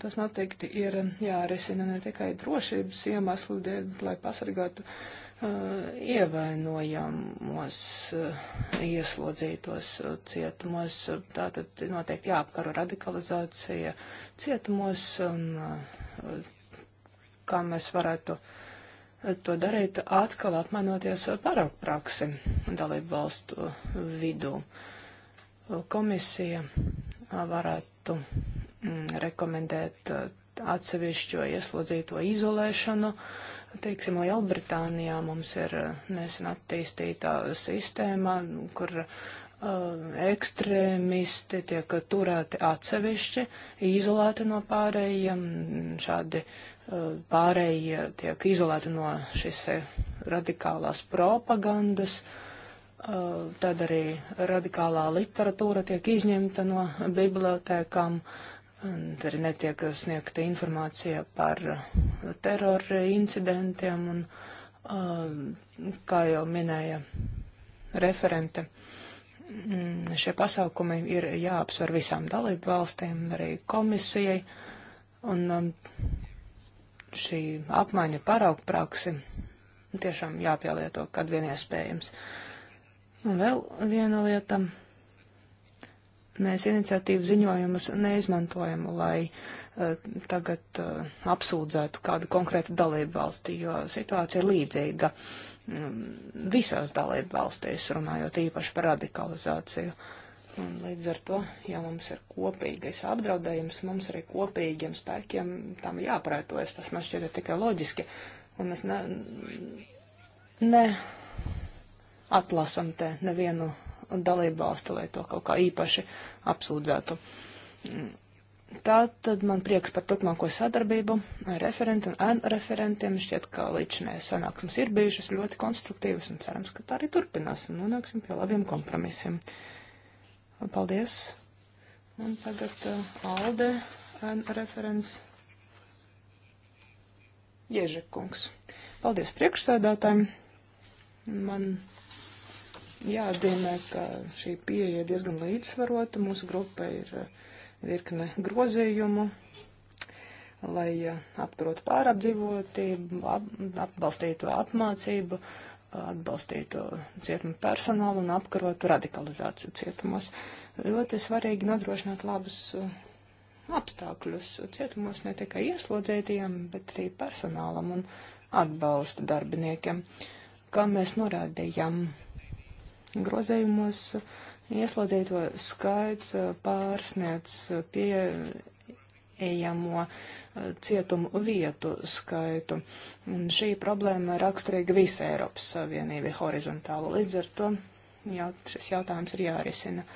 Tas noteikti ir um, jārisina ne tikai drošības iemeslu dēļ, lai pasargātu uh, ievainojamos uh, ieslodzītos uh, cietumos. Tātad noteikti jāapkaro radikalizācija cietumos, un uh, kā mēs varētu uh, to darīt, atkal apmainoties paraupraksi dalību valstu vidū. Komisija varētu Mm, rekomendēt uh, atsevišķo ieslodzīto izolēšanu. Teiksim, Lielbritānijā mums ir uh, nesen attīstītā sistēma, kur uh, ekstrēmisti tiek turēti atsevišķi, izolēti no pārējiem. Šādi uh, pārējie tiek izolēti no šīs radikālās propagandas. Uh, tad arī radikālā literatūra tiek izņemta no bibliotēkām. Uh, Arī netiek sniegta informācija par uh, terora incidentiem un, uh, kā jau minēja referente, mm, šie pasākumi ir jāapsver visām dalību valstīm, arī komisijai, un um, šī apmaiņa paraugu praksi tiešām jāpielieto, kad vien iespējams. Un vēl viena lieta. Mēs iniciatīvu ziņojumus neizmantojam, lai uh, tagad uh, apsūdzētu kādu konkrētu dalību valsti, jo situācija ir līdzīga um, visās dalību valstīs, runājot īpaši par radikalizāciju. Un līdz ar to, ja mums ir kopīgais apdraudējums, mums arī kopīgiem spēkiem tam jāprētojas. Tas man šķiet tikai loģiski. Un mēs ne, ne atlasam te nevienu dalību valsti, lai to kaut kā īpaši apsūdzētu. Mm. Tā tad man prieks par turpmāko sadarbību ar referentiem un referentiem. Šķiet, ka līdzinājās sanāksmes ir bijušas ļoti konstruktīvas un cerams, ka tā arī turpinās un nonāksim pie labiem kompromisiem. Paldies! Un tagad uh, Alde un referents Ježekungs. Paldies priekšsēdātājiem! Man Jāatzīmē, ka šī pieeja diezgan līdzsvarota. Mūsu grupa ir eh, virkne grozījumu, lai eh, apkarotu pārapdzīvotību, ap, atbalstītu apmācību, atbalstītu cietumu personālu un apkarotu radikalizāciju cietumos. Ļoti svarīgi nodrošināt labus eh, apstākļus cietumos ne tikai ieslodzītajiem, bet arī personālam un atbalsta darbiniekiem. Kā mēs norādījām, grozējumos ieslodzīto skaits eh, pārsniec eh, pieejamo eh, cietumu vietu skaitu. Un šī problēma raksturīga visai Eiropas Savienībai horizontāli. Līdz ar to jā, šis jautājums ir jārisina.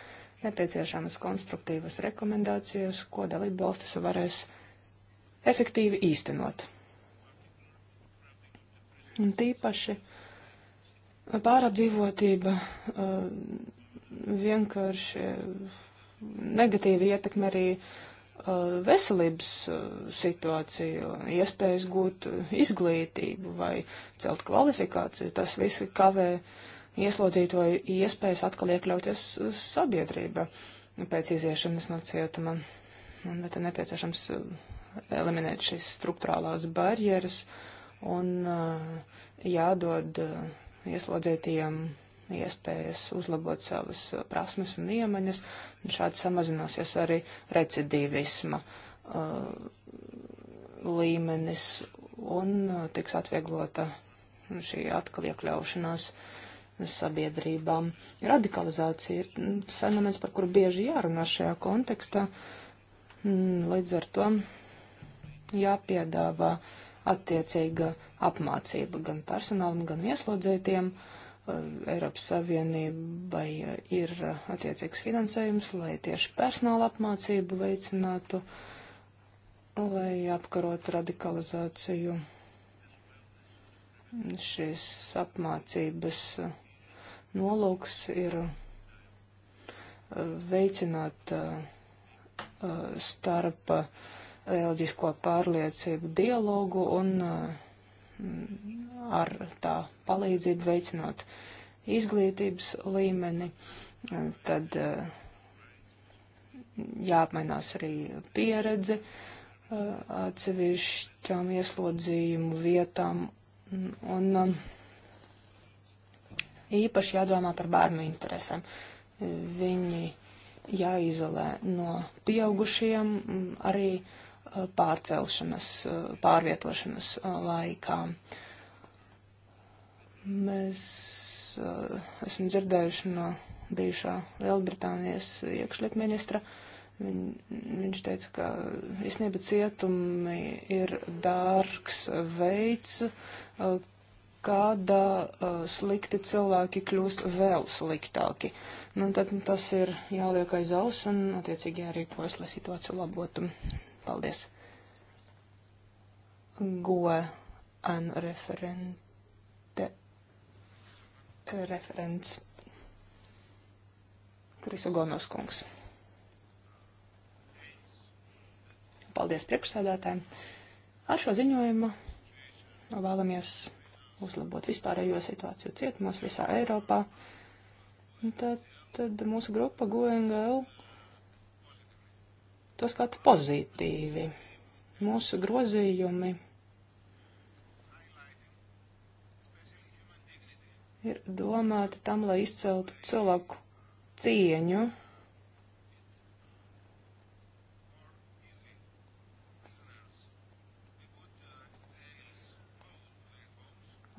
Nepieciešamas konstruktīvas rekomendācijas, ko dalību valstis varēs efektīvi īstenot. Un tīpaši uh, Pārapdzīvotība uh, vienkārši negatīvi ietekmē arī uh, veselības uh, situāciju, iespējas gūt izglītību vai celt kvalifikāciju. Tas viss kavē ieslodzīto iespējas atkal iekļauties sabiedrība pēc iziešanas no cietuma. Un tad nepieciešams eliminēt šīs struktūrālās barjeras un jādod ieslodzītiem iespējas uzlabot savas prasmes un iemaņas, un šādi samazināsies arī recidīvisma uh, līmenis un uh, tiks atvieglota šī atkal iekļaušanās sabiedrībām. Radikalizācija ir mm, fenomens, par kuru bieži jārunā šajā kontekstā. Mm, līdz ar to jāpiedāvā attiecīga uh, apmācība gan personālam, gan ieslodzītiem. Uh, Eiropas Savienībai uh, ir uh, attiecīgs finansējums, lai tieši personāla apmācību veicinātu, lai apkarotu radikalizāciju. Šīs apmācības nolūks ir veicināt starp reliģisko pārliecību dialogu un uh, ar tā palīdzību veicinot izglītības līmeni, tad eh, jāapmainās arī pieredze eh, atsevišķām ieslodzījumu vietām un um, īpaši jādomā par bērnu interesēm. Viņi jāizolē no pieaugušiem mm, arī uh, Uh, pārcelšanas, uh, pārvietošanas uh, laikā. Mēs esam dzirdējuši no bijušā Lielbritānijas iekšļiet ministra. Viņ, viņš teica, ka īstenība cietumi ir dārgs veids, kādā slikti cilvēki kļūst vēl sliktāki. Nu, tad tas ir jāliek aiz aus un attiecīgi jārīkojas, lai situāciju labotu. Paldies. Go an referente. Referents. Krisogonos kungs. Paldies priekšsēdētājiem. Ar šo ziņojumu vēlamies uzlabot vispārējo situāciju cietumos visā Eiropā. Un tad, tad mūsu grupa GoNGL to skatu pozitīvi. Mūsu grozījumi ir domāti tam, lai izceltu cilvēku cieņu.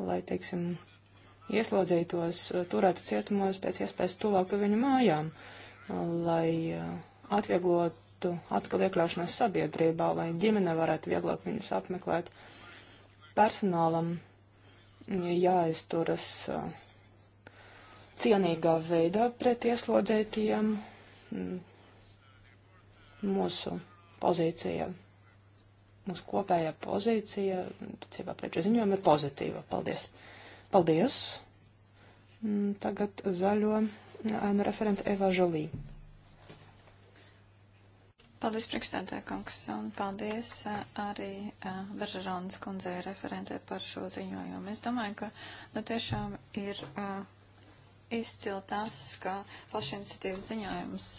Lai, teiksim, ieslodzītos, eh, turētu cietumos pēc iespējas tuvāk viņu mājām, lai eh, atvieglotu panāktu atkal iekļaušanos sabiedrībā, lai ģimene varētu vieglāk viņus apmeklēt. Personālam jāizturas uh, cienīgā veidā pret ieslodzītajiem mm. mūsu pozīcija, mūsu kopējā pozīcija, ticībā preču ziņojumi ir pozitīva. Paldies. Paldies. Mm, tagad zaļo ēnu referenta Eva Žalī. Paldies, priekšstādāja kungs, un paldies arī Veržeronas kundzei referentē par šo ziņojumu. Es domāju, ka nu, tiešām ir izcil tas, ka pašiniciatīvas ziņojums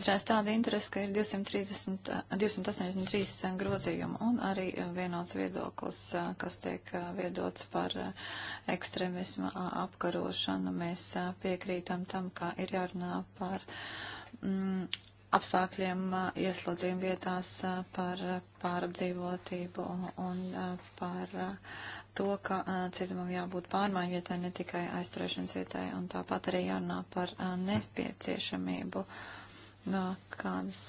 izraisa tādu interesi, ka ir 230, 283 grozījumi un arī vienots viedoklis, kas tiek viedots par ekstremisma apkarošanu. Mēs piekrītam tam, ka ir jārunā par. Mm, apstākļiem ieslodzījuma vietās par pārapdzīvotību un par to, ka cietumam jābūt pārmaiņu vietai, ne tikai aizturēšanas vietai, un tāpat arī jārunā par nepieciešamību, kādas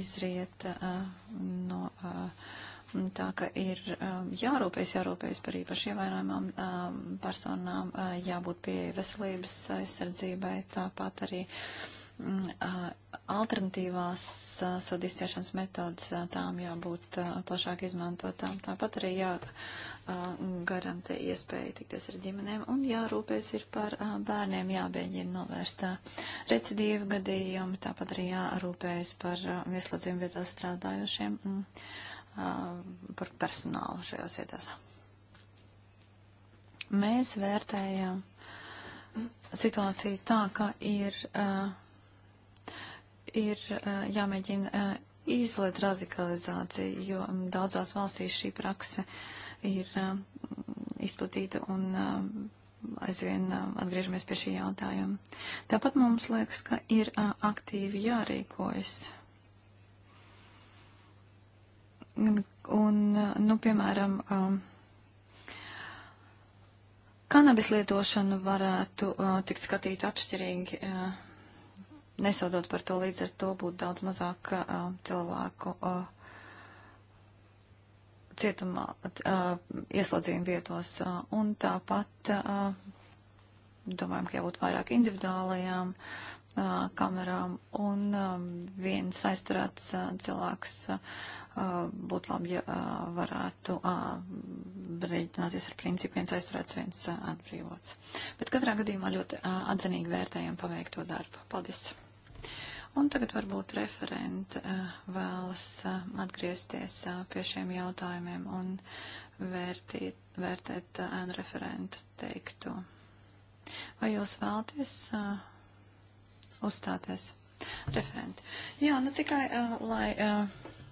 izriet no tā, ka ir jārūpējas, jārūpējas par īpaši ievainojumām personām, jābūt pieeja veselības aizsardzībai, tāpat arī Mm, alternatīvās sodu izciešanas metodas, tām jābūt plašāk izmantotām. Tāpat arī jāgarantē iespēja tikties ar ģimenēm un jārūpēs ir par bērniem, jābēģina novērst recidīvu gadījumu, tāpat arī jārūpējas par ieslodzījumu vietās strādājošiem, mm, par personālu šajās vietās. Mēs vērtējam situāciju tā, ka ir uh, ir jāmēģina izliet radikalizāciju, jo daudzās valstīs šī prakse ir izplatīta un aizvien atgriežamies pie šī jautājuma. Tāpat mums liekas, ka ir aktīvi jārīkojas. Un, nu, piemēram, kanabis lietošana varētu tikt skatīta atšķirīgi nesodot par to, līdz ar to būtu daudz mazāk uh, cilvēku uh, cietumā, uh, ieslodzījuma vietos. Uh, un tāpat uh, domājam, ka jābūt vairāk individuālajām uh, kamerām un uh, viens aizturēts uh, cilvēks. Uh, būtu labi, ja uh, varētu uh, rēķināties ar principu viens aizturēts, viens uh, atbrīvots. Bet katrā gadījumā ļoti uh, atzinīgi vērtējam paveikto darbu. Paldies! Un tagad varbūt referenta eh, vēlas eh, atgriezties eh, pie šiem jautājumiem un vērtīt, vērtēt ēnu referentu teikto. Vai jūs vēlaties uzstāties? Referenti. Jā, nu tikai, lai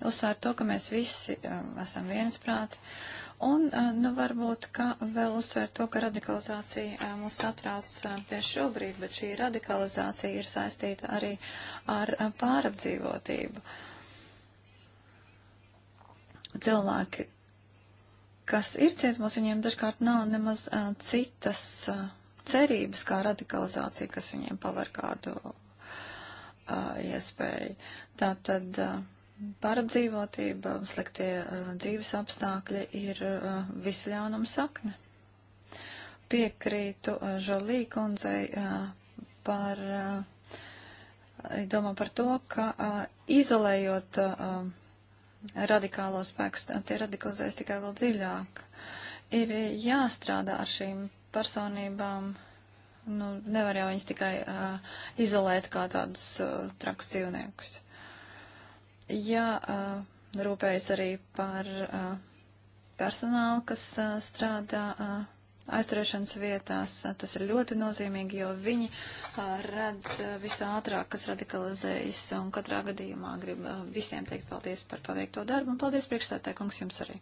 uzsvērtu to, ka mēs visi esam viensprāti Un, nu, varbūt, ka vēl uzsver to, ka radikalizācija mūs satrauc tieši šobrīd, bet šī radikalizācija ir saistīta arī ar pārapdzīvotību. Cilvēki, kas ir cietumos, viņiem dažkārt nav nemaz citas cerības kā radikalizācija, kas viņiem paver kādu uh, iespēju. Tātad. Uh, Pārapdzīvotība, sliktie eh, dzīves apstākļi ir eh, visu ļaunumu sakne. Piekrītu eh, Žolī kundzei par, domā par to, ka izolējot radikālo spēku, tie radikalizēs tikai vēl dziļāk. Ir jāstrādā ar šīm personībām nu, nevar jau viņus tikai uh, izolēt kā tādus uh, trakus dzīvniekus jārūpējas arī par personālu, kas strādā aizturēšanas vietās. Tas ir ļoti nozīmīgi, jo viņi redz visā ātrāk, kas radikalizējas, un katrā gadījumā grib visiem teikt paldies par paveikto darbu, un paldies priekšstātē, kungs, jums arī.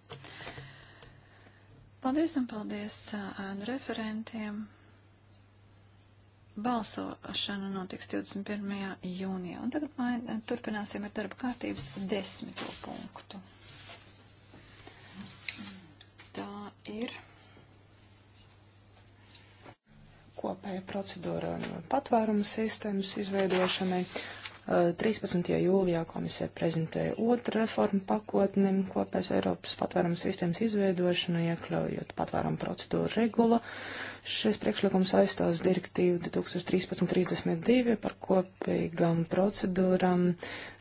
Paldies un paldies ēnu referentiem. Balsošana notiks 21. jūnijā. Un tagad main, turpināsim ar darba kārtības desmito punktu. Tā ir kopēja procedūra un patvērumu sistēmas izveidošanai. 13. Eh, jūlijā komisija prezentēja otru reformu pakotni kopēs Eiropas patvērumu sistēmas izveidošanu, iekļaujot patvērumu procedūru regula. Šis priekšlikums aizstās direktīvu 2013-32 par kopīgām procedūram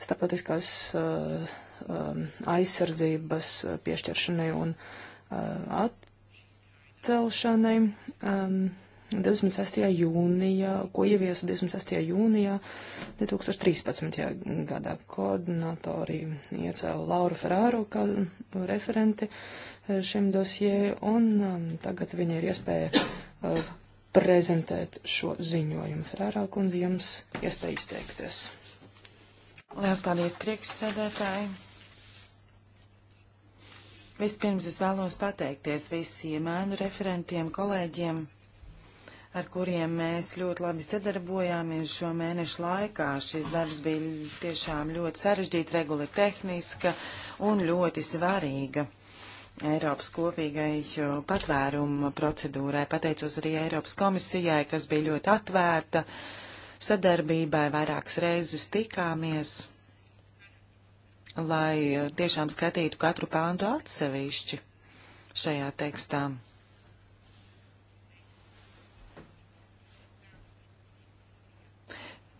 starptautiskās uh, um, aizsardzības piešķiršanai un uh, atcelšanai. Um, 26. jūnijā, ko ieviesu 26. jūnijā 2013. gadā. Koordinatori iecēla Lauru Ferrāru kā referenti eh, šim dosijai, un um, tagad viņa ir iespēja eh, prezentēt šo ziņojumu. Ferrārā kundze jums iespēja izteikties. Lielas paldies priekšsēdētāji! Vispirms es vēlos pateikties visiem ēnu referentiem, kolēģiem ar kuriem mēs ļoti labi sadarbojāmies šo mēnešu laikā. Šis darbs bija tiešām ļoti sarežģīts, regula tehniska un ļoti svarīga. Eiropas kopīgai patvēruma procedūrai pateicos arī Eiropas komisijai, kas bija ļoti atvērta sadarbībai, vairākas reizes tikāmies, lai tiešām skatītu katru pāntu atsevišķi šajā tekstām.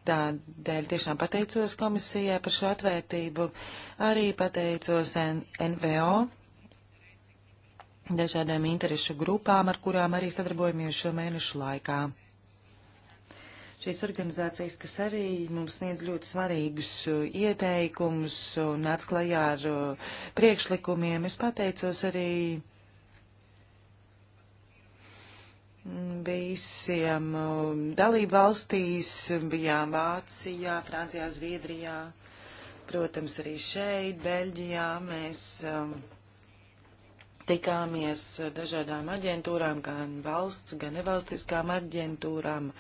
Tādēļ tiešām pateicos komisijai par šo atvērtību, arī pateicos NVO dažādām interešu grupām, ar kurām arī sadarbojamies šo mēnešu laikā. Šīs organizācijas, kas arī mums sniedz ļoti svarīgus uh, ieteikumus un atsklajā ar uh, priekšlikumiem, es pateicos arī uh, visiem um, dalību valstīs, bijām Vācijā, Francijā, Zviedrijā, protams, arī šeit, Beļģijā. Mēs um, tikāmies ar dažādām aģentūrām, gan valsts, gan nevalstiskām aģentūrām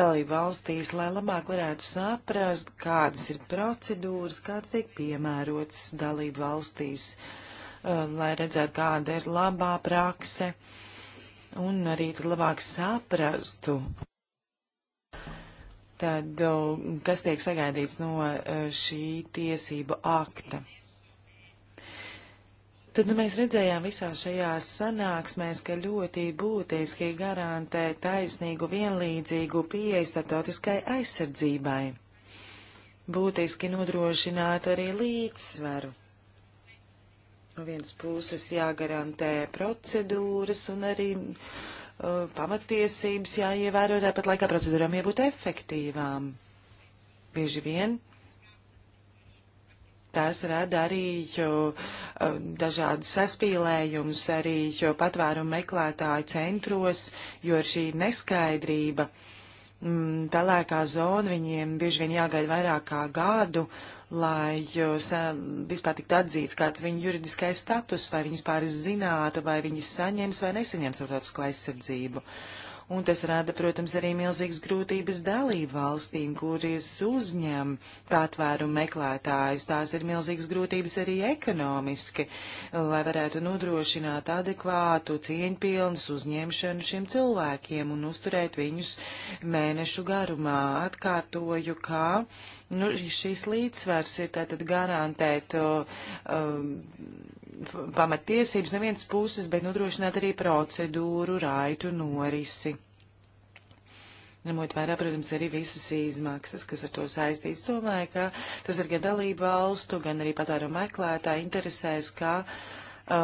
dalību valstīs, lai labāk varētu saprast, kādas ir procedūras, kāds tiek piemērots dalību valstīs, um, lai redzētu, kāda ir labā prakse. Uh, un arī labāk saprastu, tad, kas tiek sagaidīts no e, šī tiesību akta. Tad nu, mēs redzējām visā šajās sanāksmēs, ka ļoti būtiski garantē taisnīgu vienlīdzīgu pieeju starptautiskai aizsardzībai. Būtiski nodrošināt arī līdzsvaru no vienas puses jāgarantē procedūras un arī uh, pamatiesības jāievēro, tāpat laikā procedūram jābūt efektīvām. Bieži vien tās rada arī jo, uh, dažādu saspīlējumus arī patvērumu meklētāju centros, jo ir šī neskaidrība. Uh, tā mm, lēkā zona, viņiem bieži vien jāgaida vairāk kā gadu, lai vispār tiktu atzīts, kāds viņu juridiskais status, vai viņi vispār zinātu, vai viņi saņems vai nesaņems starptautisko aizsardzību. Uh, un tas rada, protams, arī milzīgas grūtības dalību valstīm, kuras uzņem patvērumu meklētājus. Tās ir milzīgas grūtības arī ekonomiski, lai varētu nodrošināt adekvātu, cieņpilnas uzņemšanu šiem cilvēkiem un uzturēt viņus mēnešu garumā. Atkārtoju, kā nu, šīs līdzsvars ir tātad garantēt. Uh, um, pamatiesības no vienas puses, bet nodrošināt arī procedūru, raitu norisi. Ņemot vērā, protams, arī visas izmaksas, kas ar to saistīts, domāju, ka tas ir gan dalība valstu, gan arī patēru meklētā interesēs, ka uh,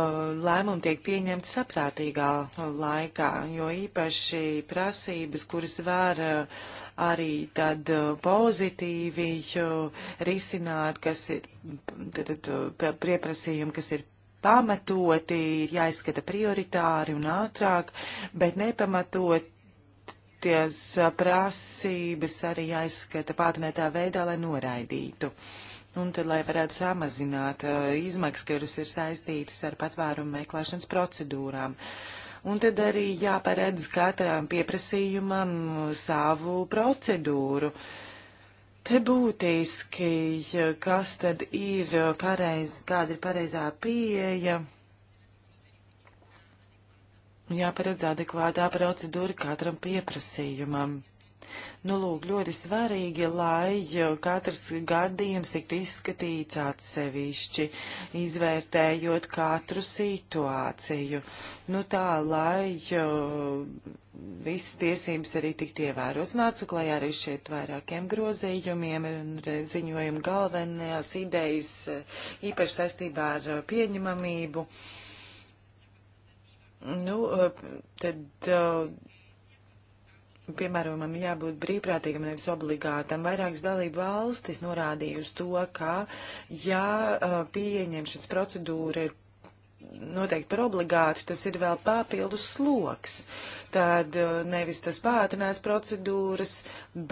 lēmumi tiek pieņemti saprātīgā laikā, jo īpaši prasības, kuras var uh, arī tad uh, pozitīvi uh, risināt, kas ir tad, tad, uh, pieprasījumi, kas ir pamatoti ir jāizskata prioritāri un ātrāk, bet nepamatot ties prasības arī jāizskata pātrinētā veidā, lai noraidītu. Un tad, lai varētu samazināt uh, izmaksas, kuras ir saistītas ar patvērumu meklēšanas procedūrām. Un tad arī jāparedz katram pieprasījumam savu procedūru. Uh, Te būtiski, kas tad ir pareiz, kāda ir pareizā pieeja. Jāparedz adekvātā procedūra katram pieprasījumam. Nu, lūk, ļoti svarīgi, lai katrs gadījums tiktu izskatīts atsevišķi, izvērtējot katru situāciju. Nu, tā, lai visas tiesības arī tiktu ievērots. Nācu klajā arī šeit vairākiem grozījumiem un ziņojumu galvenajās idejas, īpaši saistībā ar pieņemamību. Nu, tad Nu, piemērojumam jābūt brīvprātīgam, nevis obligātam. Vairākas dalība valstis norādīja uz to, ka ja uh, pieņemšanas procedūra ir noteikti par obligātu, tas ir vēl papildus sloks. Tad uh, nevis tas pātrinās procedūras,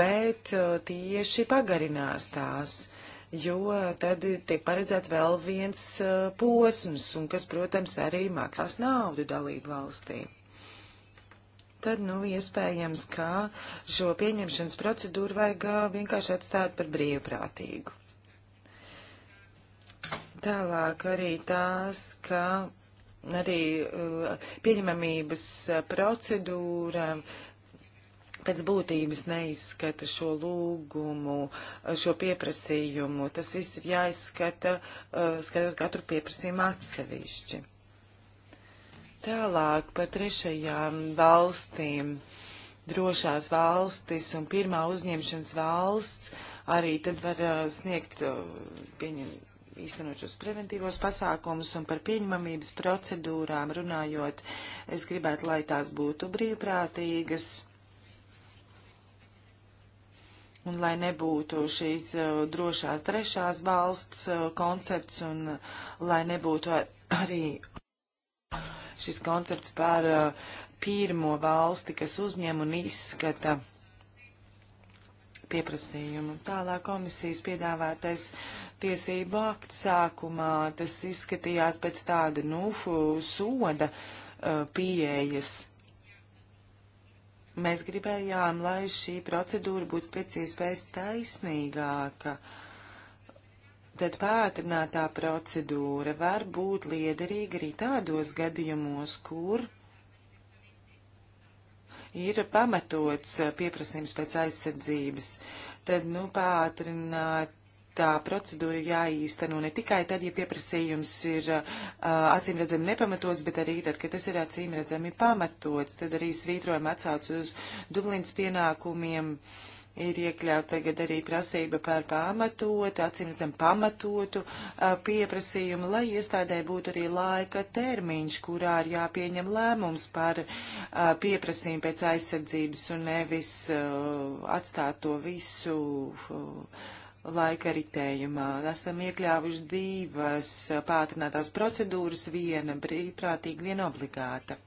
bet uh, tieši pagarinās tās. Jo tad tiek paredzēts vēl viens posms, un kas, protams, arī maksās naudu dalību valstīm tad, nu, iespējams, ka šo pieņemšanas procedūru vajag vienkārši atstāt par brīvprātīgu. Tālāk arī tās, ka arī uh, pieņemamības procedūra pēc būtības neizskata šo lūgumu, šo pieprasījumu. Tas viss ir jāizskata, uh, skatot katru pieprasījumu atsevišķi. Tālāk par trešajām valstīm. Drošās valstis un pirmā uzņemšanas valsts arī tad var uh, sniegt, uh, pieņem, īstenot šos preventīvos pasākumus un par pieņemamības procedūrām runājot, es gribētu, lai tās būtu brīvprātīgas un lai nebūtu šīs uh, drošās trešās valsts uh, koncepts un uh, lai nebūtu ar, arī Šis koncepts par uh, pirmo valsti, kas uzņem un izskata pieprasījumu. Tālāk komisijas piedāvātais tiesību akts sākumā tas izskatījās pēc tāda, nu, soda uh, pieejas. Mēs gribējām, lai šī procedūra būtu pēc iespējas taisnīgāka. Uh, Tad pātrinātā procedūra var būt liederīga arī tādos gadījumos, kur ir pamatots pieprasījums pēc aizsardzības. Tad, nu, pātrinātā procedūra jāīsteno ne tikai tad, ja pieprasījums ir uh, acīmredzami nepamatots, bet arī tad, kad tas ir acīmredzami pamatots. Tad arī svītrojam atsauc uz Dublins pienākumiem. Uh, ir iekļauta tagad arī prasība par pamatotu, acīmredzam pamatotu pieprasījumu, lai iestādē būtu arī laika termiņš, kurā ir jāpieņem lēmums par pieprasījumu pēc aizsardzības un nevis atstāt to visu laika ritējumā. Esam iekļāvuši divas pātrinātās procedūras, viena brīvprātīga, viena obligāta.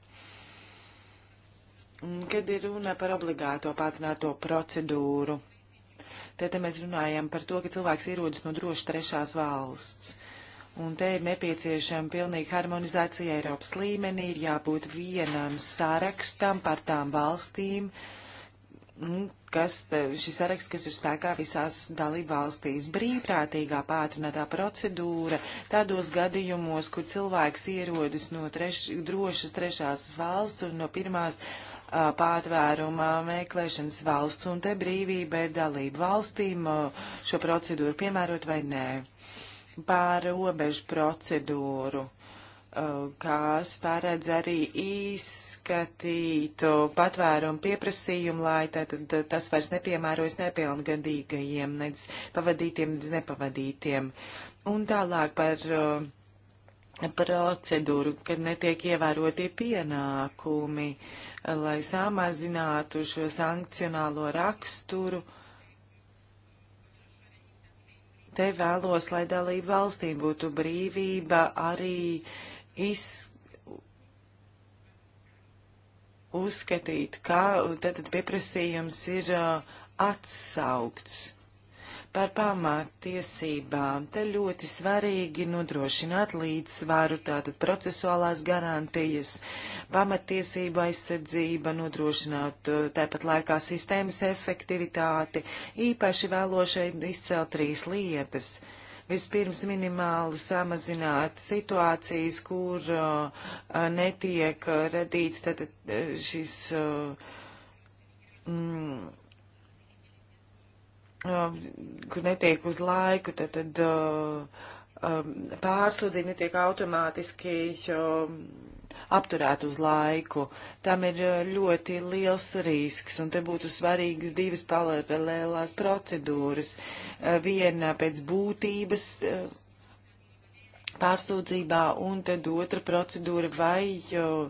Mm, kad ir runa par obligāto pātrināto procedūru, tad mēs runājam par to, ka cilvēks ierodas no drošas trešās valsts. Un te ir nepieciešama pilnīga harmonizācija Eiropas līmenī, ir jābūt vienam sārakstam par tām valstīm, mm, kas šis saraksts, kas ir spēkā visās dalību valstīs, brīvprātīgā pātrinātā procedūra, tādos gadījumos, kur cilvēks ierodas no treš, drošas trešās valsts un no pirmās pārtvēruma meklēšanas valsts, un te brīvība ir dalība valstīm šo procedūru piemērot vai nē. Pār robežu procedūru, kas paredz arī izskatīt patvērumu pieprasījumu, lai tātad tas vairs nepiemērojas nepilngadīgajiem, nedz pavadītiem, nedz nepavadītiem. Un tālāk par uh, procedūru, kad netiek ievēroti pienākumi, lai samazinātu šo sankcionālo raksturu. Te vēlos, lai dalība valstī būtu brīvība arī iz, uzskatīt, ka tad pieprasījums ir uh, atsaukts par pamātiesībām. Te ļoti svarīgi nodrošināt līdzsvaru, tātad procesuālās garantijas, pamatiesība aizsardzība, nodrošināt eh, tāpat laikā sistēmas efektivitāti. Īpaši vēlošai izcelt trīs lietas vispirms minimāli samazināt situācijas, kur uh, netiek eh, radīts tātad šis uh, mm, Um, kur netiek uz laiku, tad, tad uh, um, pārsūdzība netiek automātiski um, apturēta uz laiku. Tam ir uh, ļoti liels risks, un te būtu svarīgas divas paralēlās procedūras. Uh, viena pēc būtības. Uh, pārsūdzībā, un tad otra procedūra, vai jo, e,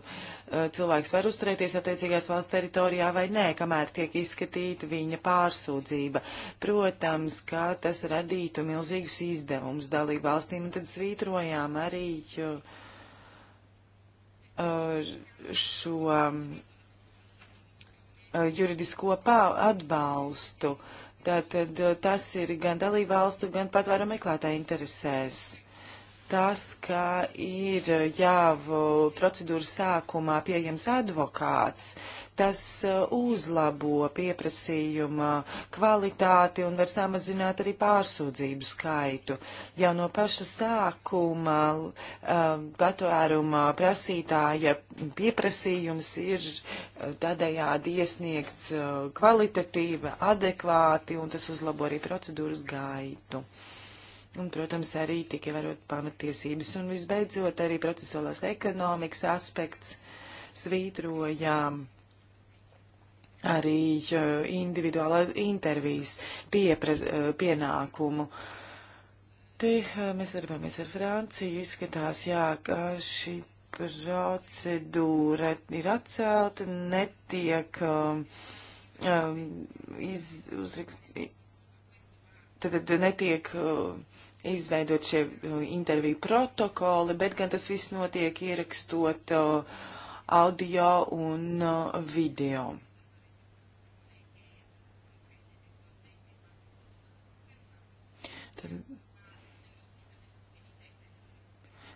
cilvēks var uzturēties attiecīgās valsts teritorijā vai nē, kamēr tiek izskatīta viņa pārsūdzība. Protams, kā tas radītu milzīgus izdevumus dalību valstīm, un tad svītrojām arī jo, e, šo e, juridisko atbalstu. Tātad tas ir gan dalību valstu, gan patvēru meklētāju interesēs tas, ka ir jau procedūras sākumā pieejams advokāts, tas uh, uzlabo pieprasījuma kvalitāti un var samazināt arī pārsūdzību skaitu. Jau no paša sākuma uh, patvēruma prasītāja pieprasījums ir uh, tādējādi iesniegts kvalitatīvi, adekvāti un tas uzlabo arī procedūras gaitu. Un, protams, arī tik ievērot pamatiesības. Un visbeidzot, arī procesuālās ekonomikas aspekts svītrojām arī uh, individuālās intervijas piepraz, uh, pienākumu. Te uh, mēs darbojamies ar Franciju, izskatās, jā, ka šī procedūra ir atcelta, netiek um, um iz, uzrakst, tad, tad netiek. Um, izveidot šie uh, interviju protokoli, bet gan tas viss notiek ierakstot uh, audio un uh, video.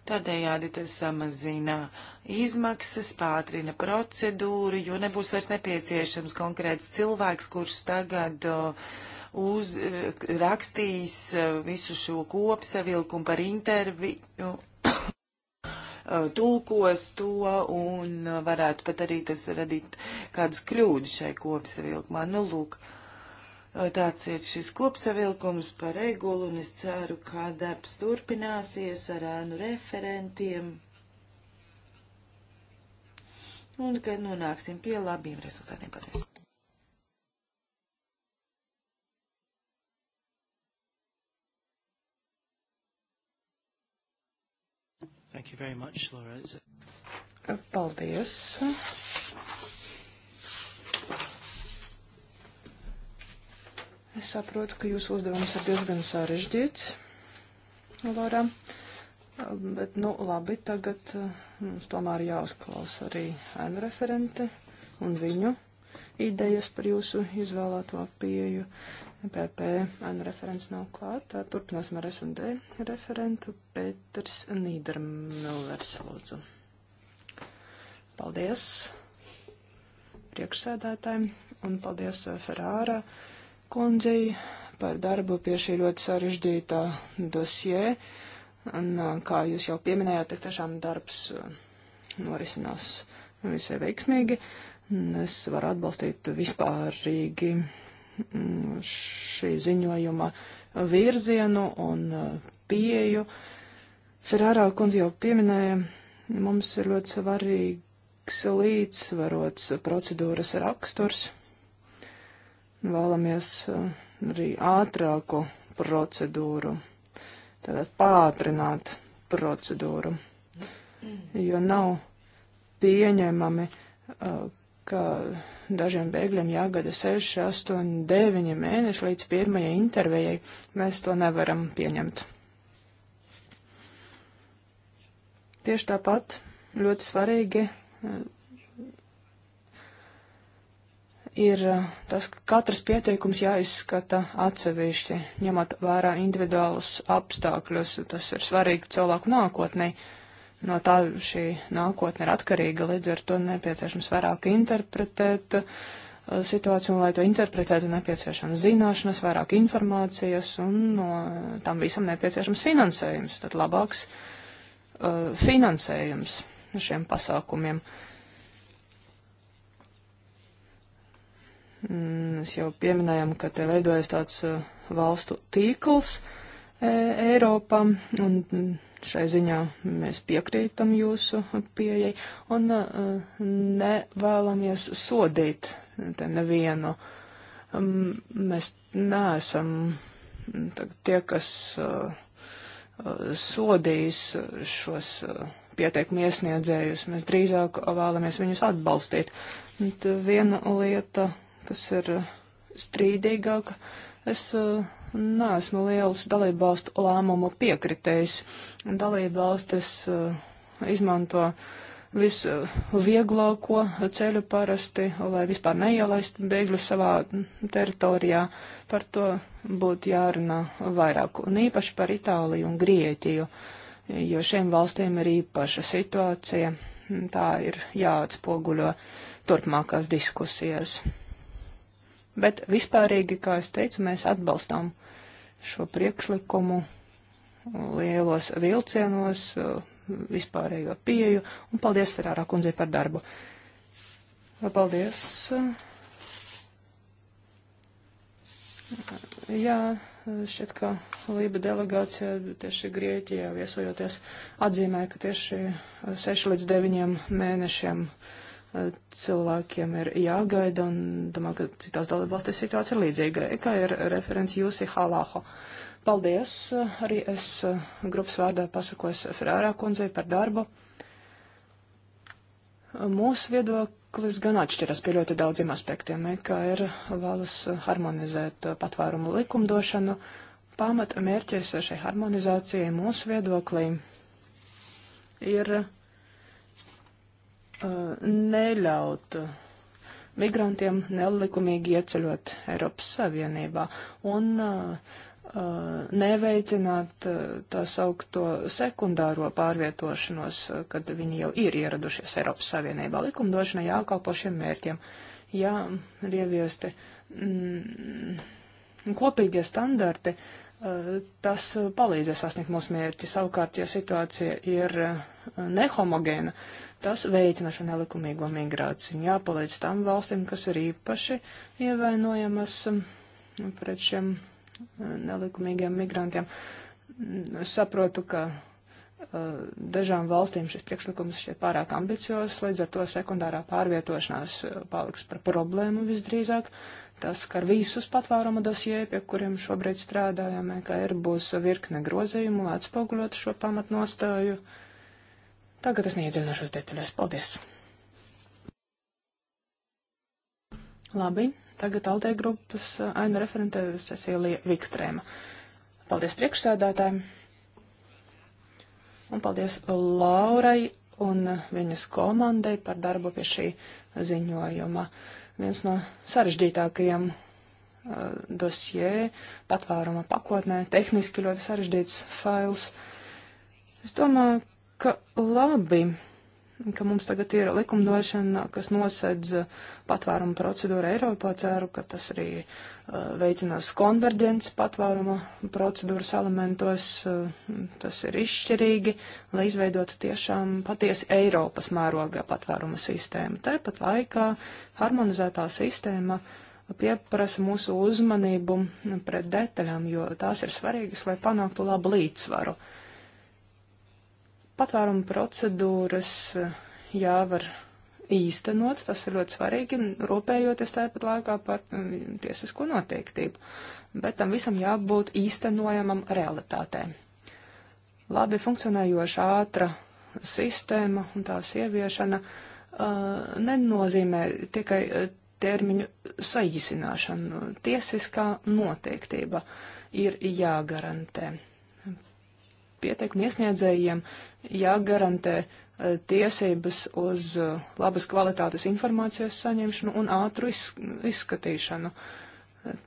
Tādējādi tas samazina izmaksas, pātrina procedūru, jo nebūs vairs nepieciešams konkrēts cilvēks, kurš tagad uh, uzrakstījis eh, eh, visu šo kopsavilkumu par interviju, nu, eh, tulkos to un varētu pat arī tas radīt kādas kļūdas šai kopsavilkumā. Nu, lūk, tāds ir šis kopsavilkums par regulu un es ceru, ka darbs turpināsies ar ēnu referentiem un ka nonāksim pie labiem rezultātiem. Paldies! Thank you very much, Laura. It's a... Paldies. Es saprotu, ka jūsu uzdevums ir diezgan sarežģīts, Laura. Bet, nu, labi, tagad eh, mums tomēr jāuzklausa arī ēnu referente un viņu idejas par jūsu izvēlēto pieju. EPP referents nav klāt. Turpināsim ar S&D referentu Pēters Nīdermillers, lūdzu. Paldies priekšsēdētājiem un paldies e, Ferāra kundzei par darbu pie šī ļoti sarežģītā dosjē. Un, e, kā jūs jau pieminējāt, tik tiešām darbs e, norisinās visai veiksmīgi. Es varu atbalstīt vispārīgi Mm, šī ziņojuma virzienu un uh, pieju. Ferārā kundze jau pieminēja, mums ir ļoti svarīgs līdzsvarots procedūras raksturs. Vēlamies uh, arī ātrāku procedūru, tātad pātrināt procedūru, jo nav pieņemami, uh, ka dažiem bēgļiem jāgada 6, 8, 9 mēneši līdz pirmajai intervijai. Mēs to nevaram pieņemt. Tieši tāpat ļoti svarīgi eh, ir eh, tas, ka katrs pieteikums jāizskata atsevišķi, ņemot vērā individuālus apstākļus. Tas ir svarīgi cilvēku nākotnē. Uh, no tā šī nākotne ir atkarīga, līdz ar to nepieciešams vairāk interpretēt uh, situāciju, un lai to interpretētu, nepieciešams zināšanas, vairāk informācijas, un no tam visam nepieciešams finansējums, tad labāks uh, finansējums šiem pasākumiem. Mm, es jau pieminējām, ka te veidojas tāds uh, valstu tīkls e Eiropā, un mm, Šai ziņā mēs piekrītam jūsu pieejai un uh, nevēlamies sodīt te nevienu. Um, mēs neesam tie, kas uh, uh sodīs šos uh, pieteikumu iesniedzējus. Mēs drīzāk vēlamies viņus atbalstīt. Bet viena lieta, kas ir uh, strīdīgāka, es uh, Nesmu liels dalībvalstu lēmumu piekritējs. Dalībvalstis eh, izmanto visvieglāko ceļu parasti, lai vispār neielaistu bēgļus savā teritorijā. Par to būtu jārunā vairāk, un īpaši par Itāliju un Grieķiju, jo šiem valstīm ir īpaša situācija. Tā ir jāatspoguļo turpmākās diskusijas. Bet vispārīgi, kā es teicu, mēs atbalstām uh, šo priekšlikumu lielos vilcienos, vispārējo pieju, un paldies Ferārā kundzei par darbu. Paldies. Jā, šķiet, ka Lība delegācija tieši Grieķijā viesojoties atzīmē, ka tieši 6 līdz 9 mēnešiem uh, cilvēkiem ir jāgaida, un domāju, ka citās dalībvalstīs situācija ir līdzīga. Kā ir referents Jūsi Halāho? Paldies! Arī es eh, grupas vārdā pasakos Ferārā kundzei par darbu. Mūsu viedoklis gan atšķiras pie ļoti daudziem aspektiem, kā ir vēlas harmonizēt patvērumu likumdošanu. Pamata mērķis šai harmonizācijai mūsu viedoklī ir Uh, neļaut migrantiem nelikumīgi ieceļot Eiropas Savienībā un uh, uh, neveicināt tā saukto sekundāro pārvietošanos, kad viņi jau ir ieradušies Eiropas Savienībā. Likumdošana jākalpo šiem mērķiem, jā, ir ieviesti mm, kopīgie standarti tas palīdzēs sasniegt mūsu mērķi. Savukārt, ja situācija ir eh, nehomogēna, tas veicina šo nelikumīgo migrāciju. Jāpalīdz tam valstīm, kas ir īpaši ievainojamas mm, pret šiem eh, nelikumīgiem migrantiem. Es saprotu, ka eh, dažām valstīm šis priekšlikums šķiet pārāk ambiciozs, līdz ar to sekundārā pārvietošanās paliks par problēmu visdrīzāk. Uh, Tas skar visus patvērumu dosie, pie kuriem šobrīd strādājam, e ka ir er būs virkne grozījumu, lai atspoguļotu šo pamatnostāju. Tagad es neiedziļināšos detaļās. Paldies! Labi, tagad Aldei grupas aina referente Cecīlija Vikstrēma. Paldies priekšsēdētājiem! Un paldies Laurai un viņas komandai par darbu pie šī ziņojuma. Uh, viens no sarežģītākajiem eh, dosjē, patvēruma pakotnē, tehniski ļoti sarežģīts fails. Es domāju, ka labi ka mums tagad ir likumdošana, kas nosedz patvērumu procedūru Eiropā. Ceru, ka tas arī uh, veicinās konverģents patvēruma procedūras elementos. Uh, tas ir izšķirīgi, lai izveidotu tiešām patiesi Eiropas mērogā patvēruma sistēmu. Tāpat laikā harmonizētā sistēma pieprasa mūsu uzmanību pret detaļām, jo tās ir svarīgas, lai panāktu labu līdzsvaru. Uh, patvērumu procedūras eh, jāvar īstenot, tas ir ļoti svarīgi, rūpējoties tāpat laikā par um, tiesisko noteiktību. Bet tam visam jābūt īstenojamam realitātē. Labi funkcionējoša ātra sistēma un tās ieviešana uh, nenozīmē tikai eh, termiņu saīsināšanu. Tiesiskā noteiktība ir jāgarantē pieteikumu iesniedzējiem jāgarantē eh, tiesības uz eh, labas kvalitātes informācijas saņemšanu un ātru izskatīšanu.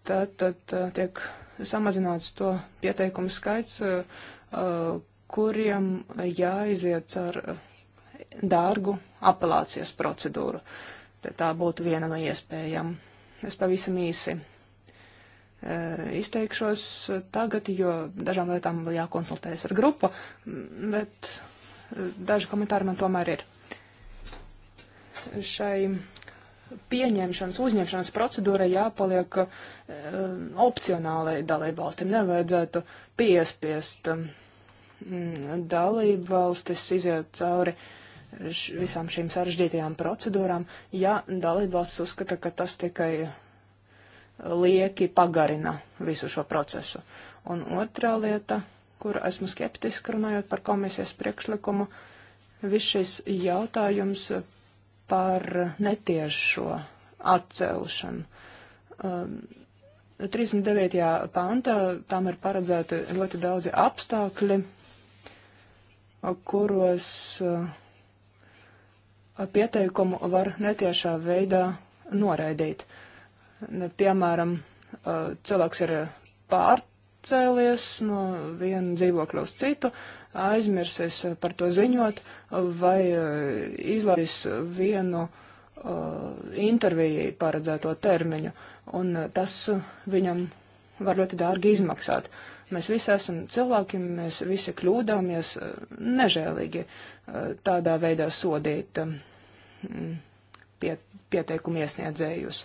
Tad, tad eh, tiek samazināts to pieteikumu skaits, kuriem jāiziet ar dārgu apelācijas procedūru. Tā būtu viena no iespējām. Es pavisam īsi izteikšos tagad, jo dažām lietām vēl jākonsultējas ar grupu, bet daži komentāri man tomēr ir. Šai pieņemšanas, uzņemšanas procedūra jāpaliek uh, opcionālai dalībvalstīm. Nevajadzētu piespiest um, dalībvalstis iziet cauri š, visām šīm sarežģītajām procedūrām, ja dalībvalstis uzskata, ka tas tikai lieki pagarina visu šo procesu. Un otrā lieta, kur esmu skeptiski runājot par komisijas priekšlikumu, viss šis jautājums par netiešo atcelšanu. Um, 39. pāntā tam ir paredzēti ļoti daudzi apstākļi, kuros uh, pieteikumu var netiešā veidā noraidīt. Piemēram, cilvēks ir pārcēlies no viena dzīvokļa uz citu, aizmirsis par to ziņot vai izlaidis vienu intervijai paredzēto termiņu, un tas viņam var ļoti dārgi izmaksāt. Mēs visi esam cilvēki, mēs visi kļūdāmies nežēlīgi tādā veidā sodīt pie pieteikumu iesniedzējus.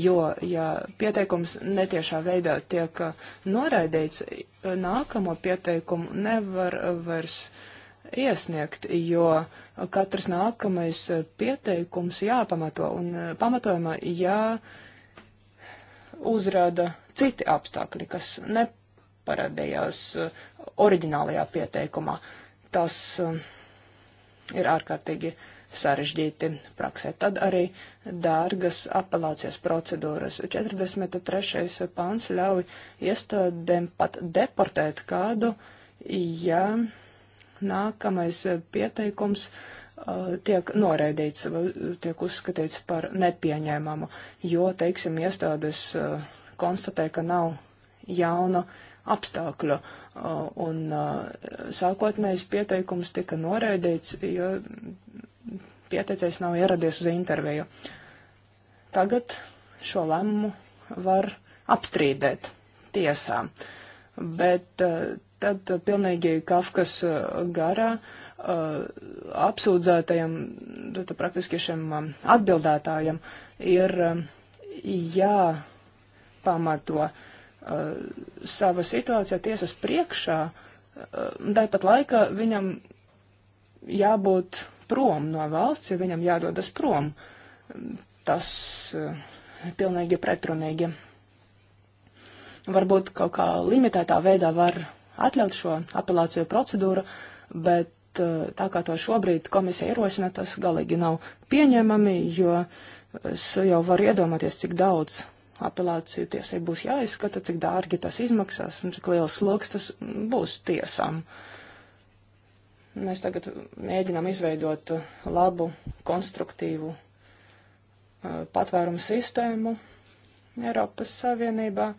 Jo, ja pieteikums netiešā veidā tiek uh, noraidīts, uh, nākamo pieteikumu nevar uh, vairs iesniegt, jo katrs nākamais pieteikums jāpamato un pamatojumā jāuzrāda citi apstākļi, kas neparādījās oriģinālajā pieteikumā. Tas ir ārkārtīgi uh, sarežģīti praksē. Tad arī dārgas apelācijas procedūras. 43. pāns ļauj iestādēm pat deportēt kādu, ja nākamais pieteikums uh, tiek noraidīts vai tiek uzskatīts par nepieņēmumu, jo, teiksim, iestādes uh, konstatē, ka nav jaunu apstākļu. Uh, Uh, un uh, sākotnējs pieteikums tika noraidīts, jo pieteicējs nav ieradies uz interviju. Tagad šo lēmumu var apstrīdēt tiesā. Bet uh, tad pilnīgi Kafkas garā apsūdzētajam, tad praktiski šiem um, atbildētājiem ir um, jāpamato. Ja Uh, sava situācija tiesas priekšā, uh, tāpat laikā viņam jābūt prom no valsts, jo viņam jādodas prom. Tas uh, pilnīgi pretrunīgi. Varbūt kaut kā limitētā veidā var atļaut šo apelāciju procedūru, bet tā kā to šobrīd komisija ierosina, tas galīgi nav pieņemami, jo es jau varu iedomāties, cik daudz apelāciju tiesai būs jāizskata, cik dārgi tas izmaksās un cik liels sloks tas būs tiesām. Mēs tagad mēģinām izveidot uh, labu, konstruktīvu uh, patvērumu sistēmu Eiropas Savienībā,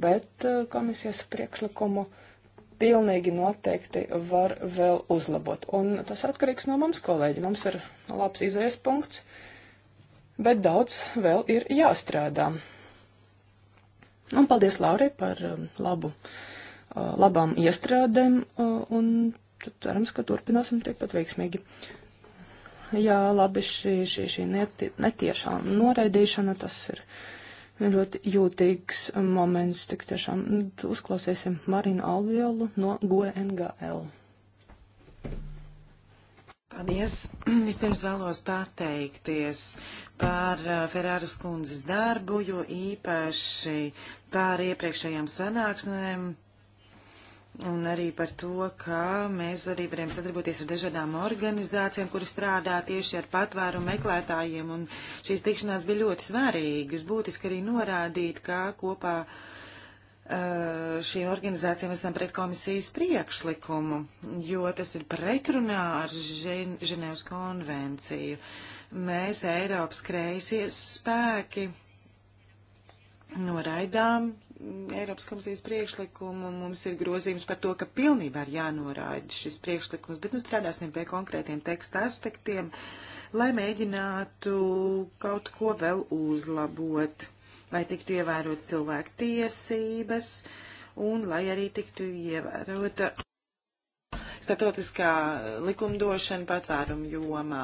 bet uh, komisijas priekšlikumu pilnīgi noteikti var vēl uzlabot. Un tas atkarīgs no mums, kolēģi. Mums ir labs izējas punkts, bet daudz vēl ir jāstrādā. Un paldies Laurai par um, labu, uh, labām iestrādēm, uh, un cerams, ka turpināsim tikpat veiksmīgi. Jā, labi, šī, šī, šī neti, netiešā noraidīšana, tas ir ļoti jūtīgs moments, tik tiešām. Nu, uzklausīsim Marinu Alvielu no GNGL. Paldies! Vispirms vēlos pateikties par uh, Ferāras kundzes darbu, jo īpaši par iepriekšējām sanāksmēm un arī par to, ka mēs arī varējām sadarboties ar dažādām organizācijām, kuras strādā tieši ar patvērumu meklētājiem, un šīs tikšanās bija ļoti svarīgas. Būtiski arī norādīt, kā kopā uh, Eh, šīm organizācijām esam pret komisijas priekšlikumu, jo tas ir pretrunā ar Žen Ženevas konvenciju. Mēs, Eiropas kreisies spēki, noraidām Eiropas komisijas priekšlikumu. Mums ir grozījums par to, ka pilnībā ir jānoraida šis priekšlikums, bet nu strādāsim pie konkrētiem teksta aspektiem, lai mēģinātu kaut ko vēl uzlabot lai tiktu ievērot cilvēku tiesības un lai arī tiktu ievērota startautiskā likumdošana patvērumu jomā.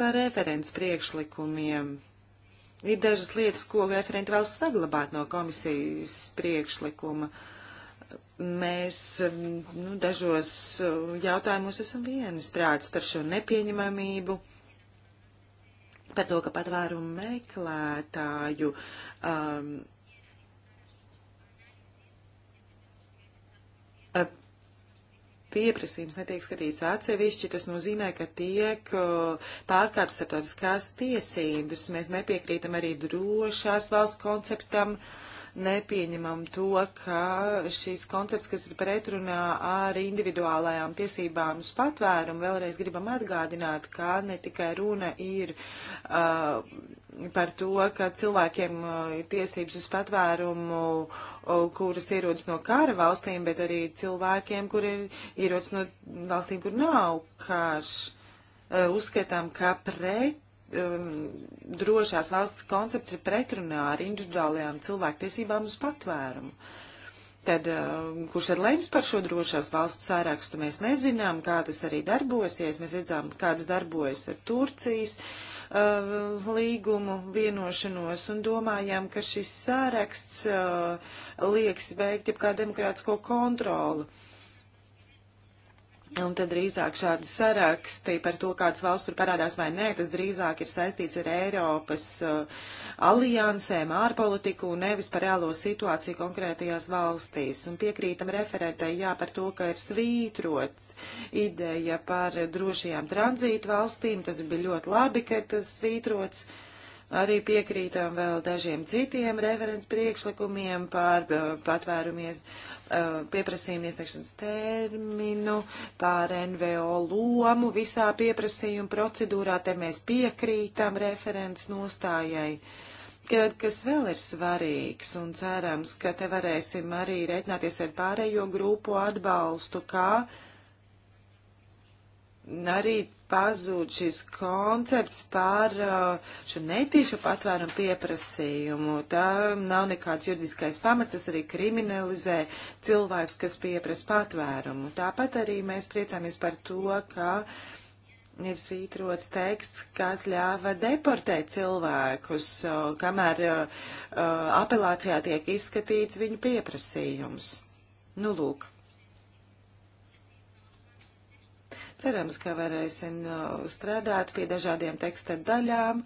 Par referents priekšlikumiem ir dažas lietas, ko referenti vēl saglabāt no komisijas priekšlikuma. Mēs nu, dažos uh, jautājumos esam vienas prāts par šo nepieņemamību par to, ka patvērumu meklētāju um, uh, pieprasījums netiek skatīts atsevišķi, tas nozīmē, ka tiek uh, pārkāpts starptautiskās tiesības. Mēs nepiekrītam arī drošās valsts konceptam. Uh, nepieņemam to, ka šīs koncepts, kas ir pretrunā ar individuālajām tiesībām uz patvērumu, vēlreiz gribam atgādināt, ka ne tikai runa ir uh, par to, ka cilvēkiem uh, ir tiesības uz patvērumu, uh, kuras ierodas no kara valstīm, bet arī cilvēkiem, kur ir ierodas no valstīm, kur nav karš. Uh, uzskatām, ka pret um, drošās valsts koncepts ir pretrunā ar individuālajām cilvēktiesībām uz patvērumu. Tad, um, kurš ir lems par šo drošās valsts sārakstu, mēs nezinām, kā tas arī darbosies. Mēs redzām, kādas darbojas ar Turcijas uh, līgumu vienošanos un domājām, ka šis sāraksts uh, liekas veikt jebkā demokrātisko kontroli. Uh, Un tad drīzāk šādi saraksti par to, kādas valsts tur parādās vai nē, tas drīzāk ir saistīts ar Eiropas uh, aliansēm, ārpolitiku un nevis par reālo situāciju konkrētajās valstīs. Un piekrītam referentai, jā, par to, ka ir svītrots ideja par drošajām tranzītu valstīm, tas bija ļoti labi, ka tas svītrots. Uh, Arī piekrītam vēl dažiem citiem referents priekšlikumiem par uh, patvērumies uh, pieprasījuma iesniegšanas terminu, par NVO lomu visā pieprasījuma procedūrā, te mēs piekrītam referents nostājai. Kad, kas vēl ir svarīgs un cerams, ka te varēsim arī reiķināties ar pārējo grupu atbalstu, kā arī pazūd šis koncepts par uh, šo netīšu patvērumu pieprasījumu. Tā nav nekāds juridiskais pamats, tas arī kriminalizē cilvēks, kas pieprasa patvērumu. Tāpat arī mēs priecāmies par to, ka ir svītrots teksts, kas ļāva deportēt cilvēkus, uh, kamēr uh, apelācijā tiek izskatīts viņu pieprasījums. Nu, lūk. Cerams, ka varēsim uh, strādāt pie dažādiem teksta daļām.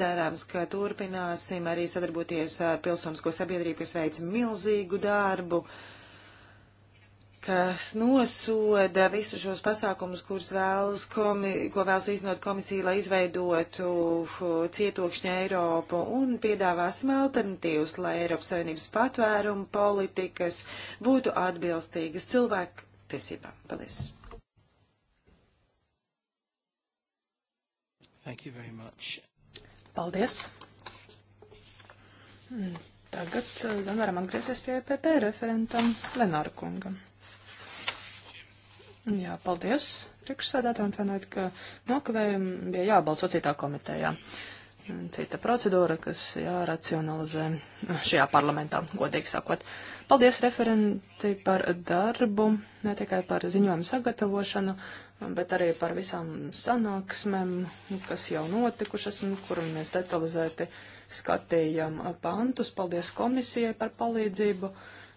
Cerams, ka turpināsim arī sadarboties ar pilsonisko sabiedrību, kas veic milzīgu darbu kas nosoda visus šos pasākumus, kurus vēlas, komi, ko vēlas iznot komisija, lai izveidotu uh, cietokšņa Eiropu un piedāvāsim alternatīvas, lai Eiropas Savienības patvērumu politikas būtu atbilstīgas cilvēku tiesībām. Paldies! Thank you very much. Paldies. Mm, tagad eh, gan varam atgriezties pie PP e referentam Lenāra kungam. Jā, paldies priekšsēdētājiem, atvainojiet, ka nokavējumi bija jābalso citā komitejā. Uh, cita procedūra, kas jāracionalizē šajā parlamentā, godīgi sakot. Paldies referenti par darbu, ne tikai par ziņojumu sagatavošanu, bet arī par visām sanāksmēm, kas jau notikušas un kur mēs detalizēti skatījām pantus. Paldies komisijai par palīdzību.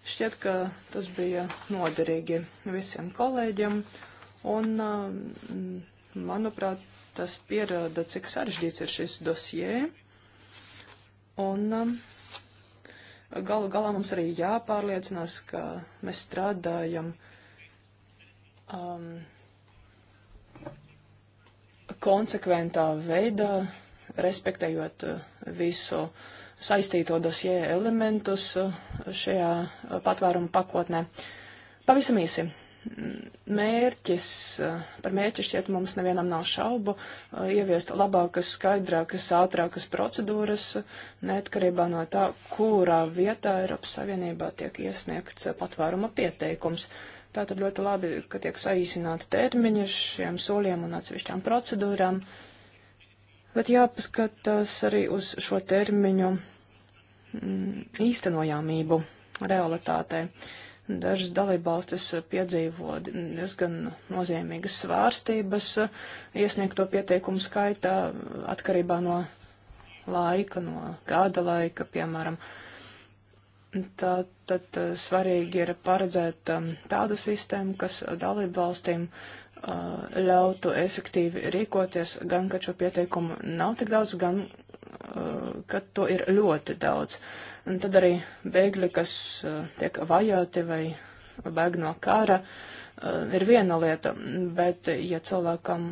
Šķiet, ka tas bija noderīgi visiem kolēģiem un, um, manuprāt, Tas pierāda, cik sarežģīts ir šis dosie. Un um, galu galā mums arī jāpārliecinās, ka mēs strādājam um, konsekventā veidā, respektējot uh, visu saistīto dosie elementus uh, šajā uh, patvēruma pakotnē. Pavisam īsi mērķis, eh, par mērķi šķiet mums nevienam nav šaubu, eh, ieviest labākas, skaidrākas, ātrākas procedūras, neatkarībā no tā, kurā vietā Eiropas Savienībā tiek iesniegts patvēruma pieteikums. Tātad ļoti labi, ka tiek saīsināti termiņi šiem soļiem un atsevišķām procedūrām, bet jāpaskatās arī uz šo termiņu mm, īstenojāmību realitātei. Dažas dalībvalstis piedzīvo diezgan nozīmīgas svārstības iesniegto pieteikumu skaitā atkarībā no laika, no gada laika, piemēram. Tā, tad eh, svarīgi ir paredzēt um, tādu sistēmu, kas dalībvalstīm eh, ļautu efektīvi rīkoties, gan, ka šo pieteikumu nav tik daudz, gan, eh, ka to ir ļoti daudz. Uh, Un tad arī bēgļi, kas eh, tiek vajāti vai bēg no kara, eh, ir viena lieta, bet ja cilvēkam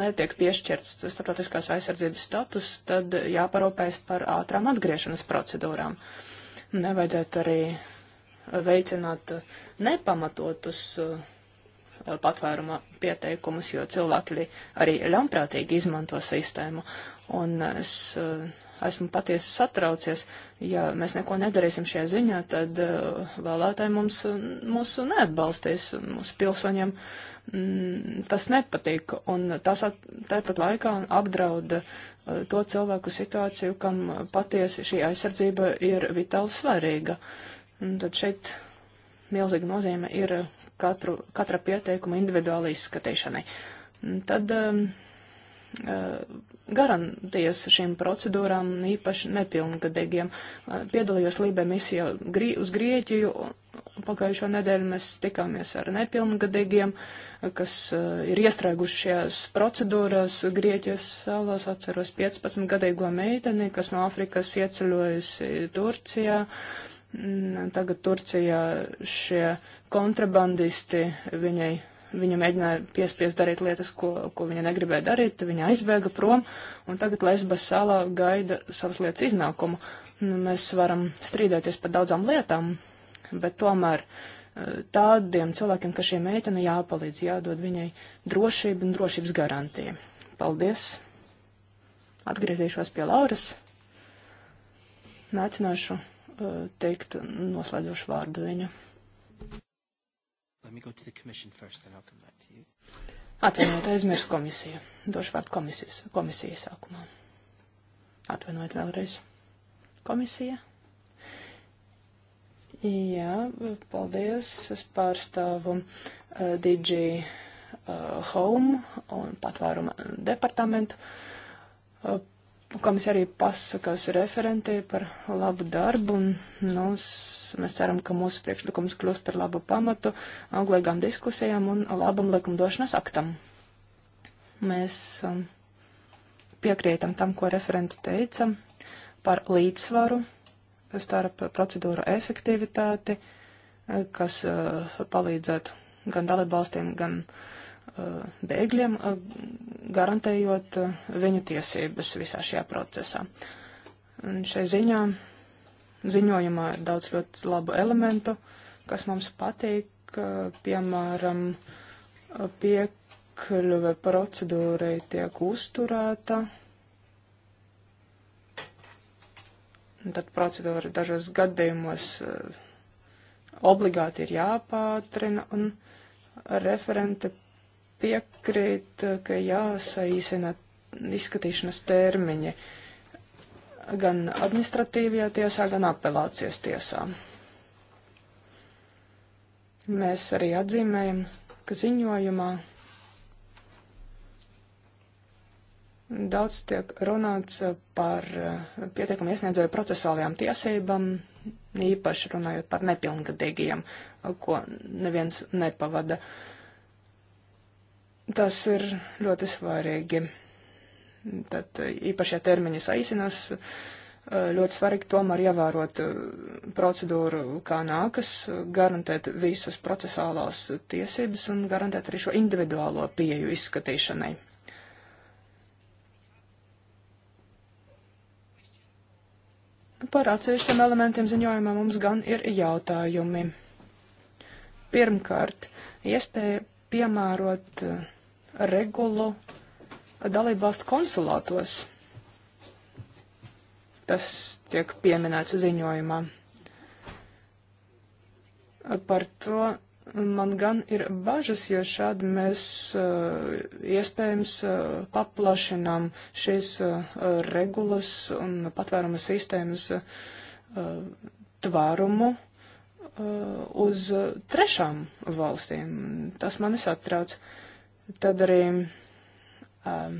netiek piešķirts starptautiskās aizsardzības status, tad jāparūpējas par ātrām atgriešanas procedūrām. Nevajadzētu arī veicināt nepamatotus eh, patvēruma pieteikumus, jo cilvēki arī ļaunprātīgi izmanto sistēmu. Un es uh, esmu patiesi satraucies. Ja mēs neko nedarīsim šajā ziņā, tad eh, vēlētāji mums, eh, mūsu neatbalstīs, mūsu pilsoņiem m, mm, tas nepatīk. Un tas tāpat laikā apdraud eh, to cilvēku situāciju, kam patiesi šī aizsardzība ir vitāli svarīga. Un tad šeit milzīga nozīme ir katru, katra pieteikuma individuāli izskatīšanai. Tad um, garantijas šīm procedūrām, īpaši nepilngadīgiem. Uh, piedalījos Lībē misijā uz Grieķiju. Pagājušo nedēļu mēs tikāmies ar nepilngadīgiem, uh, kas uh, ir iestrēguši šajās procedūrās Grieķijas salās. Atceros 15-gadīgo meiteni, kas no Āfrikas ieceļojusi Turcijā. Mm, tagad Turcijā šie kontrabandisti viņai Viņa mēģināja piespiest darīt lietas, ko, ko viņa negribēja darīt, viņa aizbēga prom, un tagad Lesbas salā gaida savas lietas iznākumu. Nu, mēs varam strīdēties par daudzām lietām, bet tomēr eh, tādiem cilvēkiem, ka šī meitene jāpalīdz, jādod viņai drošība un drošības garantija. Paldies! Atgriezīšos pie Lauras. Nācināšu eh, teikt noslēdzošu vārdu viņa. Atvainojiet, aizmirsu komisiju. Došu vārdu komisijas, komisijai sākumā. Atvainojiet vēlreiz. Komisija. Jā, paldies. Es pārstāvu uh, eh, DG uh, eh, Home un patvāruma departamentu. Uh, komisija arī pasakas referentē par labu darbu un, nu, un mēs ceram, ka mūsu priekšlikums kļūs par labu pamatu auglīgām diskusijām un labam likumdošanas aktam. Mēs um, piekrītam tam, ko referenta teica par līdzsvaru starp procedūru efektivitāti, kas uh, palīdzētu gan dalībvalstīm, gan uh, bēgļiem, uh, garantējot uh, viņu tiesības visā šajā procesā. Un šai ziņā Ziņojumā ir daudz ļoti labu elementu, kas mums patīk, piemēram, piekļuve procedūrai tiek uzturēta. Tad procedūra dažos gadījumos eh, obligāti ir jāpātrina, un referente piekrīt, eh, ka jāsaīsina izskatīšanas termiņi. Uh, gan administratīvajā tiesā, gan apelācijas tiesā. Mēs arī atzīmējam, ka ziņojumā daudz tiek runāts par eh, pietiekami iesniedzēju procesuālajām tiesībām, īpaši runājot par nepilngadīgajiem, ko neviens nepavada. Tas ir ļoti svarīgi. Tad eh, īpašie termiņi saīsinās. Eh, ļoti svarīgi tomēr ievērot eh, procedūru, kā nākas, garantēt visas procesālās tiesības un garantēt arī šo individuālo pieju izskatīšanai. Nu, par atsevišķiem elementiem ziņojumā mums gan ir jautājumi. Pirmkārt, iespēja piemērot regulu uh, dalībvalstu konsulātos. Tas tiek pieminēts ziņojumā. Par to man gan ir bažas, jo šādi mēs uh, iespējams uh, paplašinām šīs uh, regulas un patvēruma sistēmas uh, tvērumu uh, uz trešām valstīm. Tas manis atrauc. Tad arī um,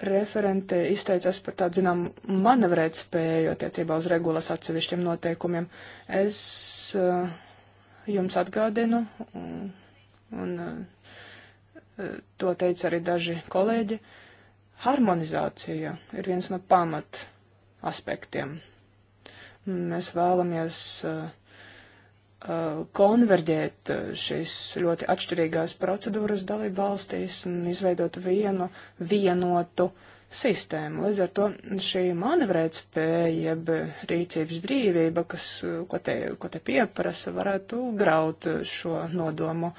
referente izteicās par tādu, zinām, manevrēt spēju attiecībā uz regulas atsevišķiem noteikumiem. Es uh, jums atgādinu, un, un uh, to teica arī daži kolēģi, harmonizācija ir viens no pamat aspektiem. Mēs vēlamies uh, Uh, konverģēt uh, šīs ļoti atšķirīgās procedūras dalību valstīs un izveidot vienu vienotu sistēmu. Līdz ar to šī manevrētspēja, jeb rīcības brīvība, kas, uh, ko, te, ko te pieprasa, varētu graut šo nodomu.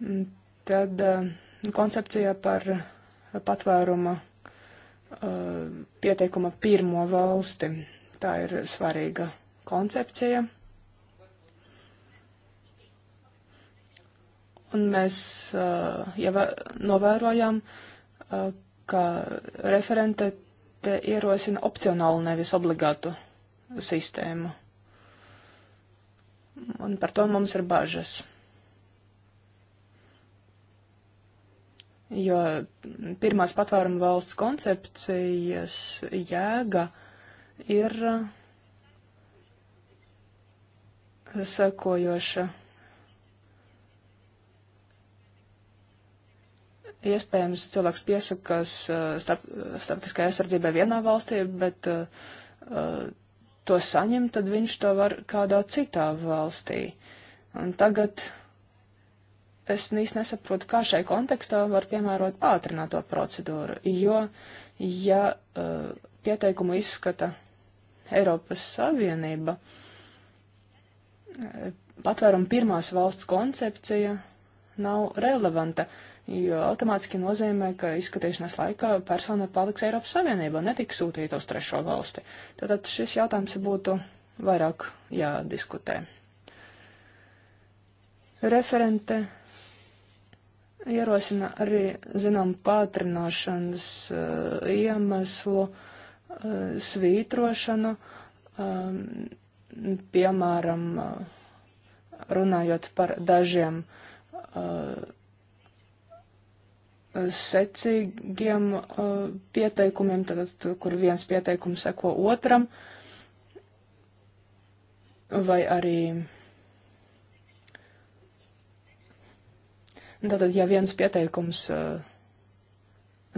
Mm, tad koncepcija par patvēruma pieteikuma pirmo valsti. Tā ir svarīga koncepcija un mēs uh, jau novērojām, uh, ka referente te ierosina opcionālu, nevis obligātu sistēmu. Un par to mums ir bažas. Jo pirmās patvēruma valsts koncepcijas jēga ir uh, sekojoša. Uh, Iespējams, cilvēks piesakās eh, starp, eh, starptautiskajai aizsardzībai vienā valstī, bet uh, to saņem, tad viņš to var kādā citā valstī. Un tagad es īsti nesaprotu, kā šai kontekstā var piemērot pātrināto procedūru, jo, ja uh, pieteikumu izskata Eiropas Savienība, patvērumu pirmās valsts koncepcija nav relevanta. Uh, jo automātiski nozīmē, ka izskatīšanās laikā persona paliks Eiropas Savienībā un netiks sūtīta uz trešo valsti. Tātad šis jautājums būtu vairāk jādiskutē. Referente ierosina arī, zinām, pātrināšanas uh, iemeslu uh, svītrošanu, um, piemēram, runājot par dažiem uh, secīgiem uh, pieteikumiem, tad, kur viens pieteikums seko otram, vai arī. Tātad, ja viens pieteikums uh,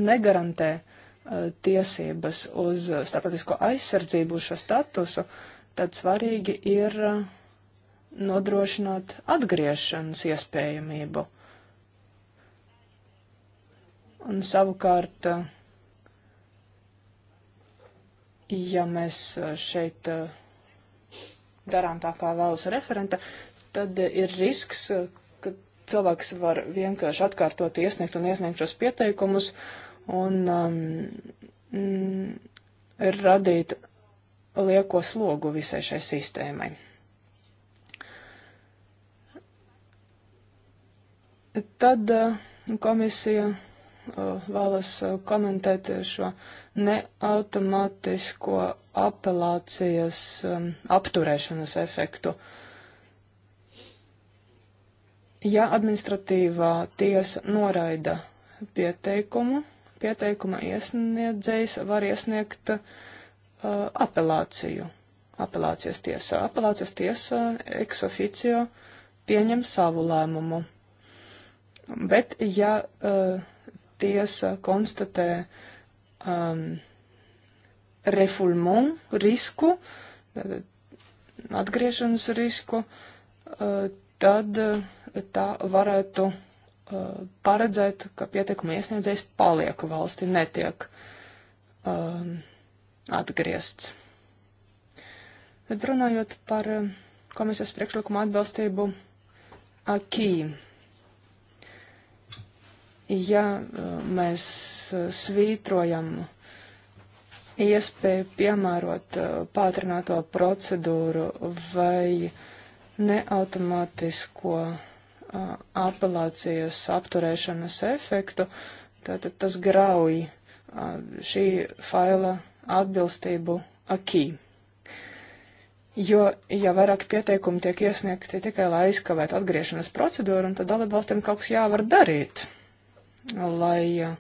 negarantē uh, tiesības uz starptautisko aizsardzību, šo statusu, tad svarīgi ir nodrošināt atgriešanas iespējamību. Un savukārt, eh, ja mēs eh, šeit eh, darām tā, kā vēlas referenta, tad ir risks, ka cilvēks var vienkārši atkārtot iesniegt un iesniegt šos pieteikumus un um, mm, radīt lieko slogu visai šai sistēmai. Tad komisija Eh, vēlas eh, komentēt šo neautomātisko apelācijas eh, apturēšanas efektu. Ja administratīvā tiesa noraida pieteikumu, pieteikuma iesniedzējs var iesniegt uh, apelāciju. Apelācijas tiesā. Apelācijas tiesa ex officio pieņem savu lēmumu. Bet, ja uh, tiesa konstatē um, refulmon risku, atgriešanas risku, uh, tad uh, tā varētu uh, paredzēt, ka pieteikuma iesniedzējs paliek valsti, netiek um, atgriezts. Bet runājot par uh, komisijas priekšlikuma atbalstību akī. Uh, ja eh, mēs eh, svītrojam iespēju piemērot eh, pātrināto procedūru vai neautomātisko apelācijas apturēšanas efektu, tātad tas grauj šī faila atbilstību akī. Jo, ja vairāk pieteikumu tiek iesniegti tikai, lai aizkavētu atgriešanas procedūru, un tad dalībvalstīm kaut kas jāvar darīt lai uh,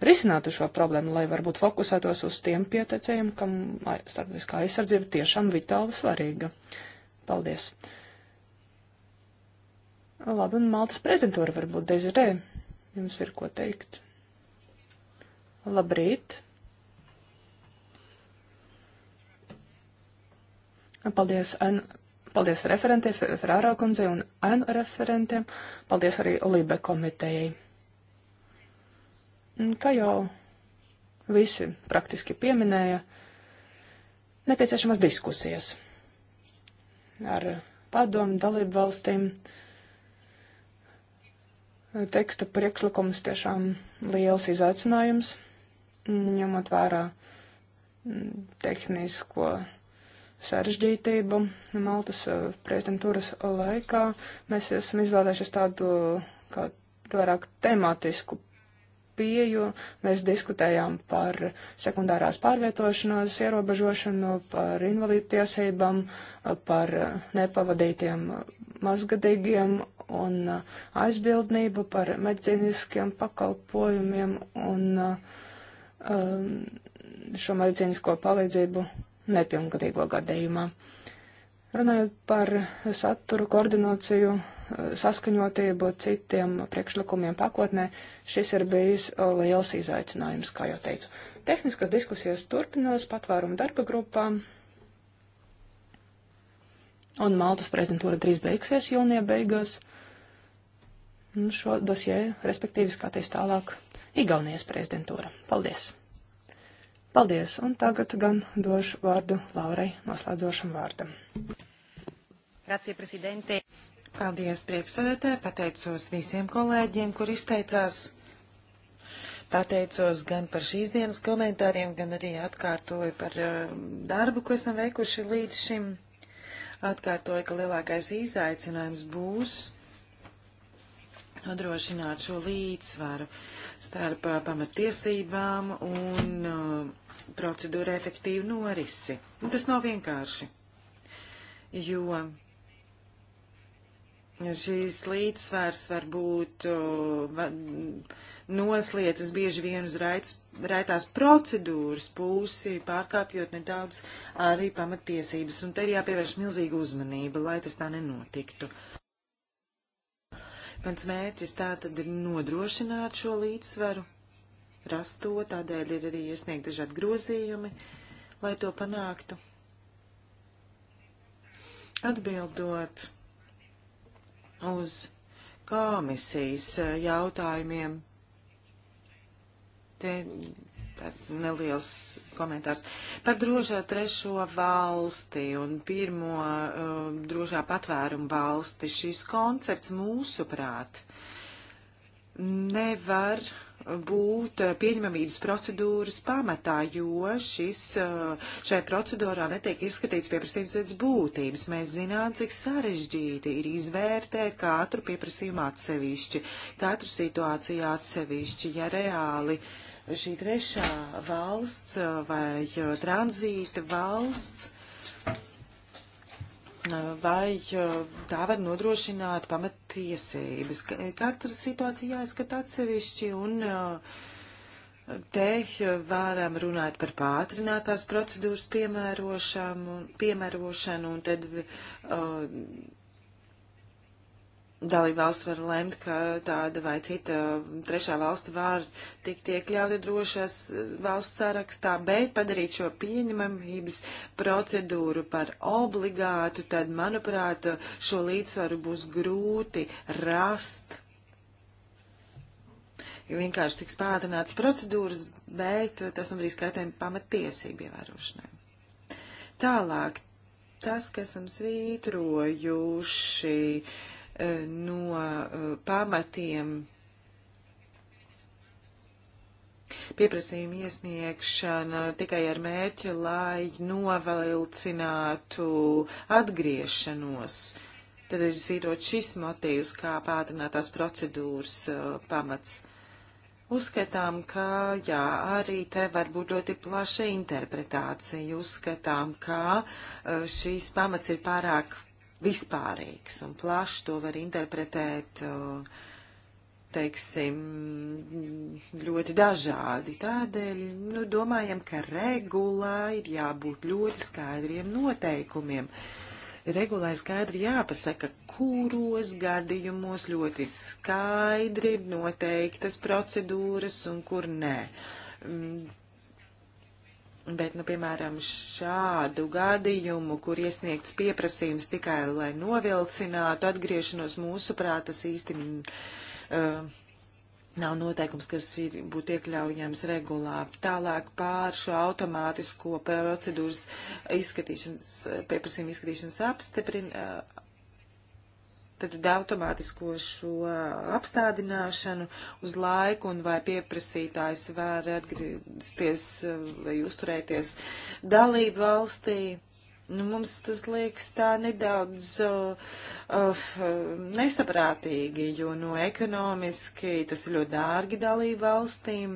risinātu šo problēmu, lai varbūt fokusētos uz tiem pieteicējiem, kam starptautiskā aizsardzība tiešām vitāli svarīga. Paldies! Labi, un Maltas prezidentūra varbūt dezirē. Jums ir ko teikt. Labrīt! Paldies, An paldies referentiem, Ferrāra kundzei un Anu referentiem. Paldies arī Libe komitejai. Mm, kā jau visi praktiski pieminēja, nepieciešamas diskusijas ar padomu dalību valstīm. Teksta priekšlikums tiešām liels izaicinājums, ņemot vērā mm, tehnisko sarežģītību Maltas eh, prezidentūras laikā. Mēs esam izvēlējušies tādu kā vairāk tematisku pieju. Mēs diskutējām par sekundārās pārvietošanās ierobežošanu, par invalīdu tiesībām, par nepavadītiem mazgadīgiem un aizbildnību, par medicīniskiem pakalpojumiem un um, šo medicīnisko palīdzību nepilngadīgo gadījumā. Runājot par saturu koordināciju, saskaņotību citiem priekšlikumiem pakotnē, šis ir bijis liels izaicinājums, kā jau teicu. Tehniskas diskusijas turpinās patvērumu darba grupā, un Maltas prezidentūra drīz beigsies jūnija beigās. Šo dosie, respektīvi, skatīs tālāk Igaunijas prezidentūra. Paldies! Paldies, un tagad gan došu vārdu Laurai noslēdzošam vārdam. Grazie, prezidente. Paldies, priekšsēdētāji, pateicos visiem kolēģiem, kur izteicās. Pateicos gan par šīs dienas komentāriem, gan arī atkārtoju par eh, darbu, ko esam veikuši līdz šim. Atkārtoju, ka lielākais izaicinājums būs nodrošināt šo līdzsvaru starp eh, pamatiesībām un uh, procedūra efektīvu norisi. Un nu, tas nav vienkārši, jo šīs līdzsvērs var būt nosliecis bieži vien uz raitas, raitās procedūras pusi, pārkāpjot nedaudz arī pamatiesības, un te ir jāpievērš milzīga uzmanība, lai tas tā nenotiktu. Mans mērķis tā tad ir nodrošināt šo līdzsvaru, rasto, tādēļ ir arī iesniegt dažādi grozījumi, lai to panāktu. Atbildot uz komisijas eh, jautājumiem, te neliels komentārs par drošā trešo valsti un pirmo uh, drošā patvērumu valsti. Šis koncepts mūsuprāt nevar uh, būt eh, pieņemamības procedūras pamatā, jo šis, eh, šai procedūrā netiek izskatīts pieprasījums pēc būtības. Mēs zinām, cik sarežģīti ir izvērtēt katru pieprasījumu atsevišķi, katru situāciju atsevišķi, ja reāli šī trešā valsts eh, vai tranzīta valsts vai tā var nodrošināt pamatiesības. Katra situācija jāizskata atsevišķi un te varam runāt par pātrinātās procedūras piemērošanu un tad uh, dalībvalsts var lemt, ka tāda vai cita trešā valsts var tikt iekļauta drošās eh, valsts sarakstā, bet padarīt šo pieņemamības procedūru par obligātu, tad, manuprāt, šo līdzsvaru būs grūti rast. Vienkārši tiks pātrināts procedūras, bet tas nedrīkst kaitēt pamatiesību ievērošanai. Tālāk, tas, kas esam svītrojuši. Uh, Eh, no eh, pamatiem pieprasījuma iesniegšana tikai ar mērķi, lai novilcinātu atgriešanos. Tad ir izvīrot šis motīvs, kā pātrinātās procedūras eh, pamats. Uzskatām, ka jā, arī te var būt ļoti plaša interpretācija. Uzskatām, ka šīs pamats ir pārāk vispārīgs un plašs, to var interpretēt, teiksim, ļoti dažādi. Tādēļ, nu, domājam, ka regulā ir jābūt ļoti skaidriem noteikumiem. Regulā skaidri jāpasaka, kuros gadījumos ļoti skaidri noteiktas procedūras un kur nē mm, Bet, nu, piemēram, šādu gadījumu, kur iesniegts pieprasījums tikai, lai novilcinātu atgriešanos mūsuprāt, tas īsti mm, uh, nav noteikums, kas ir, būtu iekļaujams regulā. Tālāk pār šo automātisko procedūras izskatīšanas, pieprasījuma izskatīšanas apstiprin, uh, tad automātisko šo apstādināšanu uz laiku un vai pieprasītājs var atgriezties eh, vai uzturēties dalību valstī. Nu, mums tas liekas tā nedaudz uh, uh, nesaprātīgi, jo no nu, ekonomiski tas ir ļoti dārgi dalību valstīm.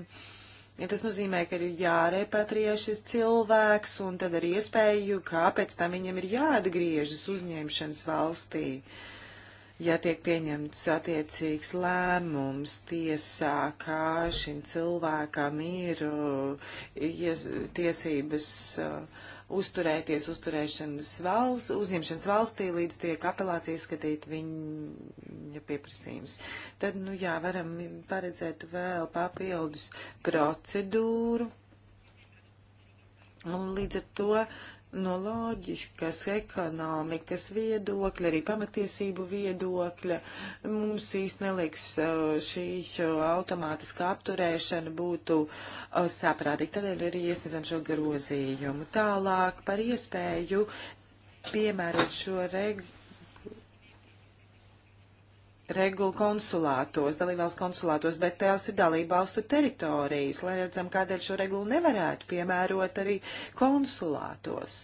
Ja tas nozīmē, ka ir jārepatrijē šis cilvēks un tad ar iespēju, kāpēc tam viņam ir jāatgriežas uzņemšanas valstī. Uh, ja tiek pieņemts attiecīgs lēmums tiesā, kā šim cilvēkam ir uh, ies, tiesības uh, uzturēties uzturēšanas valsts, uzņemšanas valstī, līdz tiek apelācija skatīt viņa pieprasījums. Tad, nu jā, varam paredzēt vēl papildus procedūru. Un līdz ar to no loģiskas, ekonomikas viedokļa, arī pamatiesību viedokļa, mums īsti neliks uh, šī uh, automātiska apturēšana būtu uh, saprātīgi. Tādēļ arī iesniedzam šo grozījumu. Tālāk par iespēju piemērot šo regulējumu regulu konsulātos, dalībvalsts konsulātos, bet tās ir dalībvalstu teritorijas, lai redzam, kādēļ šo regulu nevarētu piemērot arī konsulātos.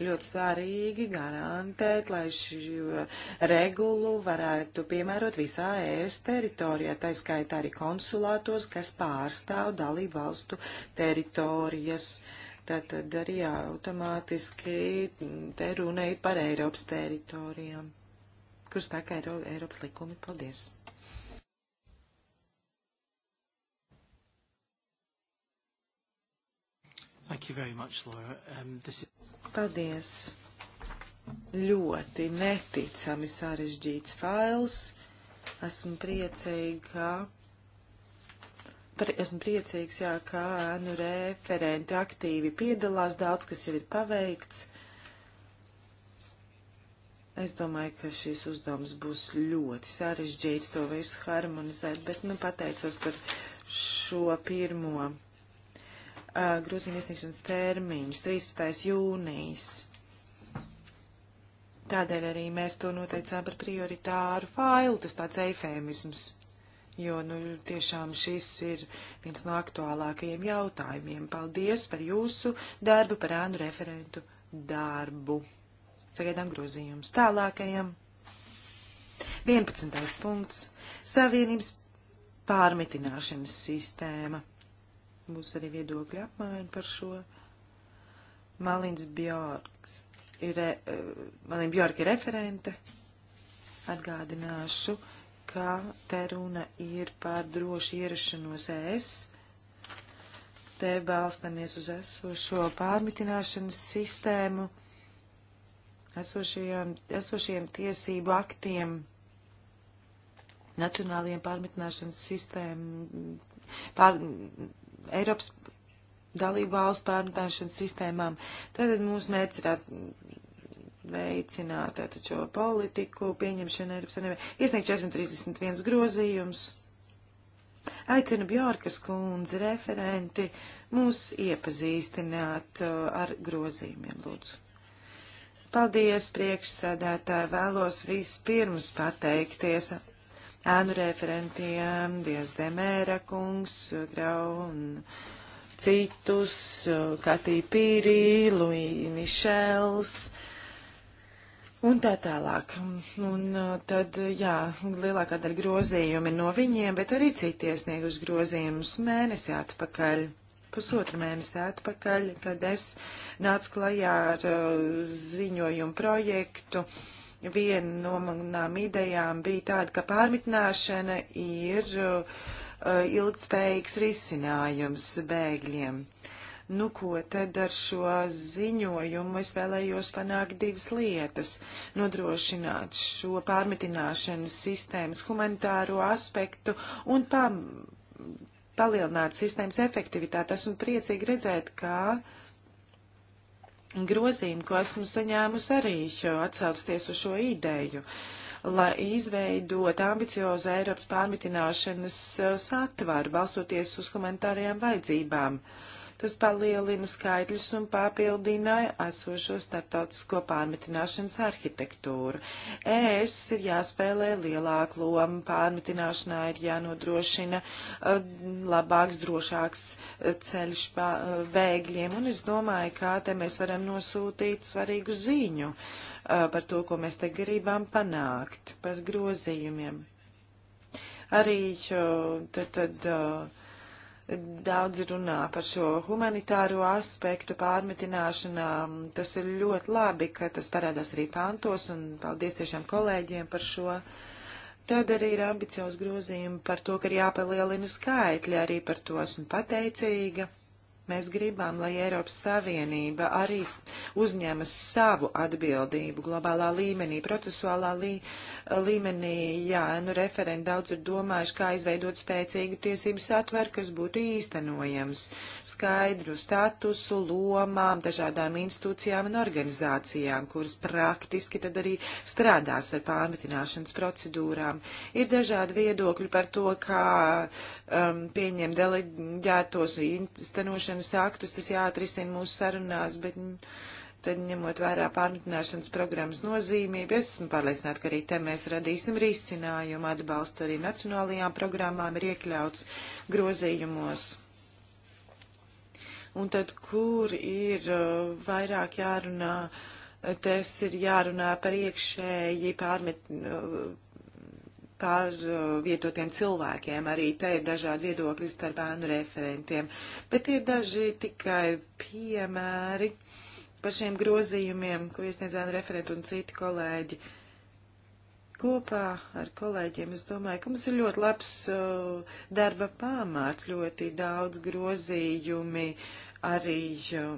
Ļoti svarīgi garantēt, lai šo regulu varētu piemērot visā ES teritorijā, tā skaitā arī konsulātos, kas pārstāv dalībvalstu teritorijas. Tātad arī automātiski te runēja par Eiropas teritorijām kur spēkā ir Eiropas likumi. Paldies! Thank you very much, Laura. Um, this is... Paldies! Ļoti neticami sarežģīts fails. Esmu priecīga, ka esmu priecīgs, jā, kā nu referenti aktīvi piedalās, daudz kas jau ir paveikts. Es domāju, ka šis uzdevums būs ļoti sarežģīts to visu harmonizēt, bet nu pateicos par šo pirmo uh, grūzījumu iesniegšanas termiņš, 13. jūnijas. Tādēļ arī mēs to noteicām par prioritāru failu, tas tāds eifēmisms, jo nu, tiešām šis ir viens no aktuālākajiem jautājumiem. Paldies par jūsu darbu, par ānu referentu darbu. Sagaidām grozījumus. Tālākajam. 11. punkts. Savienības pārmetināšanas sistēma. Būs arī viedokļa apmaiņa par šo. Malins Bjorks ir, eh, Malin Bjork ir referente. Atgādināšu, ka te runa ir par drošu ierašanos ES te balstamies uz esošo pārmitināšanas sistēmu, esošajiem, esošajiem tiesību aktiem, nacionālajiem pārmitināšanas sistēmām, pār, Eiropas dalību valstu pārmitināšanas sistēmām. Tad mūsu mērķis ir veicināt tātad šo politiku, pieņemšanu Eiropas Savienībā. Iesniegt 431 grozījums. Aicinu Bjorkas kundzi referenti mūs iepazīstināt uh, ar grozījumiem, lūdzu. Paldies, priekšsēdētāji, vēlos vispirms pateikties ēnu referentiem, Dievs Demēra kungs, Grau un citus, Katī Pīrī, Luī Mišels un tā tālāk. Un tad, jā, lielākā daļa grozījumi no viņiem, bet arī citi iesnieguši grozījumus mēnesi atpakaļ pusotru mēnesi atpakaļ, kad es nācu klajā ar uh, ziņojumu projektu. Viena no manām idejām bija tāda, ka pārmitināšana ir uh, ilgtspējīgs risinājums bēgļiem. Nu, ko tad ar šo ziņojumu es vēlējos panākt divas lietas - nodrošināt šo pārmitināšanas sistēmas humanitāro aspektu un pam palielināt sistēmas efektivitāti. Esmu priecīgi redzēt, ka grozījumi, ko esmu saņēmusi arī atsaucties uz šo ideju, lai izveidot ambiciozu Eiropas pārmitināšanas uh, satvaru, balstoties uz komentārajām vajadzībām. Uh, Tas palielina skaidrs un papildināja esošo starptautisko pārmitināšanas arhitektūru. ES ir jāspēlē lielāka loma, pārmitināšanā ir jānodrošina uh, labāks, drošāks uh, ceļš pa, uh, eh, vēgļiem, un es domāju, kā te mēs varam nosūtīt svarīgu ziņu par to, ko mēs te gribam panākt, par grozījumiem. Arī tad, tad, uh, Daudz runā par šo humanitāro aspektu pārmetināšanā. Tas ir ļoti labi, ka tas parādās arī pāntos, un paldies tiešām kolēģiem par šo. Tad arī ir ambiciozs grozījumi par to, ka ir jāpalielina skaitļi, arī par to esmu pateicīga. Mēs gribam, lai Eiropas Savienība arī uzņemas savu atbildību globālā līmenī, procesuālā lī, līmenī, jā, nu referenti daudz ir domājuši, kā izveidot spēcīgu tiesību satveru, kas būtu īstenojams, skaidru statusu, lomām, dažādām institūcijām un organizācijām, kuras praktiski tad arī strādās ar pārmetināšanas procedūrām. Ir dažādi viedokļi par to, kā um, pieņem deleģētos īstenošanas aktus, tas jāatrisina mūsu sarunās, bet. Mm, Tad, ņemot vērā pārmitināšanas programmas nozīmību, es esmu pārliecināta, ka arī te mēs radīsim risinājumu. Atbalsts arī nacionālajām programmām ir iekļauts grozījumos. Un tad, kur ir uh, vairāk jārunā, tas ir jārunā par iekšēji pārmet, uh, pārvietotiem uh, cilvēkiem. Arī te ir dažādi viedokļi starp bērnu referentiem. Bet ir daži tikai piemēri. Uh, par šiem grozījumiem, ko iesniedzēna referenta un citi kolēģi. Kopā ar kolēģiem es domāju, ka mums ir ļoti labs uh, darba pamāts, ļoti daudz grozījumi arī uh,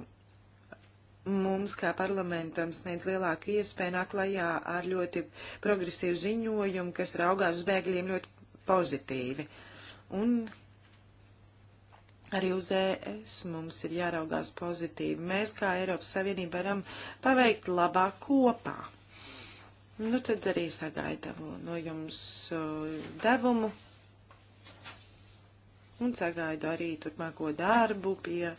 mums, kā parlamentam, sniedz lielāku iespēju nāk lajā ar ļoti progresīvu ziņojumu, kas raugās uz bēgļiem ļoti pozitīvi. Un Arī uz ES mums ir jāraugās pozitīvi. Mēs kā Eiropas Savienība varam paveikt labāk kopā. Nu, tad arī sagaidām no jums devumu un sagaidu arī turpmāko darbu pie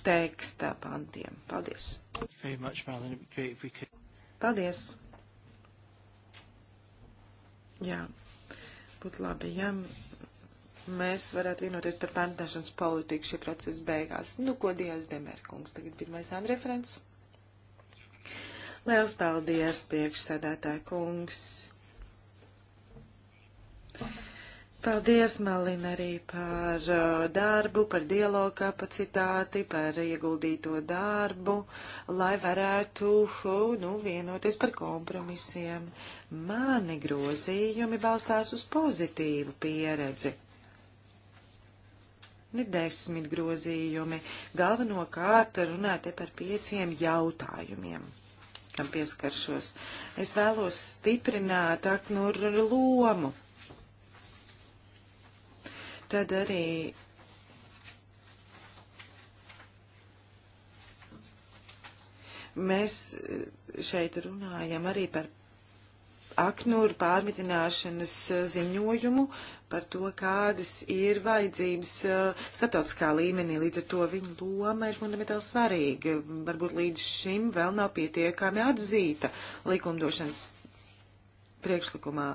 teksta pantiem. Paldies! Much, could... Paldies! Jā, būtu labi, ja mēs varētu vienoties par pārnēšanas politiku šī procesa beigās. Nu, ko Dievs Demerkungs, tagad pirmais anreferents. Liels paldies, priekšsēdētāja kungs. Paldies, Malina, arī par uh, darbu, par dialogu kapacitāti, par ieguldīto darbu, lai varētu, uh, nu, vienoties par kompromisiem. Mani grozījumi balstās uz pozitīvu pieredzi ir desmit grozījumi. Galvenokārt runā te par pieciem jautājumiem, kam pieskaršos. Es vēlos stiprināt aknuru lomu. Tad arī mēs šeit runājam arī par aknūru pārmitināšanas ziņojumu, uh, par to, kādas ir vajadzības uh, starptautiskā līmenī. Līdz ar to viņa loma ir fundamentāli svarīga. Varbūt līdz šim vēl nav pietiekami atzīta likumdošanas priekšlikumā.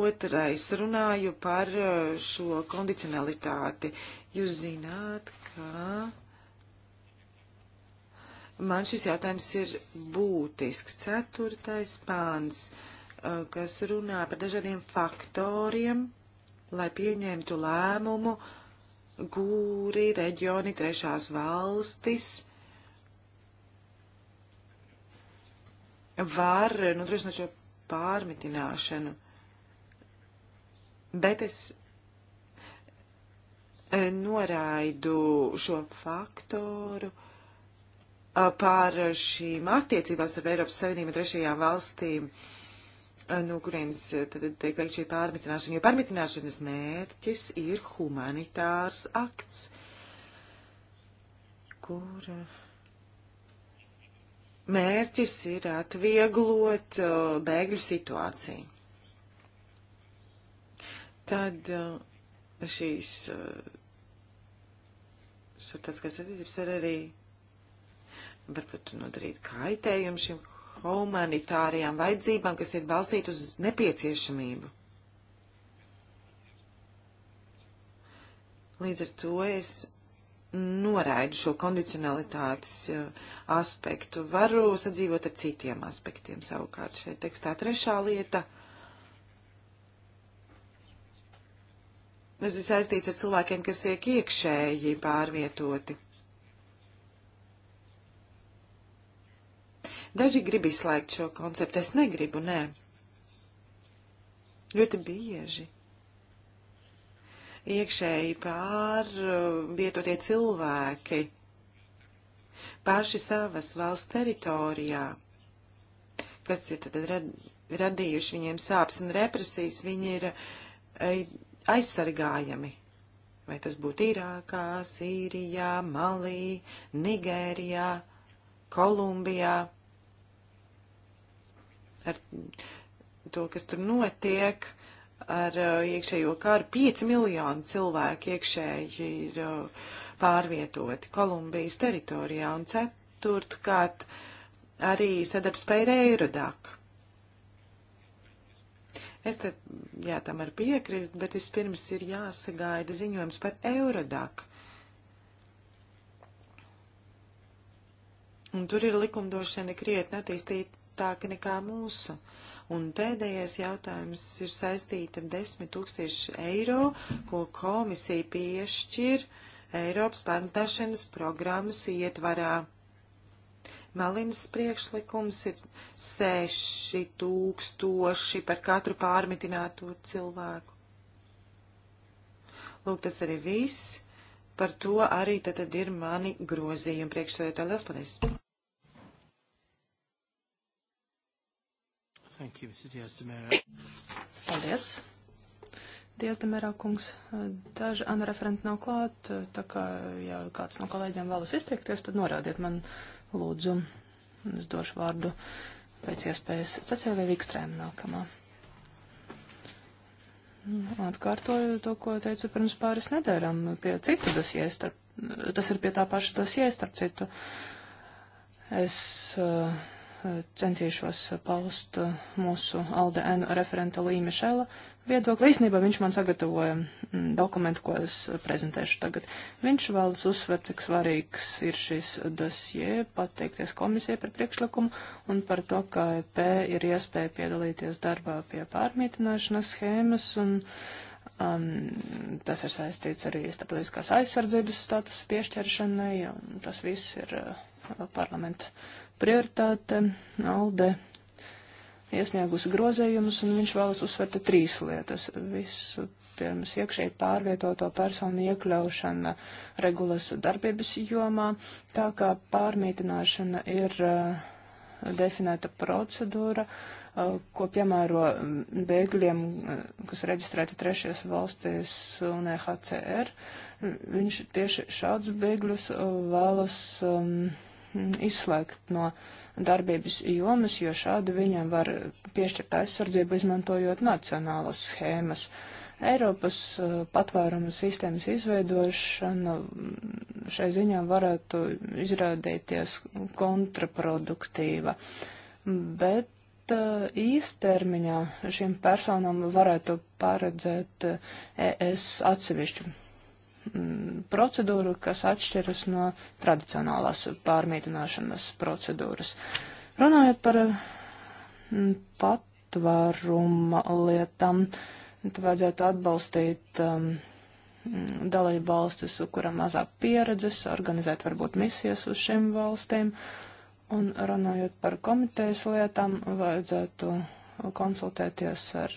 Otrais runāju par uh, šo kondicionalitāti. Jūs zināt, ka. Man šis jautājums ir būtisks. Ceturtais pāns, uh, kas runā par dažādiem faktoriem, lai pieņemtu lēmumu gūri, reģioni, trešās valstis var nodrošināt nu, šo pārmitināšanu. Bet es e, noraidu šo faktoru e, par šīm attiecībās ar Eiropas Savienību un trešajām valstīm. Uh, Eh, no kurienes eh, tad tiek veikta šī pārmitināšana, jo pārmitināšanas mērķis ir humanitārs akts, kur eh, mērķis ir atvieglot bēgļu situāciju. Tad šīs starptautiskās attiecības var arī varbūt nodarīt kaitējumu šim humanitārajām vajadzībām, kas ir balstīta uz nepieciešamību. Līdz ar to es noraidu šo kondicionalitātes eh, aspektu. Varu sadzīvot ar citiem aspektiem savukārt šeit tekstā. Trešā lieta. Tas ir saistīts ar cilvēkiem, kas tiek iekšēji pārvietoti. Daži grib izslēgt šo konceptu, es negribu, nē. Ļoti bieži iekšēji pārvietotie cilvēki paši savas valsts teritorijā, kas ir tad rad, radījuši viņiem sāpes un represijas, viņi ir e, aizsargājami. Vai tas būtu Irākā, Sīrijā, Malī, Nigērijā, Kolumbijā ar to, kas tur notiek, ar uh, iekšējo karu. 5 miljoni cilvēku iekšēji ir uh, pārvietoti Kolumbijas teritorijā un ceturtkārt arī sadarbspēja ar Eirodaku. Es te, jā, tam var piekrist, bet vispirms ir jāsagaida ziņojums par Eurodaku. Un tur ir likumdošana krietni attīstīta augstāka nekā mūsu. Un pēdējais jautājums ir saistīta ar 10 tūkstiešu eiro, ko komisija piešķir Eiropas pārntašanas programmas ietvarā. Malins priekšlikums ir 6 tūkstoši par katru pārmitināto cilvēku. Lūk, tas arī viss. Par to arī tad ir mani grozījumi priekšsēdētāji. Lielas paldies! Thank you, Mr. Diaz de Mera. Paldies. Diaz de Mera kungs, daži ANU referenti nav klāt, tā kā, ja kāds no kolēģiem vēlas izteikties, tad norādiet man lūdzu. Es došu vārdu pēc iespējas Cecēlija Vikstrēma nākamā. Nu, atkārtoju to, ko teicu pirms pāris nedēļām pie citu dosie, starp, tas ir pie tā paša dosie, starp citu. Es uh, centīšos paust mūsu ALDN referenta Līja Mišela viedokli. Īsnībā viņš man sagatavoja mm, dokumentu, ko es prezentēšu tagad. Viņš vēlas uzsvērt, cik svarīgs ir šis dosie, pateikties komisijai par priekšlikumu un par to, ka EP ir iespēja piedalīties darbā pie pārmītināšanas schēmas un um, tas ir saistīts arī starptautiskās aizsardzības statusa piešķiršanai un tas viss ir. Uh, parlamenta prioritāte. Alde iesniegusi grozējumus, un viņš vēlas uzsvert trīs lietas. Visu pirms iekšēji pārvietoto personu iekļaušana regulas darbības jomā, tā kā pārmītināšana ir uh, definēta procedūra, uh, ko piemēro mm, bēgļiem, uh, kas reģistrēti trešies valstīs un EHCR. Viņš tieši šāds bēgļus uh, vēlas. Um, Mm, izslēgt no darbības jomas, jo šādi viņam var piešķirt aizsardzību, izmantojot nacionālas schēmas. Eiropas uh, patvērumu sistēmas izveidošana mm, šai ziņā varētu izrādīties kontraproduktīva, bet uh, īstermiņā šīm personām varētu paredzēt uh, ES atsevišķu Mm, procedūru, kas atšķiras no tradicionālās pārmītināšanas procedūras. Runājot par mm, patvēruma lietām, vajadzētu atbalstīt um, dalību valstis, kuram mazāk pieredzes, organizēt varbūt misijas uz šiem valstīm. Un runājot par komitejas lietām, vajadzētu konsultēties ar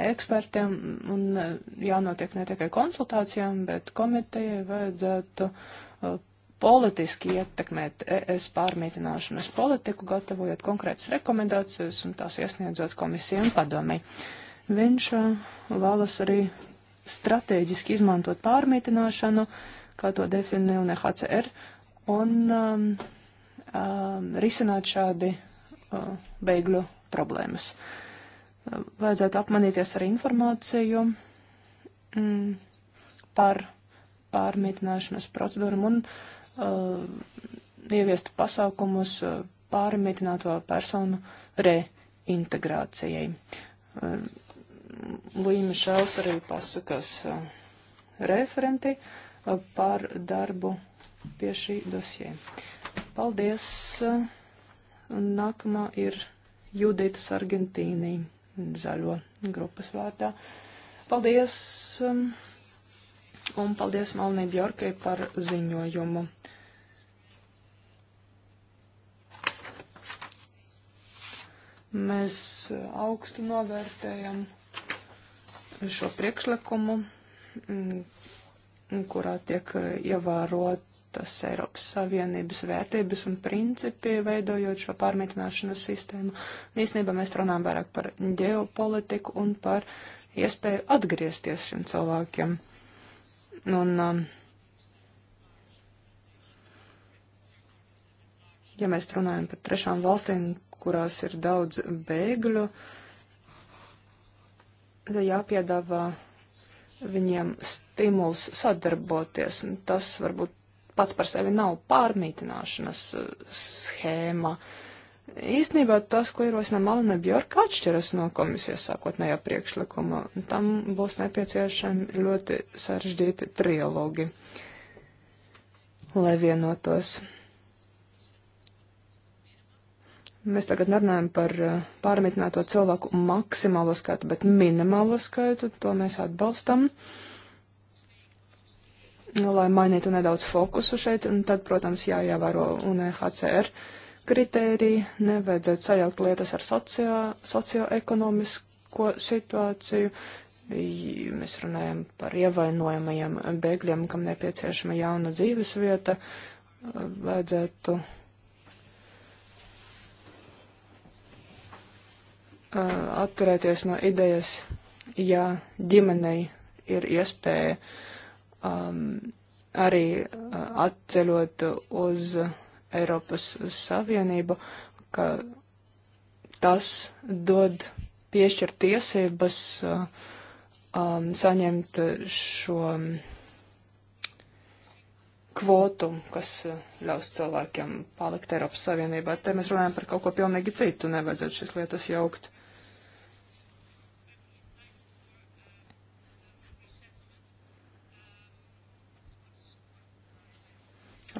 ekspertiem, un eh, jānotiek ne tikai konsultācijām, bet komitejai vajadzētu eh, politiski ietekmēt ES pārmītināšanas politiku, gatavojot konkrētas rekomendācijas un tās iesniedzot komisijām padomē. Viņš eh, vēlas arī strateģiski izmantot pārmītināšanu, kā to definē UNHCR, un um, um, risināt šādi uh, beigļu problēmas. Vajadzētu apmanīties ar informāciju mm, par pārmītināšanas procedūram un uh, ieviest pasākumus uh, pārmītināto personu reintegrācijai. Uh, Līma Šels arī pasakas uh, referenti uh, par darbu pie šī dosie. Paldies! Uh, un nākamā ir Judītas Argentīnī zaļo grupas vārdā. Paldies! Um, un paldies Malnī Bjorkai par ziņojumu. Mēs augstu novērtējam šo priekšlikumu, mm, kurā tiek ievērot tas Eiropas Savienības vērtības un principi, veidojot šo pārmitināšanas sistēmu. Īsnībā mēs runājam vairāk par ģeopolitiku un par iespēju atgriezties šiem cilvēkiem. Un, um, ja mēs runājam par trešām valstīm, kurās ir daudz bēgļu, tad jāpiedāvā viņiem stimuls sadarboties, un tas varbūt pats par sevi nav pārmītināšanas uh, schēma. Īsnībā tas, ko ierosina Malina Bjorka, atšķiras no komisijas sākotnējā priekšlikuma. Tam būs nepieciešami ļoti sarežģīti trialogi, lai vienotos. Mēs tagad nerunājam par uh, pārmitināto cilvēku maksimālo skaitu, bet minimālo skaitu, to mēs atbalstam. Uh, nu, lai mainītu nedaudz fokusu šeit, un tad, protams, jāievēro UNHCR kritērija, nevajadzētu sajaukt lietas ar socio, socioekonomisko situāciju. Mēs runājam par ievainojamajiem bēgļiem, kam nepieciešama jauna dzīves vieta. Vajadzētu atturēties no idejas, ja ģimenei ir iespēja uh, um, arī uh, atceļot uz Eiropas Savienību, ka tas dod piešķir tiesības uh, um, saņemt šo kvotu, kas ļaus cilvēkiem palikt Eiropas Savienībā. Te mēs runājam par kaut ko pilnīgi citu, nevajadzētu šīs lietas jaukt. Uh,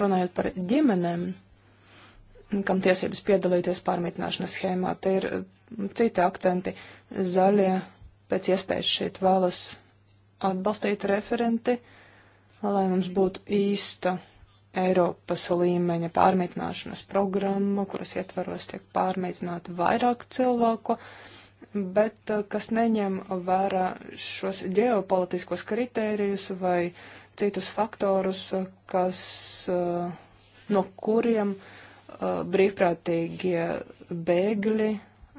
Runājot par ģimenēm, kam tiesības piedalīties pārmītināšanas schēmā, te ir mm, citi akcenti. Zaļie pēc iespējas šeit vēlas atbalstīt referenti, lai mums būtu īsta Eiropas līmeņa pārmītināšanas programma, kuras ietvaros tiek pārmītināti vairāk cilvēku, bet eh, kas neņem vērā šos ģeopolitiskos kritērijus vai uh, citus faktorus, kas, eh, no kuriem eh, brīvprātīgie bēgļi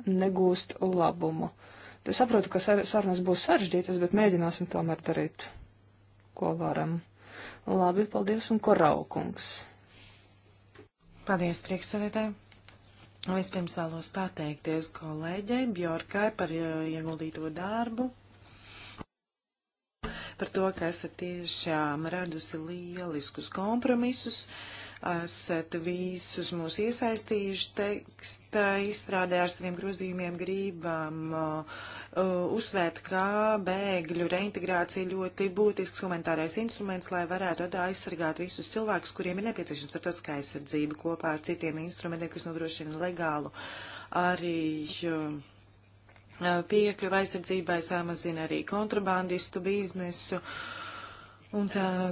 negūst labumu. Es saprotu, ka sarunas būs sarežģītas, bet mēģināsim tomēr darīt, ko varam. Labi, paldies un ko raukungs. Paldies, priekšsēdētāji. Vispirms vēlos pateikties kolēģei Bjorkai par eh, ieguldīto darbu par to, ka esat tiešām radusi lieliskus kompromisus, esat visus mūs iesaistījuši teksta izstrādē ar saviem grozījumiem grībām uh, uh, uzsvērt, ka bēgļu reintegrācija ļoti būtisks humanitārais instruments, lai varētu aizsargāt visus cilvēkus, kuriem ir nepieciešama starptautiskā aizsardzība kopā ar citiem instrumentiem, kas nodrošina legālu arī uh, piekļuva aizsardzībai, samazina arī kontrabandistu biznesu un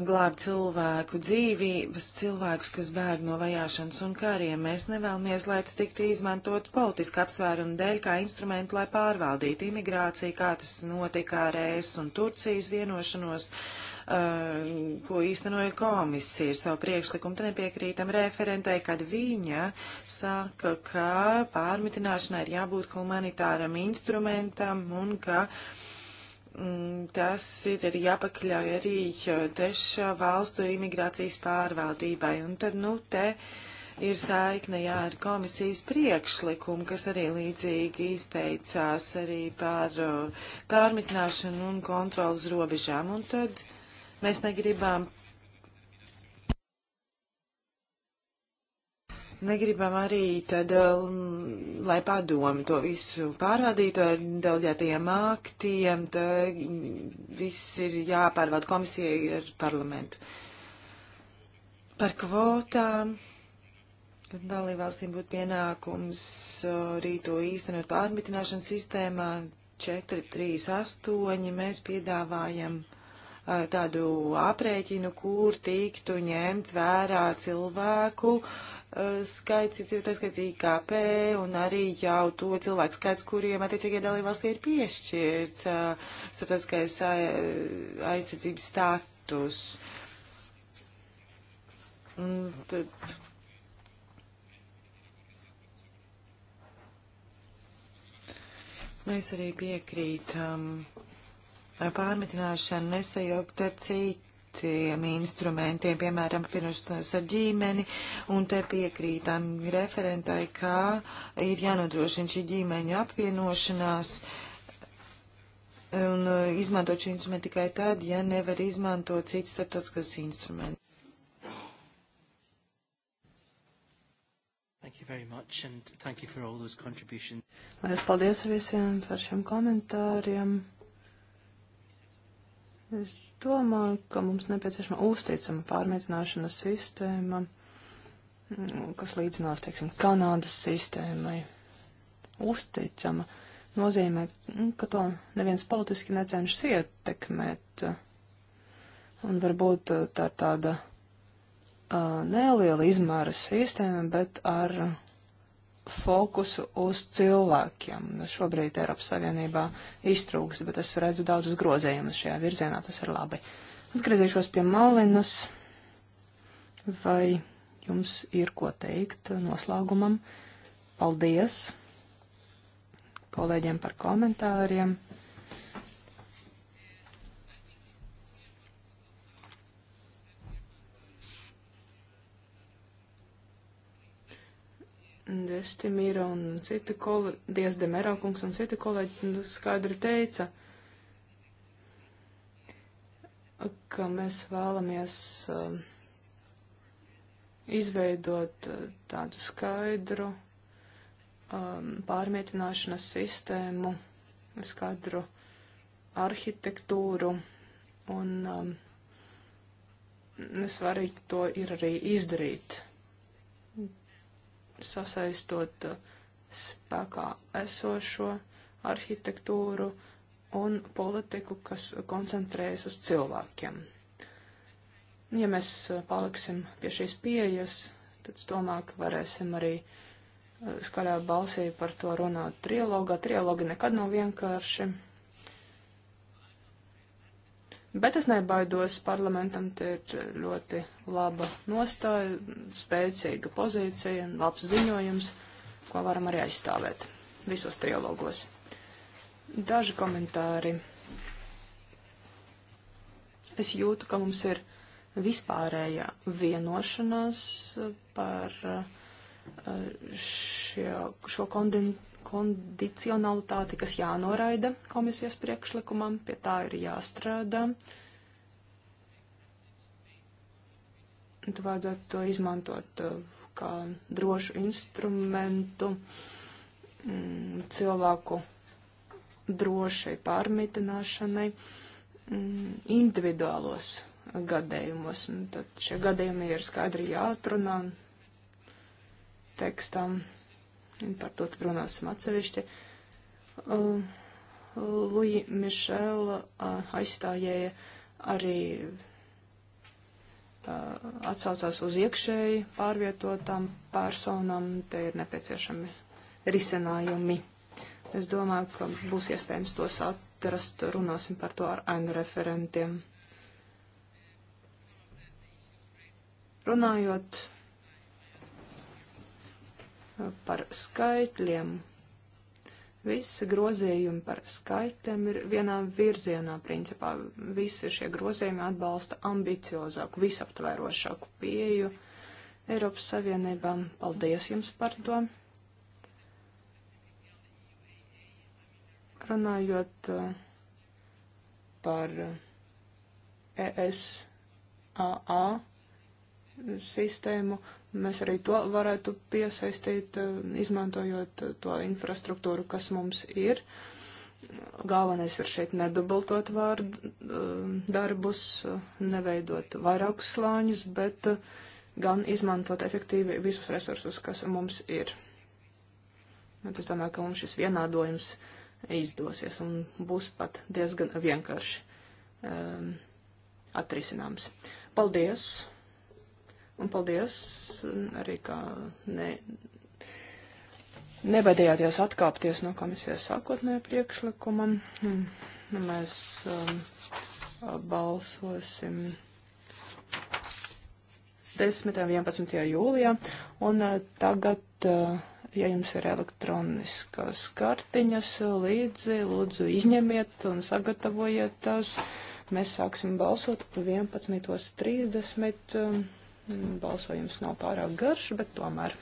glāb cilvēku dzīvības, cilvēkus, kas bēg no vajāšanas un kariem. Mēs nevēlamies, lai tas tiktu izmantot politiski apsvērumu dēļ kā instrumentu, lai pārvaldītu imigrāciju, kā tas notika ar ES un Turcijas vienošanos. Uh, Eh, ko īstenoja komisija ar savu priekšlikumu. Te nepiekrītam referentai, kad viņa saka, ka pārmitināšanai ir jābūt humanitāram instrumentam un ka mm, tas ir arī jāpakļauj arī eh, trešā valstu imigrācijas pārvaldībai. Un tad, nu, te ir saikne jā, ar komisijas priekšlikumu, kas arī līdzīgi izteicās arī par eh, pārmitināšanu un kontrolas robežām. Un tad Mēs negribam. Negribam arī tad, um, lai padomu to visu pārvadītu ar delģētajiem aktiem, tad viss ir jāpārvada komisijai ar parlamentu. Par kvotām dalībvalstīm būtu pienākums uh, arī to īstenot pārmitināšanas sistēmā 438. Mēs piedāvājam Eh, tādu aprēķinu, kur tiktu ņemts vērā cilvēku eh, skaits, iedzīvotāju skaits IKP un arī jau to cilvēku skaits, kuriem attiecīgie dalībvalstī ir piešķirts eh, starptautiskais aizsardzības status. Un tad, Mēs arī piekrītam um, pārmitināšanu nesajaukt ar citiem instrumentiem, piemēram, finanšanos ar ģimeni, un te piekrītam referentai, kā ir jānodrošina šī ģimeņu apvienošanās. Un uh, izmantot šo instrumentu tikai tad, ja nevar izmantot citas starptautiskas instrumentus. Thank you very much and thank you for all those contributions. Lielas paldies visiem par šiem komentāriem. Es domāju, ka mums nepieciešama uzticama pārmēģināšanas sistēma, mm, kas līdzinās, teiksim, Kanādas sistēmai. Uzticama nozīmē, mm, ka to neviens politiski necenšas ietekmēt. Un varbūt eh, tā ir tāda uh, neliela izmēra sistēma, bet ar uh, fokusu uz cilvēkiem. Nu, šobrīd Eiropas Savienībā iztrūks, bet es redzu daudzus grozējumus šajā virzienā, tas ir labi. Atgriezīšos pie Malinas. Vai jums ir ko teikt noslēgumam? Paldies kolēģiem par komentāriem. Destimīra un citi kolēģi, Diezdemero kungs un citi kolēģi nu, skaidri teica, ka mēs vēlamies uh, izveidot uh, tādu skaidru um, pārmietināšanas sistēmu, skaidru arhitektūru un um, svarīgi to ir arī izdarīt sasaistot uh, spēkā esošo arhitektūru un politiku, kas koncentrējas uz cilvēkiem. Ja mēs uh, paliksim pie šīs pieejas, tad es domāju, ka varēsim arī uh, skaļā balsī par to runāt trilogā. Trilogi nekad nav vienkārši. Bet es nebaidos, parlamentam te ir ļoti laba nostāja, spēcīga pozīcija un labs ziņojums, ko varam arī aizstāvēt visos trilogos. Daži komentāri. Es jūtu, ka mums ir vispārējā vienošanās par eh, eh, šo, šo konden, kondicionalitāti, kas jānoraida komisijas priekšlikumam, pie tā ir jāstrādā. Tu vajadzētu to izmantot uh, kā drošu instrumentu mm, cilvēku drošai pārmitināšanai mm, individuālos gadījumos. Tad šie gadījumi ir skaidri jāatrunā tekstam. Par to tad runāsim atsevišķi. Uh, Lui Mišela uh, aizstājēja arī uh, atsaucās uz iekšēji pārvietotām personām. Te ir nepieciešami risinājumi. Es domāju, ka būs iespējams tos atrast. Runāsim par to ar ainu referentiem. Runājot par skaitļiem. Visi grozījumi par skaitļiem ir vienā virzienā, principā. Visi šie grozījumi atbalsta ambiciozāku, visaptvērošāku pieju Eiropas Savienībām. Paldies jums par to! Runājot eh, par ESAA sistēmu, Mēs arī to varētu piesaistīt, eh, izmantojot to infrastruktūru, kas mums ir. Galvenais ir šeit nedubultot vārdu eh, darbus, eh, neveidot vairākus slāņus, bet gan izmantot efektīvi visus resursus, kas mums ir. Un nu, es domāju, ka mums šis vienādojums izdosies un būs pat diezgan vienkārši um, atrisināms. Paldies! Un paldies arī, ka ne, nebadījāties atkāpties no komisijas sākotnē priekšlikumam. Mēs um, balsosim 10. un 11. jūlijā. Un uh, tagad, uh, ja jums ir elektroniskas kartiņas līdzi, lūdzu izņemiet un sagatavojiet tās. Mēs sāksim balsot 11.30. Um, Mm, balsojums nav pārāk garš, bet tomēr.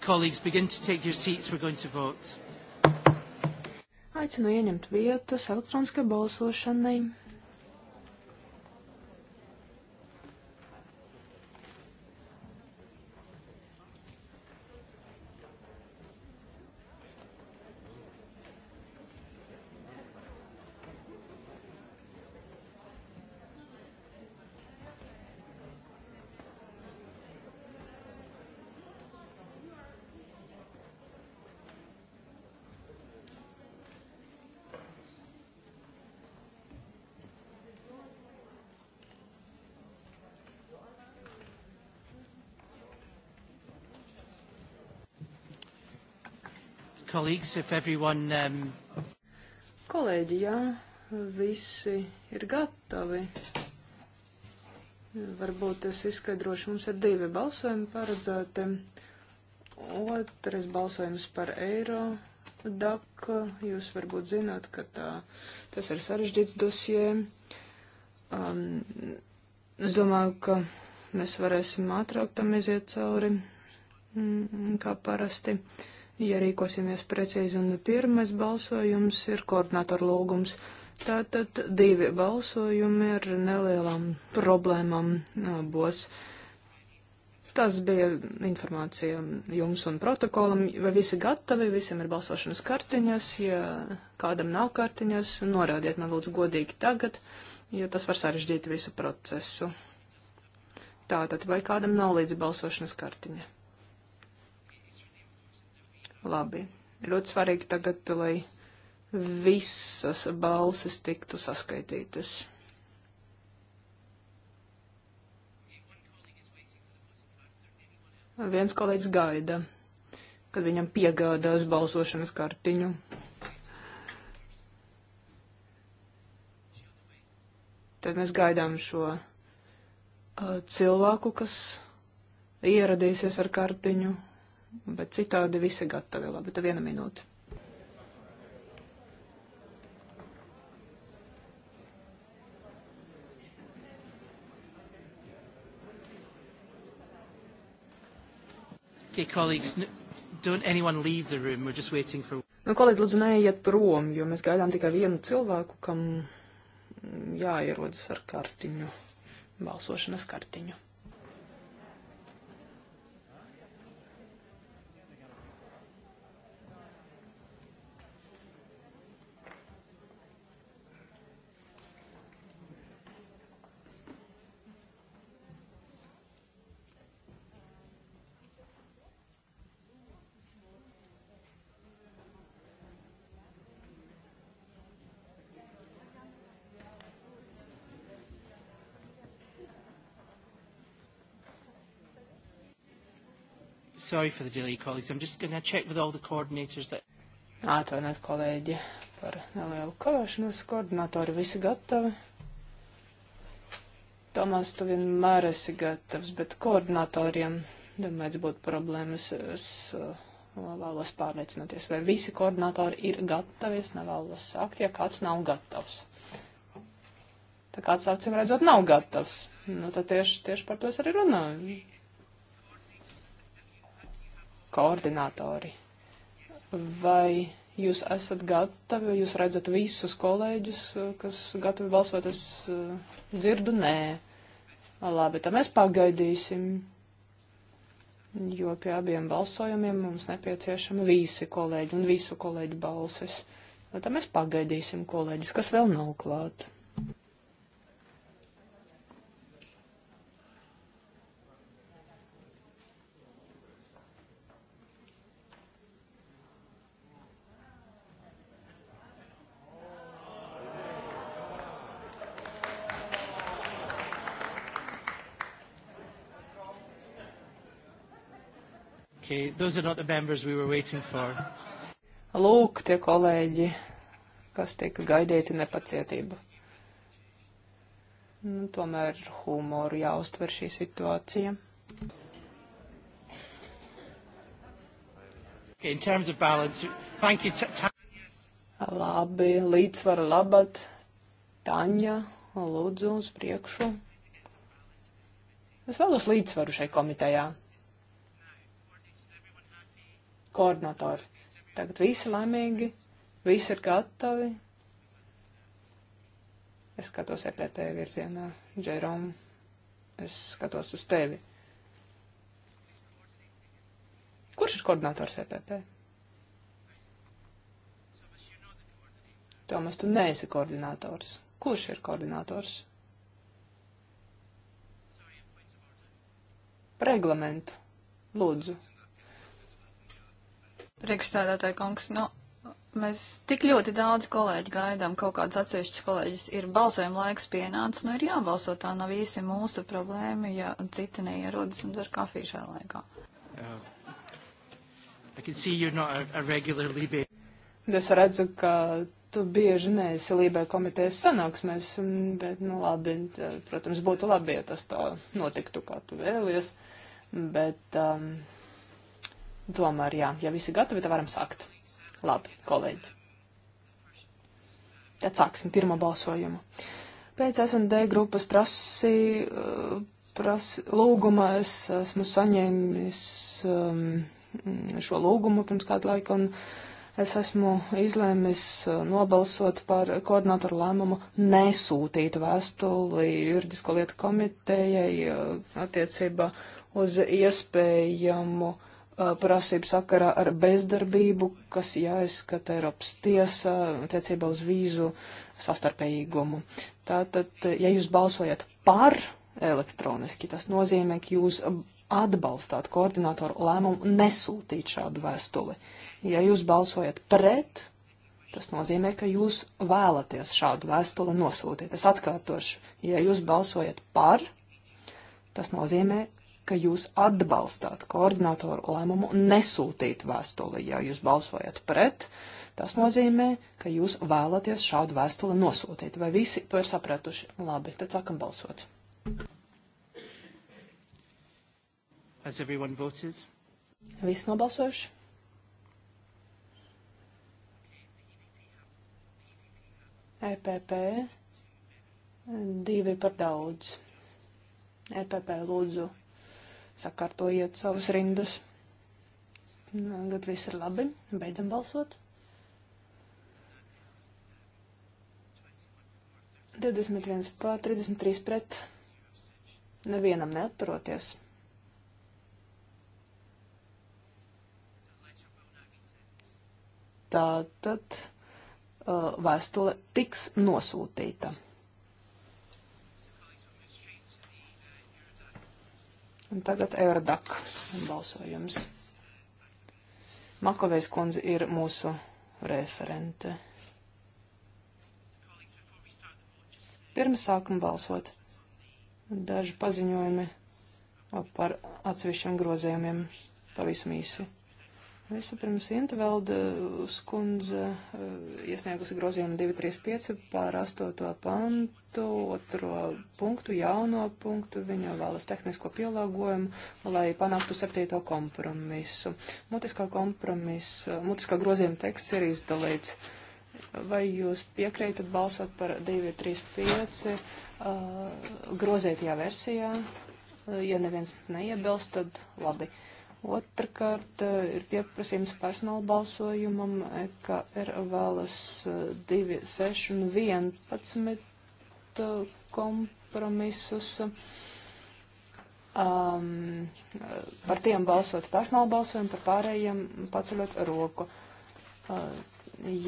Colleagues, begin to take your seats. We're going to vote. Aicinu ieņemt vietas elektroniskai balsošanai. colleagues, if everyone. Um... Kolēģi, jā, visi ir gatavi. Varbūt es izskaidrošu, mums ir divi balsojumi paredzēti. Otrais balsojums par eiro DAK. Jūs varbūt zināt, ka tā, tas ir sarežģīts dosie. Um, es domāju, ka mēs varēsim ātrāk tam iziet cauri, mm, kā parasti. Uh, ja rīkosimies precīzi. Un pirmais balsojums ir koordinātoru lūgums. Tātad divi balsojumi ar nelielām problēmām abos. Tas bija informācija jums un protokolam. Vai visi gatavi, visiem ir balsošanas kartiņas, ja kādam nav kartiņas, norādiet man lūdzu godīgi tagad, jo tas var sarežģīt visu procesu. Tātad, vai kādam nav līdz balsošanas kartiņa? Labi. Ļoti svarīgi tagad, lai visas balsis tiktu saskaitītas. Viens kolēģis gaida, kad viņam piegādās balsošanas kartiņu. Tad mēs gaidām šo uh, cilvēku, kas ieradīsies ar kartiņu bet citādi visi gatavi. Labi, tā viena minūte. Okay, colleagues, don't anyone leave the room. We're just waiting for. Nu, kolēģi, lūdzu, neiet prom, jo mēs gaidām tikai vienu cilvēku, kam jāierodas ar kartiņu, balsošanas kartiņu. sorry for the delay, colleagues. I'm just going to check with all the coordinators that... Atvainojiet, kolēģi, par nelielu kavēšanos. Koordinatori visi gatavi. Tomās, tu vienmēr esi gatavs, bet koordinatoriem domāts būt problēmas. Es uh, vēlos pārliecināties, vai visi koordinatori ir gatavi. Es nevēlos sākt, ja kāds nav gatavs. Tā kāds, acīm redzot, nav gatavs. Nu, tad tieši, tieši par to es arī runāju koordinātori. Vai jūs esat gatavi, vai jūs redzat visus kolēģus, eh, kas gatavi balsot, es eh, dzirdu, nē. Labi, tad mēs pagaidīsim, jo pie abiem balsojumiem mums nepieciešami visi kolēģi un visu kolēģu balsis. Tad mēs pagaidīsim kolēģus, kas vēl nav klāt. Okay, those are not the members we were waiting for. Lūk, tie kolēģi, kas tika gaidīti nepacietība. Nu, tomēr humoru jāuztver šī situācija. Okay, in terms of balance, thank you. Labi, līdzsvaru labad. Taņa, lūdzu, uz priekšu. Es vēlos līdzsvaru šai komitejā koordinatori. Tagad visi laimīgi, visi ir gatavi. Es skatos EPT virzienā, Džerom, es skatos uz tevi. Kurš ir koordinators EPP? Tomas, tu neesi koordinators. Kurš ir koordinators? Reglamentu. Lūdzu. Priekšsēdētāji kungs, nu, mēs tik ļoti daudz kolēģi gaidām, kaut kāds atsevišķs kolēģis ir balsojuma laiks pienācis, nu ir jābalso, tā nav īsi mūsu problēma, ja citi neierodas un dzer kafiju šajā laikā. Uh, es redzu, ka tu bieži neesi Lībē komitejas sanāksmēs, bet, nu labi, protams, būtu labi, ja tas tā notiktu, kā tu vēlies, bet. Um, Tomēr, jā, ja visi gatavi, tad varam sākt. Labi, kolēģi. Tad sāksim pirmo balsojumu. Pēc S&D grupas prasī, eh, prasī lūguma es esmu saņēmis um, šo lūgumu pirms kādu laiku un es esmu izlēmis eh, nobalsot par koordinatoru lēmumu nesūtīt vēstuli juridisko lietu komitejai eh, attiecībā uz iespējamu uh, prasību sakarā ar bezdarbību, kas jāizskata Eiropas tiesā attiecībā uz vīzu sastarpējīgumu. Tātad, ja jūs balsojat par elektroniski, tas nozīmē, ka jūs atbalstāt koordinātoru lēmumu nesūtīt šādu vēstuli. Ja jūs balsojat pret, tas nozīmē, ka jūs vēlaties šādu vēstuli nosūtīt. Es atkārtošu, ja jūs balsojat par, tas nozīmē, ka jūs atbalstāt koordinatoru lēmumu nesūtīt vēstuli. Ja jūs balsojat pret, tas nozīmē, ka jūs vēlaties šādu vēstuli nosūtīt. Vai visi to ir sapratuši? Labi, tad sākam balsot. Visi nobalsojuši? EPP divi par daudz. EPP lūdzu sakārtojiet savas rindas. Nu, Tagad viss ir labi, beidzam balsot. 21 pār 33 pret. Nevienam neatturoties. Tātad uh, vēstule tiks nosūtīta. Un tagad Eurodak balsojums. Makovejs kundze ir mūsu referente. Pirms sākam balsot. Daži paziņojumi par atsevišķiem grozējumiem pavisam īsi. Vispirms Intvelda skundze eh, iesniegusi grozījumu 235 pār 8. pantu, otro punktu, jauno punktu, viņa vēlas tehnisko pielāgojumu, lai panāktu 7. kompromisu. Mutiskā kompromisa, mutiskā grozījuma teksts ir izdalīts. Vai jūs piekrītat balsot par 235 uh, grozētajā versijā? Ja neviens neiebilst, tad labi. Uh, Otrakārt eh, ir pieprasījums personāla balsojumam, e ka ir vēlas 2, eh, 6 un 11 eh, kompromisus. Um, par tiem balsot personāla balsojumu, par pārējiem paceļot roku. Uh,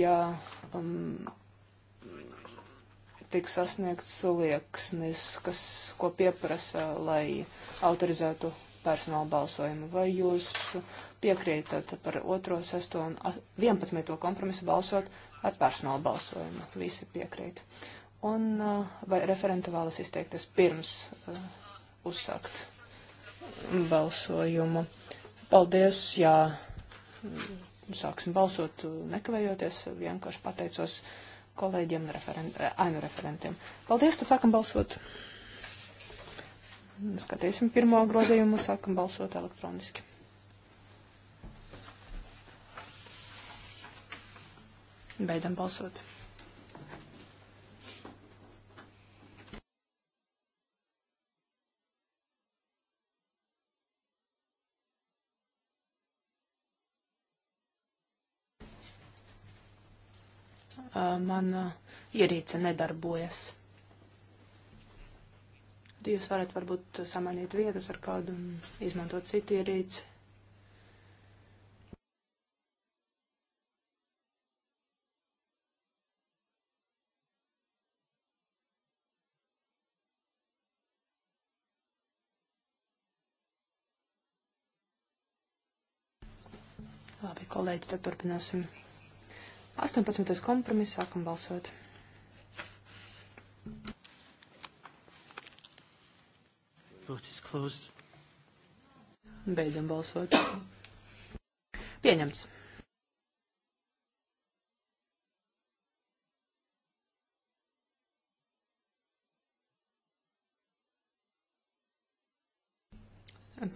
ja um, tiek sasniegts liekas, kas, ko pieprasa, lai autorizētu personāla balsojumu. Vai jūs piekrītat par 2, 6 un 11 kompromisu balsot ar personāla balsojumu? Visi piekrīt. Un vai referenta vēlas izteikties pirms uh, uzsākt balsojumu? Paldies, jā. Sāksim balsot nekavējoties, vienkārši pateicos kolēģiem, referen ainu referentiem. Paldies, tad sākam balsot. Skatīsim pirmo grozījumu, sākam balsot elektroniski. Beidzam balsot. Uh, man uh, ierīce nedarbojas jūs varat varbūt samainīt vietas ar kādu un izmantot citu ierīci. Labi, kolēģi, tad turpināsim. 18. kompromiss, sākam balsot. Vote is closed. Beidzam balsot. Pieņemts.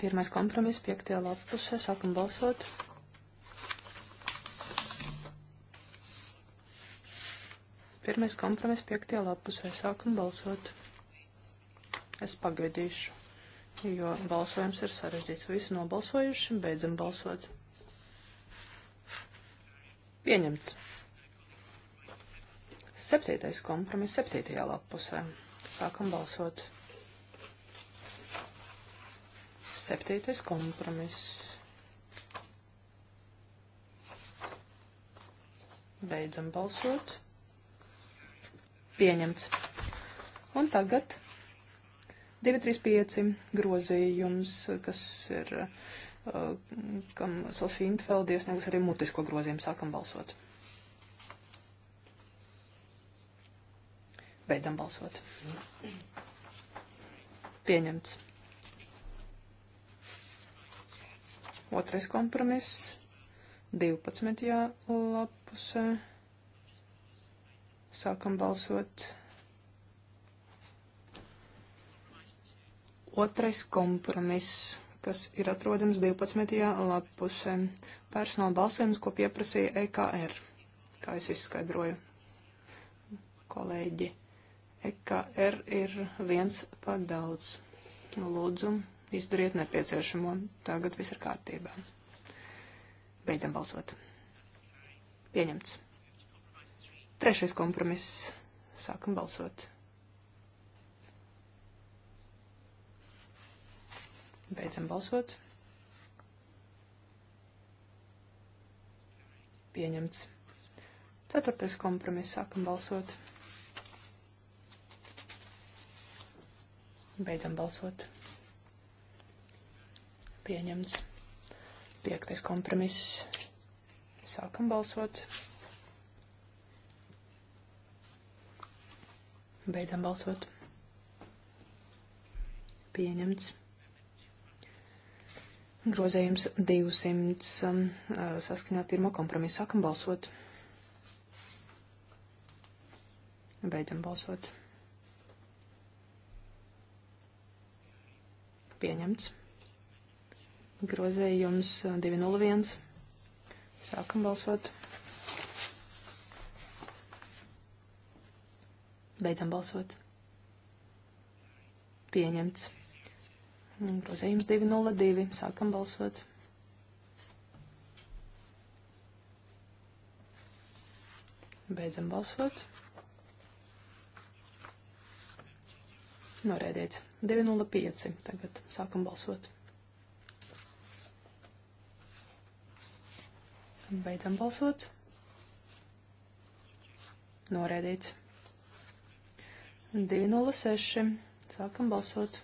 Pirmais kompromiss, piektajā lapusē, sākam balsot. Pirmais kompromiss, piektajā lapusē, sākam balsot. Es pagaidīšu, jo balsojums ir sarežģīts. Visi nobalsojuši, beidzam balsot. Pieņemts. Septītais kompromiss septītajā lapusē. Sākam balsot. Septītais kompromiss. Beidzam balsot. Pieņemts. Un tagad 235 grozījums, kas ir, uh, kam Sofija Intfeld iesniegus arī mutisko grozījumu, sākam balsot. Beidzam balsot. Pieņemts. Otrais kompromiss. 12. lapusē. Sākam balsot. Otrais kompromiss, kas ir atrodams 12. lapusē. Personāla balsojums, ko pieprasīja EKR, kā es izskaidroju. Kolēģi, EKR ir viens par daudz. Lūdzu, izdariet nepieciešamo. Tagad viss ir kārtībā. Beidzam balsot. Pieņemts. Trešais kompromiss. Sākam balsot. Beidzam balsot. Pieņemts. Ceturtais kompromiss. Sākam balsot. Beidzam balsot. Pieņemts. Piektais kompromiss. Sākam balsot. Beidzam balsot. Pieņemts. Grozējums 200 um, uh, saskaņā pirmo kompromisu. Sākam balsot. Beidzam balsot. Pieņemts. Grozējums 201. Uh, Sākam balsot. Beidzam balsot. Pieņemts. Grozījums 202. Sākam balsot. Beidzam balsot. Norēdīts. 205. Tagad sākam balsot. Beidzam balsot. Norēdīts. 206. Sākam balsot.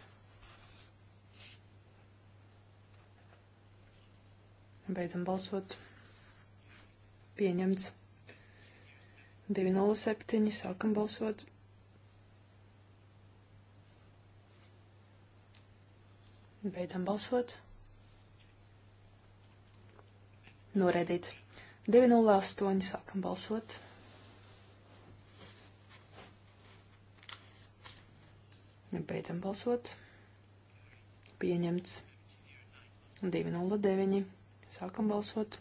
Beidzam balsot. Pieņemts. 207. Sākam balsot. Beidzam balsot. Noraidīts. 208. Sākam balsot. Beidzam balsot. Pieņemts. 209. Sākam balsot.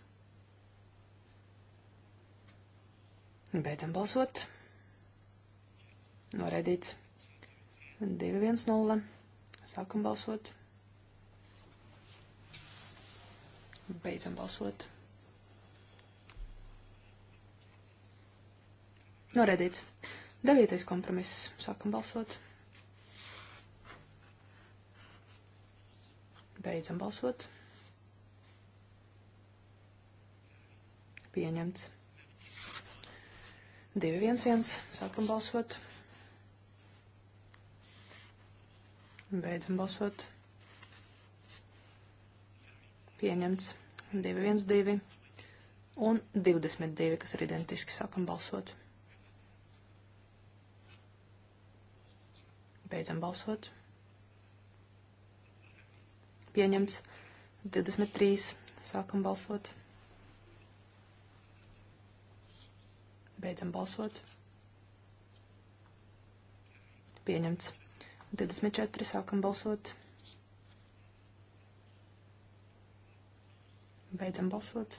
Beidzam balsot. Noraidīts. 2-1-0. Sākam balsot. Beidzam balsot. Noraidīts. Devītais kompromiss. Sākam balsot. Beidzam balsot. pieņemts. 2-1-1, sākam balsot. Beidzam balsot. Pieņemts 2-1-2 un 22, kas ir identiski, sākam balsot. Beidzam balsot. Pieņemts 23. Sākam balsot. Beidzam balsot. Pieņemts. 24. Sākam balsot. Beidzam balsot.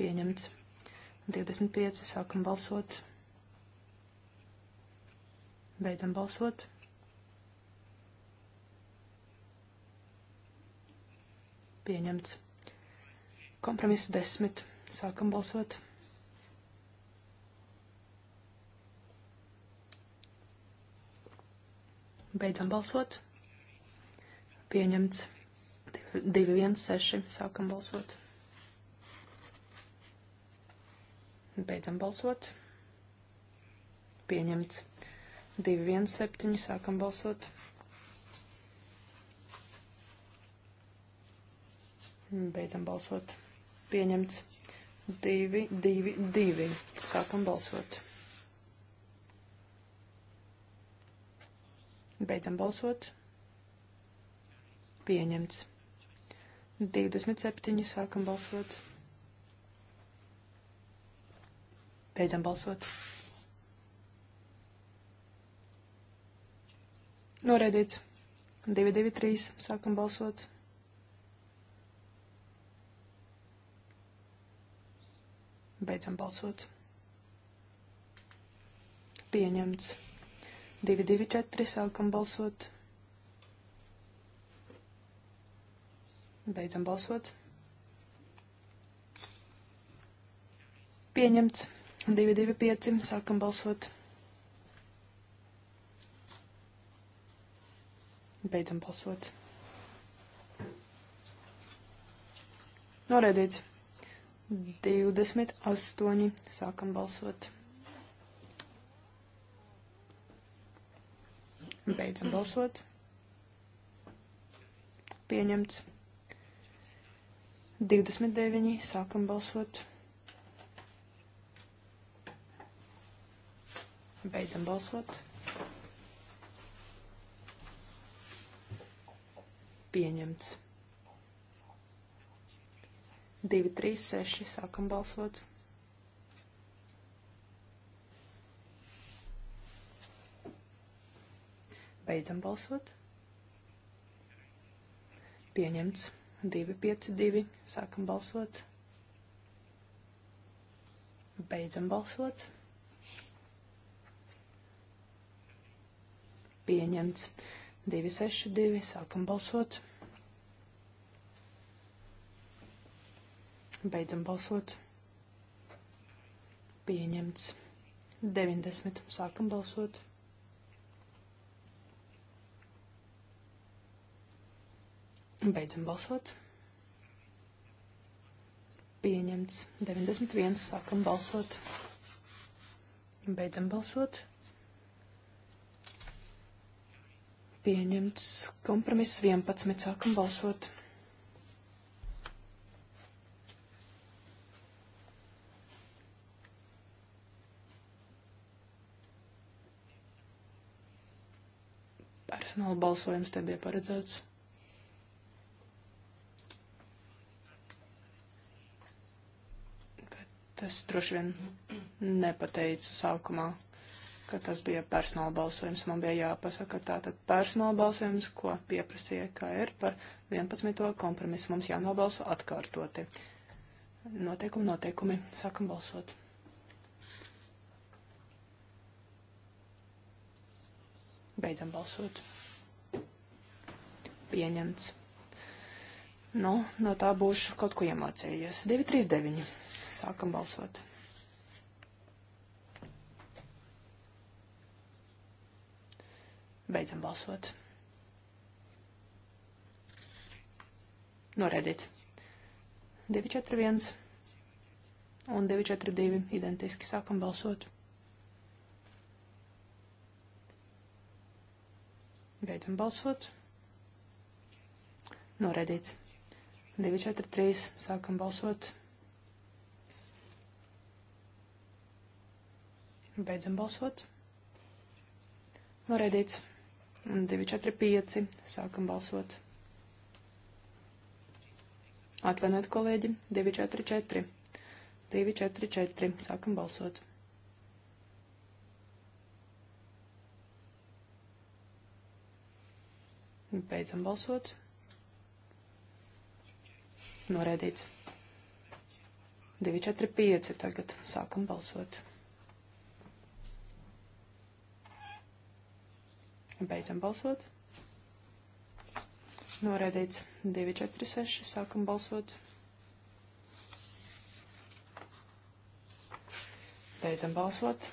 Pieņemts. 25. Sākam balsot. Beidzam balsot. Pieņemts. Kompromiss 10. Sākam balsot. Beidzam balsot. Pieņemts 216. Sākam balsot. Beidzam balsot. Pieņemts 217. Sākam balsot. Beidzam balsot. Pieņemts 2, 2, 2. Sākam balsot. Beidzam balsot. Pieņemts. 27. Sākam balsot. Beidzam balsot. Noraidīts. 2, 2, 3. Sākam balsot. 2, 2, 3. Beidzam balsot. Pieņemts. 224. Sākam balsot. Beidzam balsot. Pieņemts. 225. Sākam balsot. Beidzam balsot. Noraidīts. 28. Sākam balsot. Beidzam balsot. Pieņemts. 29. Sākam balsot. Beidzam balsot. Pieņemts. 2, 3, 6. Sākam balsot. Beidzam balsot. Pieņemts. 2, 5, 2. Sākam balsot. Beidzam balsot. Pieņemts. 2, 6, 2. Sākam balsot. Beidzam balsot. Pieņemts. 90. Sākam balsot. Beidzam balsot. Pieņemts. 91. Sākam balsot. Beidzam balsot. Pieņemts. Kompromiss 11. Sākam balsot. Personāla balsojums te bija paredzēts. Bet es droši vien nepateicu sākumā, ka tas bija personāla balsojums. Man bija jāpasaka tātad personāla balsojums, ko pieprasīja, ka ir par 11. kompromisu mums jānobalso atkārtoti. Noteikumi, noteikumi. Sākam balsot. Beidzam balsot pieņemts. Nu, no tā būšu kaut ko iemācījies. 239. Sākam balsot. Beidzam balsot. Noredīts. 241 un 242 identiski sākam balsot. Beidzam balsot. Noraidīts. 243. Sākam balsot. Beidzam balsot. Noraidīts. 245. Sākam balsot. Atvainojiet, kolēģi. 244. 244. Sākam balsot. Beidzam balsot. Noraidīts. 245 tagad sākam balsot. Beidzam balsot. Noraidīts 246 sākam balsot. Beidzam balsot.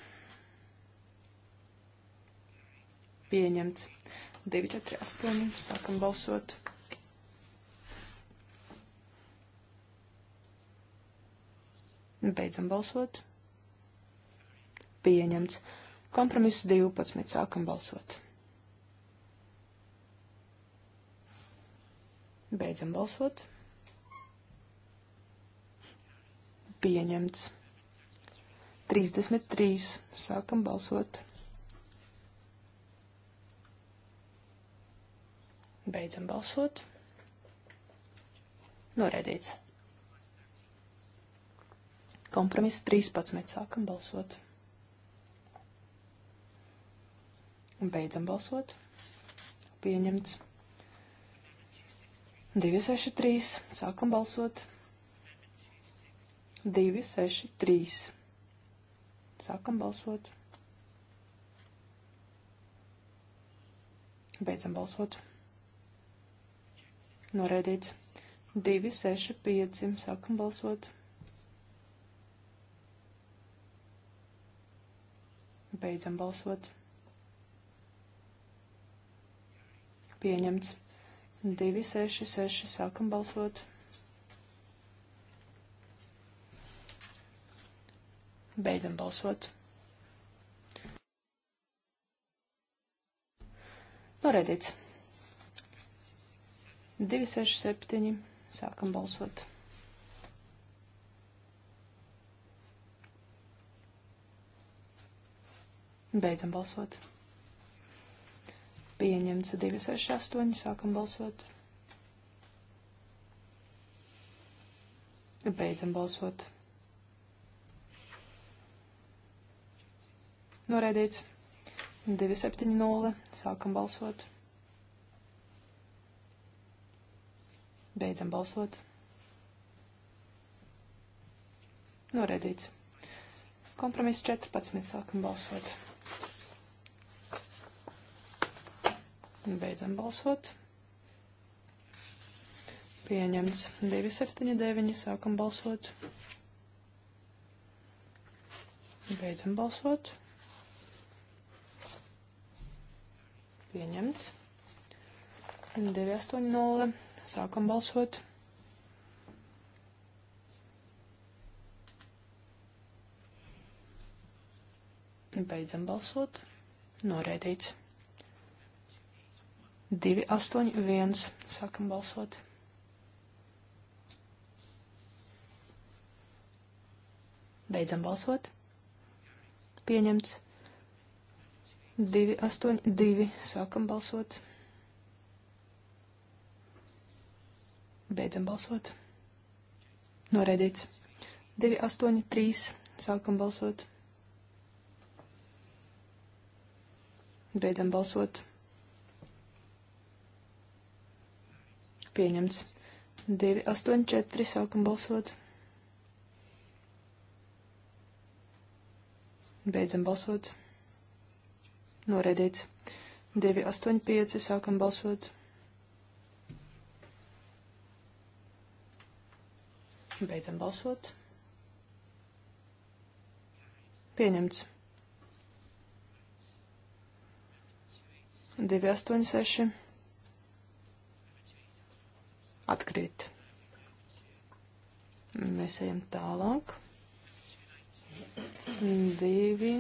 Pieņemts 248 sākam balsot. Beidzam balsot. Pieņemts. Kompromiss 12. Sākam balsot. Beidzam balsot. Pieņemts. 33. Sākam balsot. Beidzam balsot. Noraidīts. Kompromiss 13. Sākam balsot. Un beidzam balsot. Pieņemts. 263. Sākam balsot. 263. Sākam balsot. Beidzam balsot. Noraidīts. 265. Sākam balsot. 263. Beidzam balsot. Pieņemts. 2, 6, 6. Sākam balsot. Beidzam balsot. Noredīts. 2, 6, 7. Sākam balsot. Beidzam balsot. Pieņemts 268. Sākam balsot. Beidzam balsot. Noraidīts 270. Sākam balsot. Beidzam balsot. Noraidīts. Kompromiss 14. Sākam balsot. Beidzam balsot. Pieņemts 279. Sākam balsot. Beidzam balsot. Pieņemts. 980. Sākam balsot. Beidzam balsot. Noreidīts. 2, 8, 1. Sākam balsot. Beidzam balsot. Pieņemts. 2, 8, 2. Sākam balsot. Beidzam balsot. Noraidīts. 2, 8, 3. Sākam balsot. Beidzam balsot. pieņemts. 2, 8, 4, sākam balsot. Beidzam balsot. Noraidīts. 2, 8, 5, sākam balsot. Beidzam balsot. Pieņemts. 2, 8, 6 atkrīt. Mēs ejam tālāk. 2,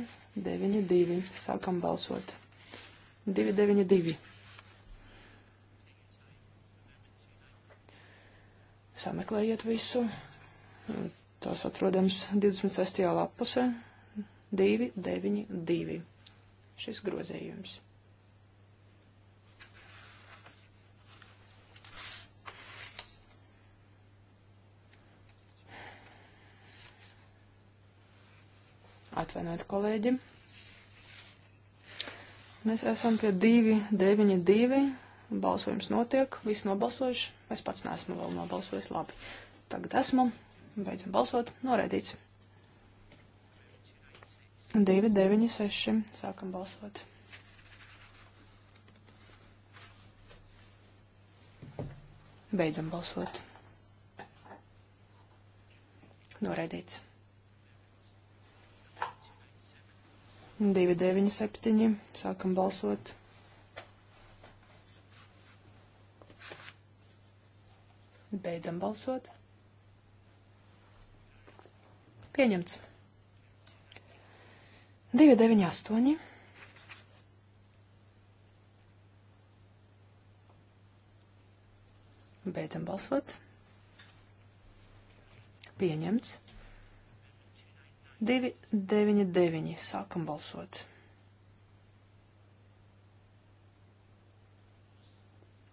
9, 2. Sākam balsot. 2, 9, 2. Sameklējiet visu. Tas atrodams 26. lapusē. 2, 9, 2. Šis grozījums. Atvainojiet, kolēģi. Mēs esam pie 292. Balsojums notiek. Visi nobalsojuši. Es pats neesmu vēl nobalsojis. Labi. Tagad esmu. Beidzam balsot. Noraidīts. 296. Sākam balsot. Beidzam balsot. Noraidīts. 297. Sākam balsot. Beidzam balsot. Pieņemts. 298. Beidzam balsot. Pieņemts. 299. Sākam balsot.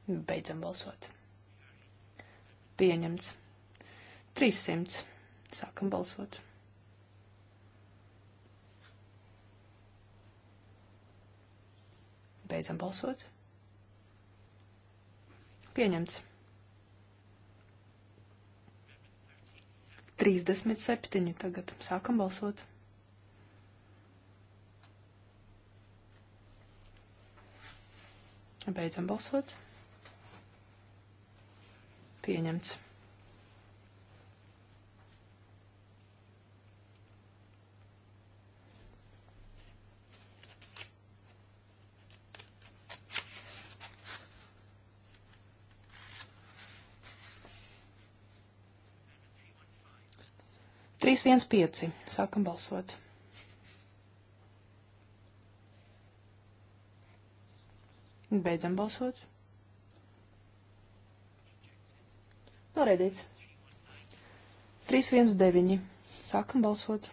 Beidzam balsot. Pieņemts. 300. Sākam balsot. Beidzam balsot. Pieņemts. 37 tagad. Sākam balsot. Beidzam balsot. Pieņemts. 315. Sākam balsot. Beidzam balsot. Noreidīts. 319. Sākam balsot.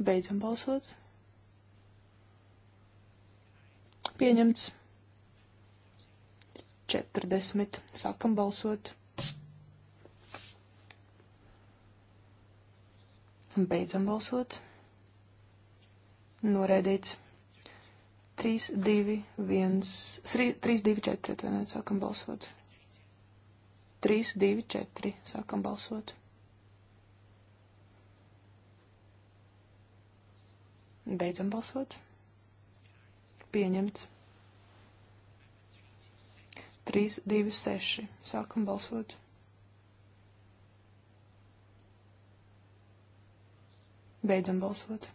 Beidzam balsot. Pieņemts. 40. Sākam balsot. Un beidzam balsot. Noraidīts. 3, 2, 1, 3, 2, 4, atvainojiet, sākam balsot. 3, 2, 4, sākam balsot. Beidzam balsot. Pieņemts. 3, 2, 6. Sākam balsot. Beidzam balsot.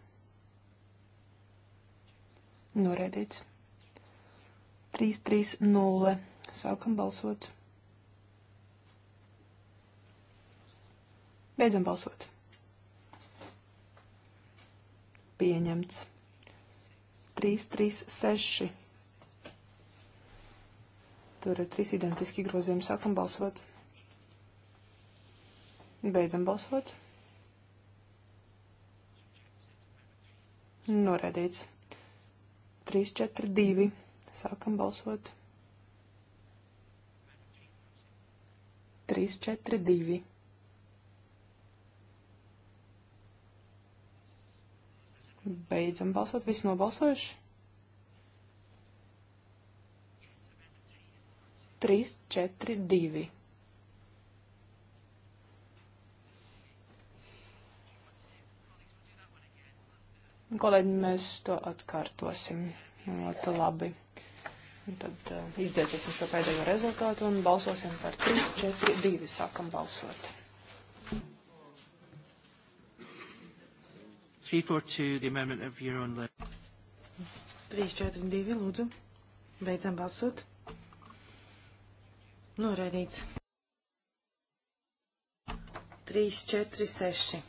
Noraidīts. 3, 3, 0. Sākam balsot. Beidzam balsot. Pieņemts. 3, 3, 6. Tur ir trīs identiski grozījumi. Sākam balsot. Beidzam balsot. Noraidīts. 3, 4, 2. Sākam balsot. 3, 4, 2. Beidzam balsot. Visi nobalsojuši? 3, 4, 2. Kolēģi, mēs to atkārtosim. Ļoti labi. Un tad uh, eh, izdzēsim šo pēdējo rezultātu un balsosim par 3, 4, 2. Sākam balsot. 342, the amendment of your own left. 342, lūdzu. Beidzam balsot. Noraidīts. 3, 4, 6.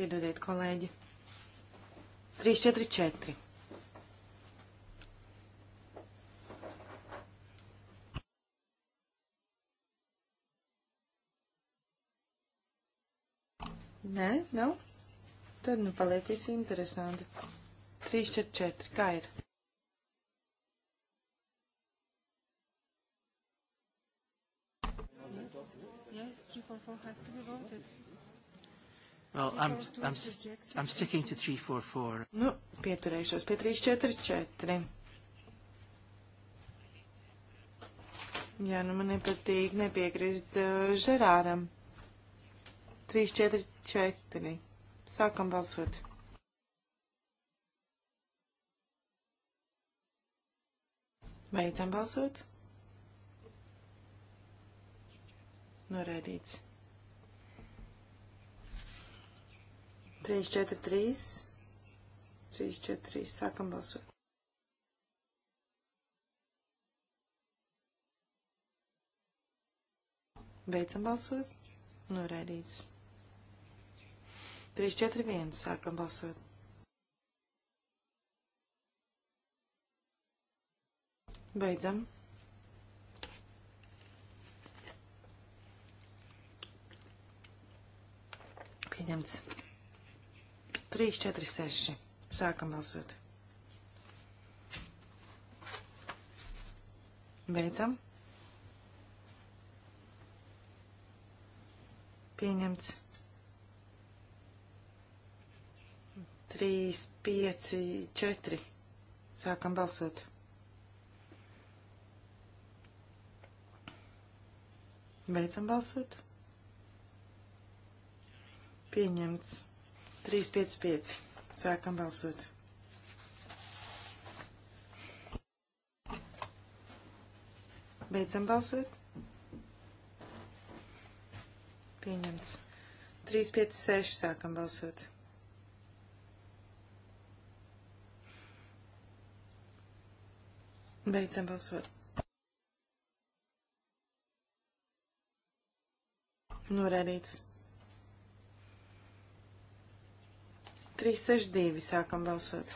Piedodiet, kolēģi. 3, 4, 4. Nē, nav. Tad nu paliek visi interesanti. 3, 4, 4. Kā ir? 344 has to be voted. Well, I'm, I'm, I'm sticking to 344. Nu, pieturēšos pie 344. Jā, nu man nepatīk nepiekrist uh, Žerāram. 344. Sākam balsot. Beidzam balsot. Noraidīts. 3, 4, 3. 3, 4, 3. Sākam balsot. Beidzam balsot. Noraidīts. 3, 4, 1. Sākam balsot. Beidzam. Pieņemts. 3, 4, 6. Sākam balsot. Beidzam. Pieņemts. 3, 5, 4. Sākam balsot. Beidzam balsot. Pieņemts. 355. Sākam balsot. Beidzam balsot. Pieņemts. 356. Sākam balsot. Beidzam balsot. Norādīts. 362 sākam balsot.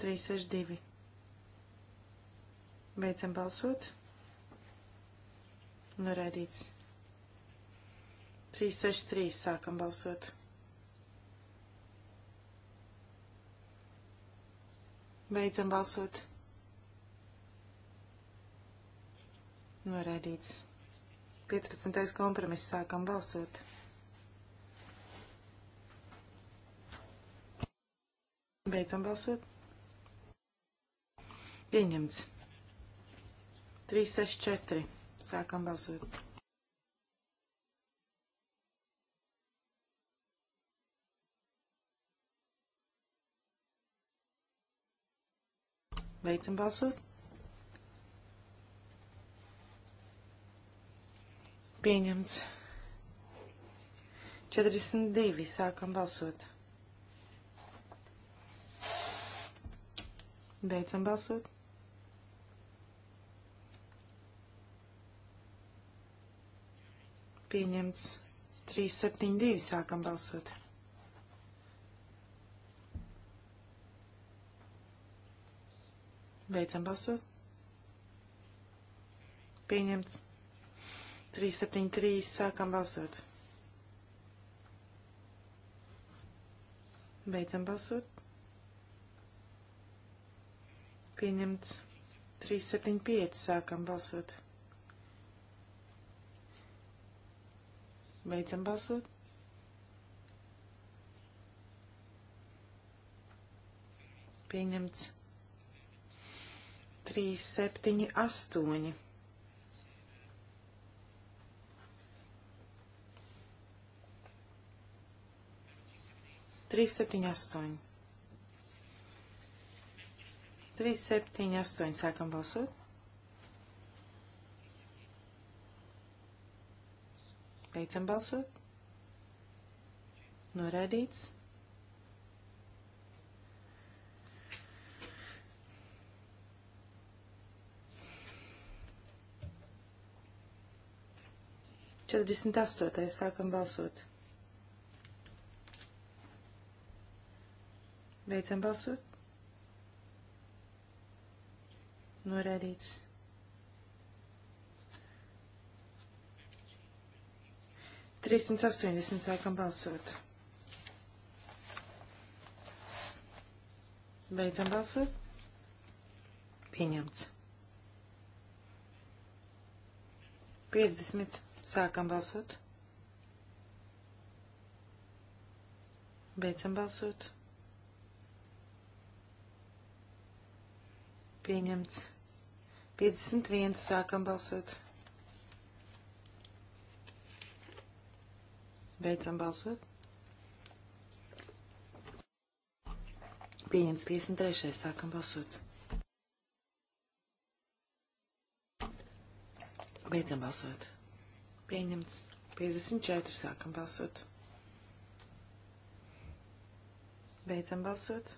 Trīs, seši, divi. Beidzam balsot. Noraidīts. Trīs, seši, trīs. Sākam balsot. Beidzam balsot. Noraidīts. 15. kompromiss sākam balsot. Beidzam balsot. Pieņemts. 364. Sākam balsot. Beidzam balsot. Pieņemts. 42. Sākam balsot. Beidzam balsot. Pieņemts. 372. Sākam balsot. Beidzam balsot. Pieņemts. 373. Sākam balsot. Beidzam balsot. Pieņemts 375. Sākam balsot. Beidzam balsot. Pieņemts 378. 378. 378. Sākam balsot. Beidzam balsot. Noraidīts. Četrdesmit astotais sākam balsot. Beidzam balsot. Norēdīts. Trīsdesmit astoņdesmit sākam balsot. Beidzam balsot. Pieņemts. 50. Sākam balsot. Beidzam balsot. pieņemts. 51. Sākam balsot. Beidzam balsot. Pieņems 53. Sākam balsot. Beidzam balsot. Pieņemts 54. Sākam balsot. Beidzam balsot.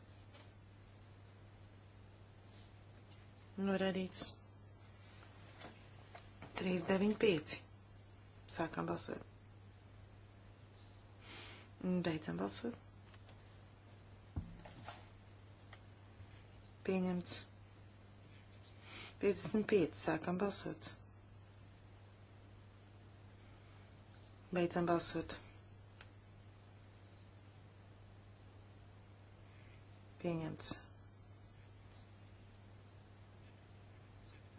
Norādīts. 395. Sākam balsot. Beidzam balsot. Pieņemts. 55. Sākam balsot. Beidzam balsot. Pieņemts.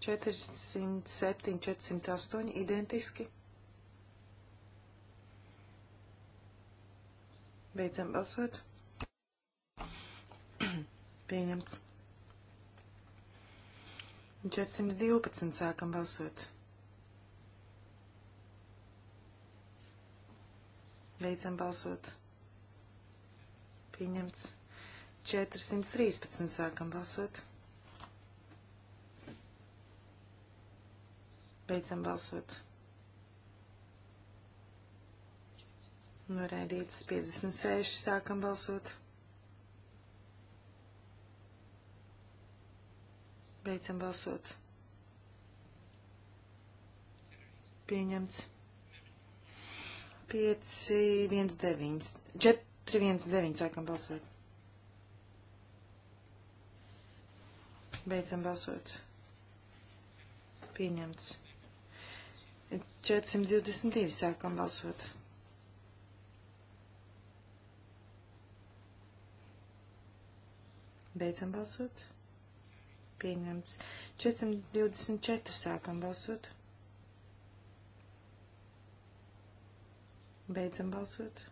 407, 408 identiski. Beidzam balsot. Pieņemts. 412 sākam balsot. Beidzam balsot. Pieņemts. 413 sākam balsot. Beidzam balsot. Noraidīts 56. Sākam balsot. Beidzam balsot. Pieņemts. 5, 1, 9. 4, 1, 9. Sākam balsot. Beidzam balsot. Pieņemts. 422 sākam balsot. Beidzam balsot. Pieņemts. 424 sākam balsot. Beidzam balsot.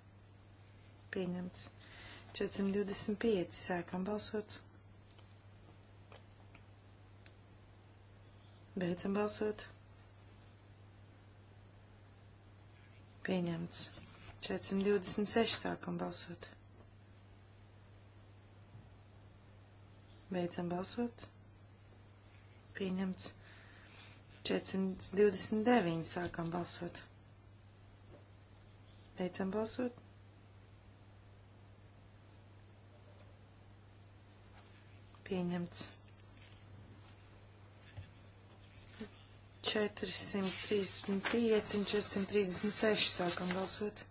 Pieņemts. 425 sākam balsot. Beidzam balsot. Pieņemts. 426 sākam balsot. Beidzam balsot. Pieņemts. 429 sākam balsot. Beidzam balsot. Pieņemts. 435 un 436 sākam balsot.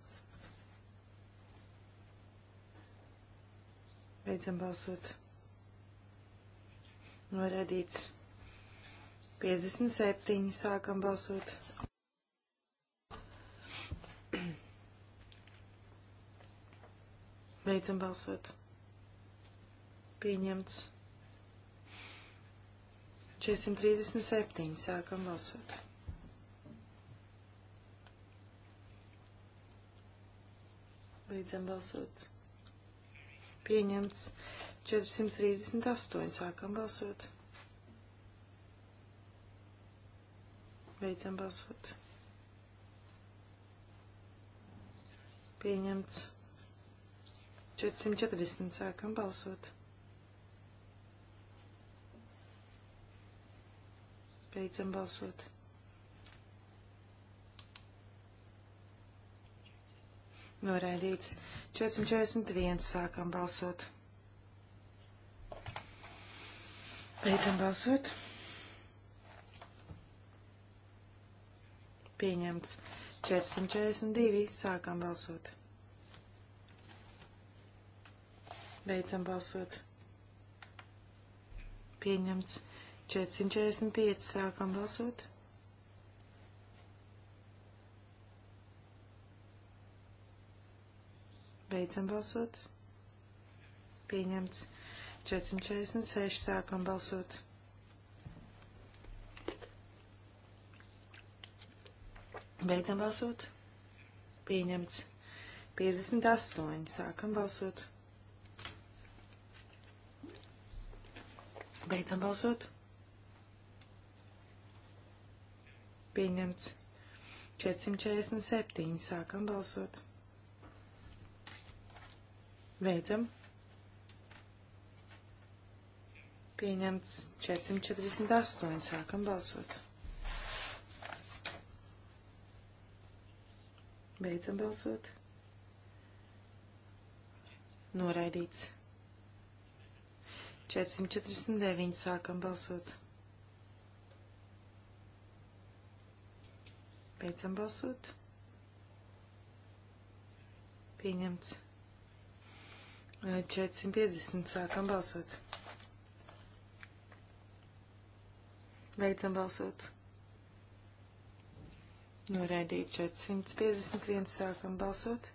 Beidzam balsot. Noradīts. 57 sākam balsot. Beidzam balsot. Pieņemts. 437. Sākam balsot. Beidzam balsot. Pieņemts 438. Sākam balsot. Beidzam balsot. Pieņemts 440. Sākam balsot. Beidzam balsot. Noraidīts. 441. Sākam balsot. Beidzam balsot. Pieņemts. 442. Sākam balsot. Beidzam balsot. Pieņemts. 445 sākam balsot. Beidzam balsot. Pieņemts. 446 sākam balsot. Beidzam balsot. Pieņemts. 58 sākam balsot. Beidzam balsot. pieņemts. 447. Sākam balsot. Beidzam. Pieņemts 448. Sākam balsot. Beidzam balsot. Noraidīts. 449. Sākam balsot. Beidzam balsot. Pieņemts. 450. Sākam balsot. Beidzam balsot. Noraidīt 451. Sākam balsot.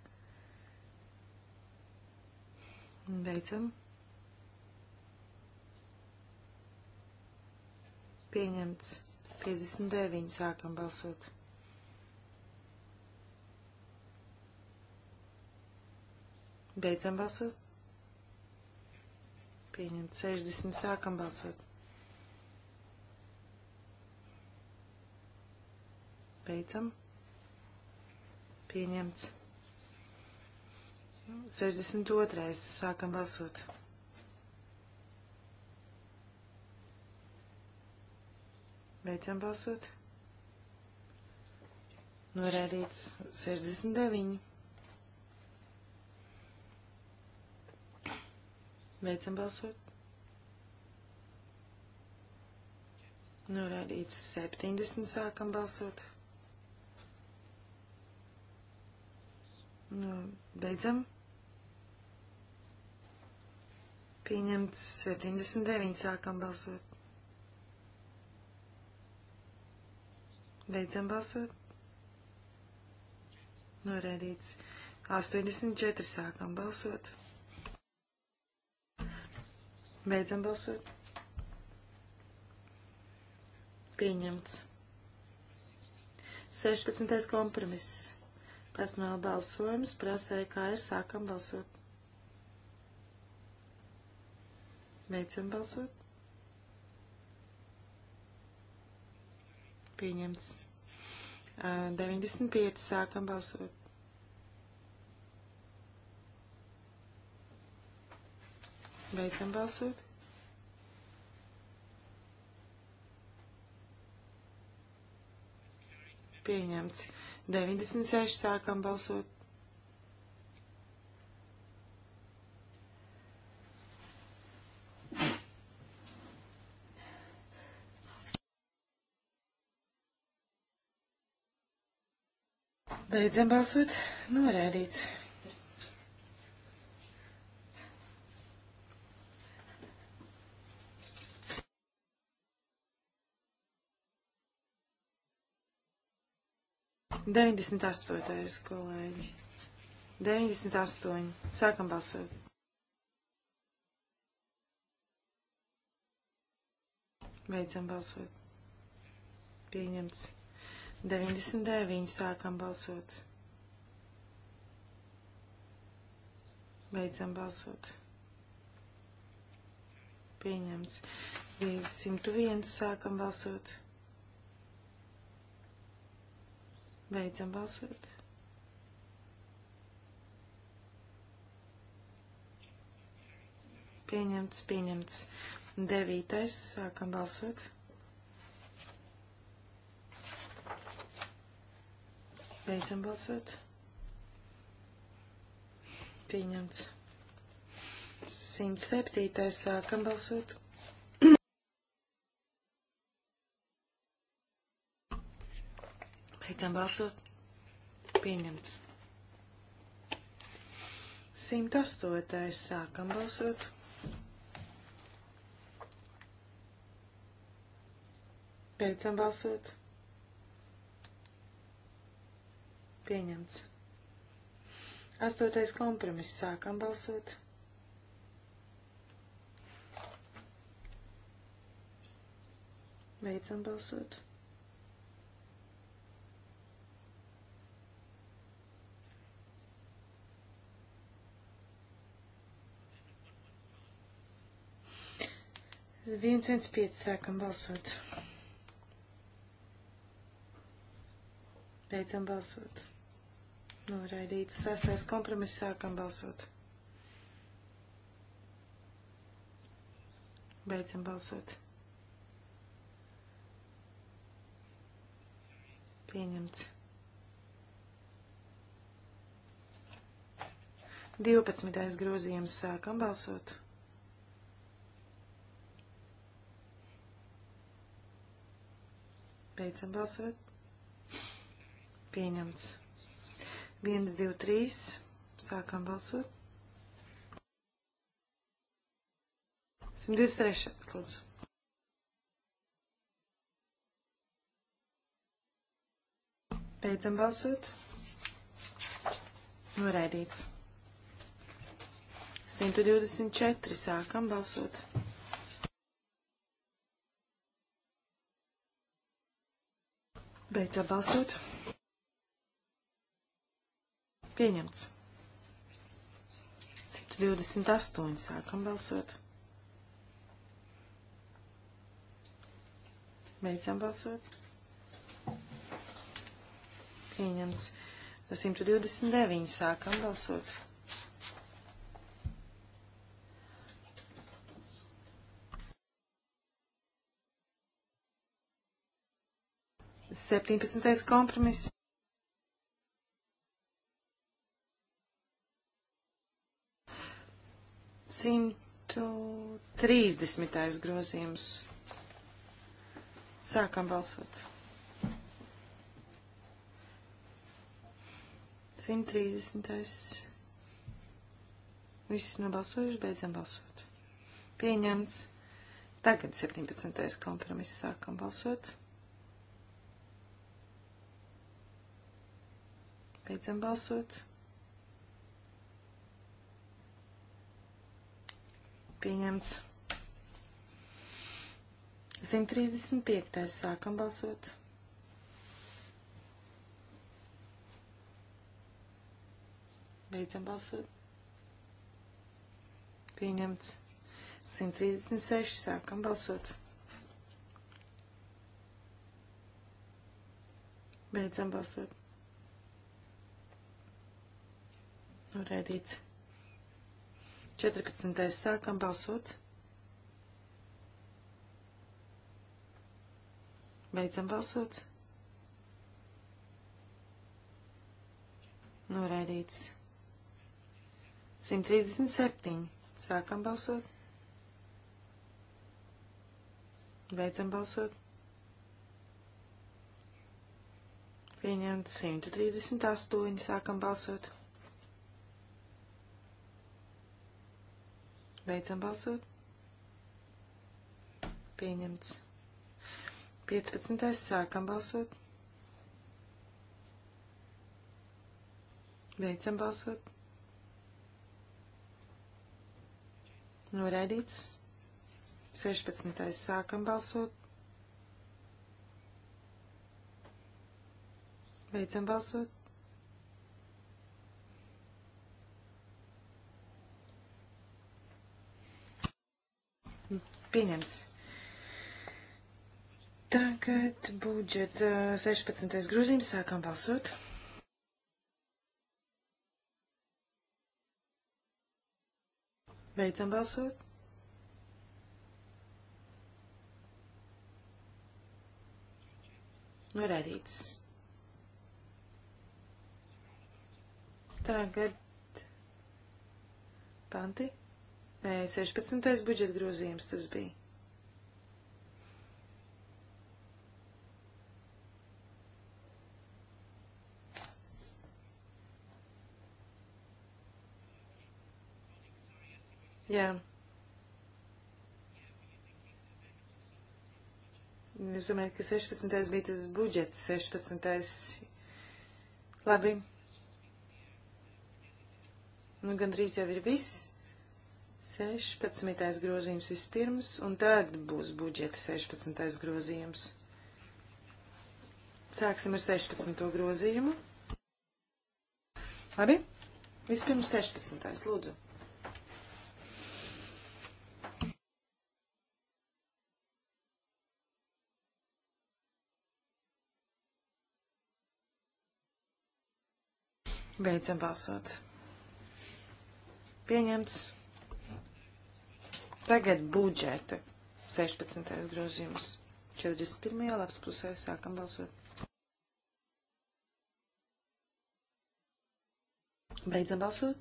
Beidzam. Pieņemts. 59. Sākam balsot. Beidzam balsot. Pieņemt 60. Sākam balsot. Beidzam. Pieņemts. 62. Sākam balsot. Beidzam balsot. Norādīts 69. Beidzam balsot. Norādīts 70. Sākam balsot. Nu, beidzam. Pieņemts 79. Sākam balsot. Beidzam balsot. Norēdīts 84. Sākam balsot. Beidzam balsot. Pieņemts. 16. kompromiss. Personāla balsojums prasēja, e kā ir sākam balsot. Beidzam balsot. Pieņemts. 95. sākam balsot. Beidzam balsot. Pieņemts. 96. Sākam balsot. Beidzam balsot. Norādīts. 98. kolēģi. 98. Sākam balsot. Beidzam balsot. Pieņemts. 99. Sākam balsot. Beidzam balsot. Pieņemts. 201. Sākam balsot. Beidzam balsot. Pieņemts, pieņemts. Devītais. Sākam balsot. Beidzam balsot. Pieņemts. 107. Sākam balsot. Beidzam balsot. Pieņemts. 108. Sākam balsot. Beidzam balsot. Pieņemts. Astotais kompromiss. Sākam balsot. Beidzam balsot. 115 sākam balsot. Beidzam balsot. Noraidīts sastais kompromiss sākam balsot. Beidzam balsot. Pieņemts. 12. grozījums sākam balsot. Beidzam balsot. Pieņemts. 1, 2, 3. Sākam balsot. 123. Lūdzu. Beidzam balsot. Noraidīts. 124. Sākam balsot. Beidzam balsot. Pieņemts. 128. Sākam balsot. Beidzam balsot. Pieņemts. 129. Sākam balsot. 17. kompromiss. Simtu trīsdesmitais grozījums. Sākam balsot. 130. Viss nobalsojuši, beidzam balsot. Pieņemts. Tagad 17. kompromiss sākam balsot. 130. Beidzam balsot. Pieņemts. 135. Sākam balsot. Beidzam balsot. Pieņemts. 136. Sākam balsot. Beidzam balsot. Noraidīts. 14. sākam balsot. Beidzam balsot. Noraidīts. 137. Sākam balsot. Beidzam balsot. Pieņemts 138. Sākam balsot. Beidzam balsot. Pieņemts. 15. Sākam balsot. Beidzam balsot. Noraidīts. 16. Sākam balsot. Beidzam balsot. pieņemts. Tagad budžeta 16. grozījums sākam balsot. Beidzam balsot. Norādīts. Tagad panti. Nē, 16. budžeta grozījums tas bija. Jā. Es domāju, ka 16. bija tas budžets, 16. Labi. Nu, gandrīz jau ir viss. 16. grozījums vispirms, un tad būs budžeta 16. grozījums. Sāksim ar 16. grozījumu. Labi? Vispirms 16. lūdzu. Beidzam balsot. Pieņemts. Tagad budžeta 16. grozījums. 41. labs pusē sākam balsot. Beidzam balsot.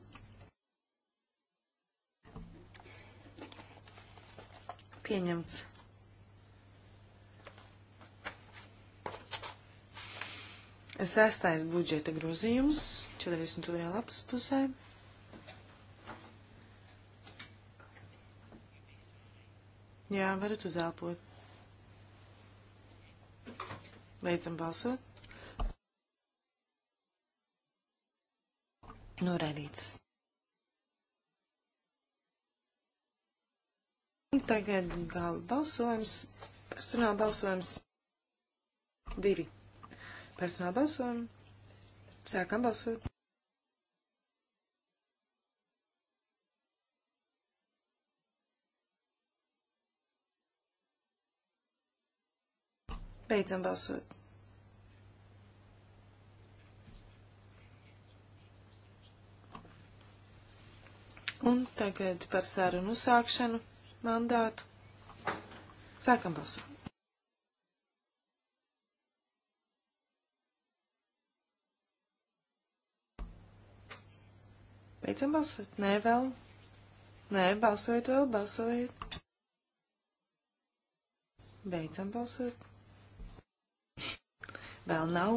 Pieņemts. Sestais budžeta grozījums 42. lapas pusē. Jā, varat uzelpot. Beidzam balsot. Noraidīts. Tagad gala balsojums, personāla balsojums, divi. Personāla balsojumi, sākam balsot. Beidzam balsot. Un tagad par sarunu uzsākšanu mandātu. Sākam balsot. Beidzam balsot. Nē, vēl. Nē, balsojiet vēl, balsojiet. Beidzam balsot. Vēl nav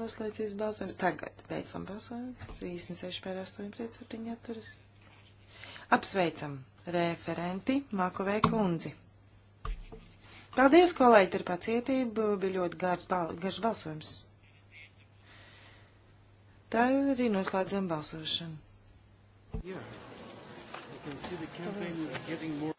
noslēdzies balsojums. Tagad beidzam balsojumu. 36 pēr 8 pret 7 atturas. Apsveicam referenti Makovē kundzi. Paldies, kolēģi, ar pacietību. Bija ļoti garš, bal garš balsojums. Tā arī noslēdzam balsošanu. Yeah. You can see the campaign is getting more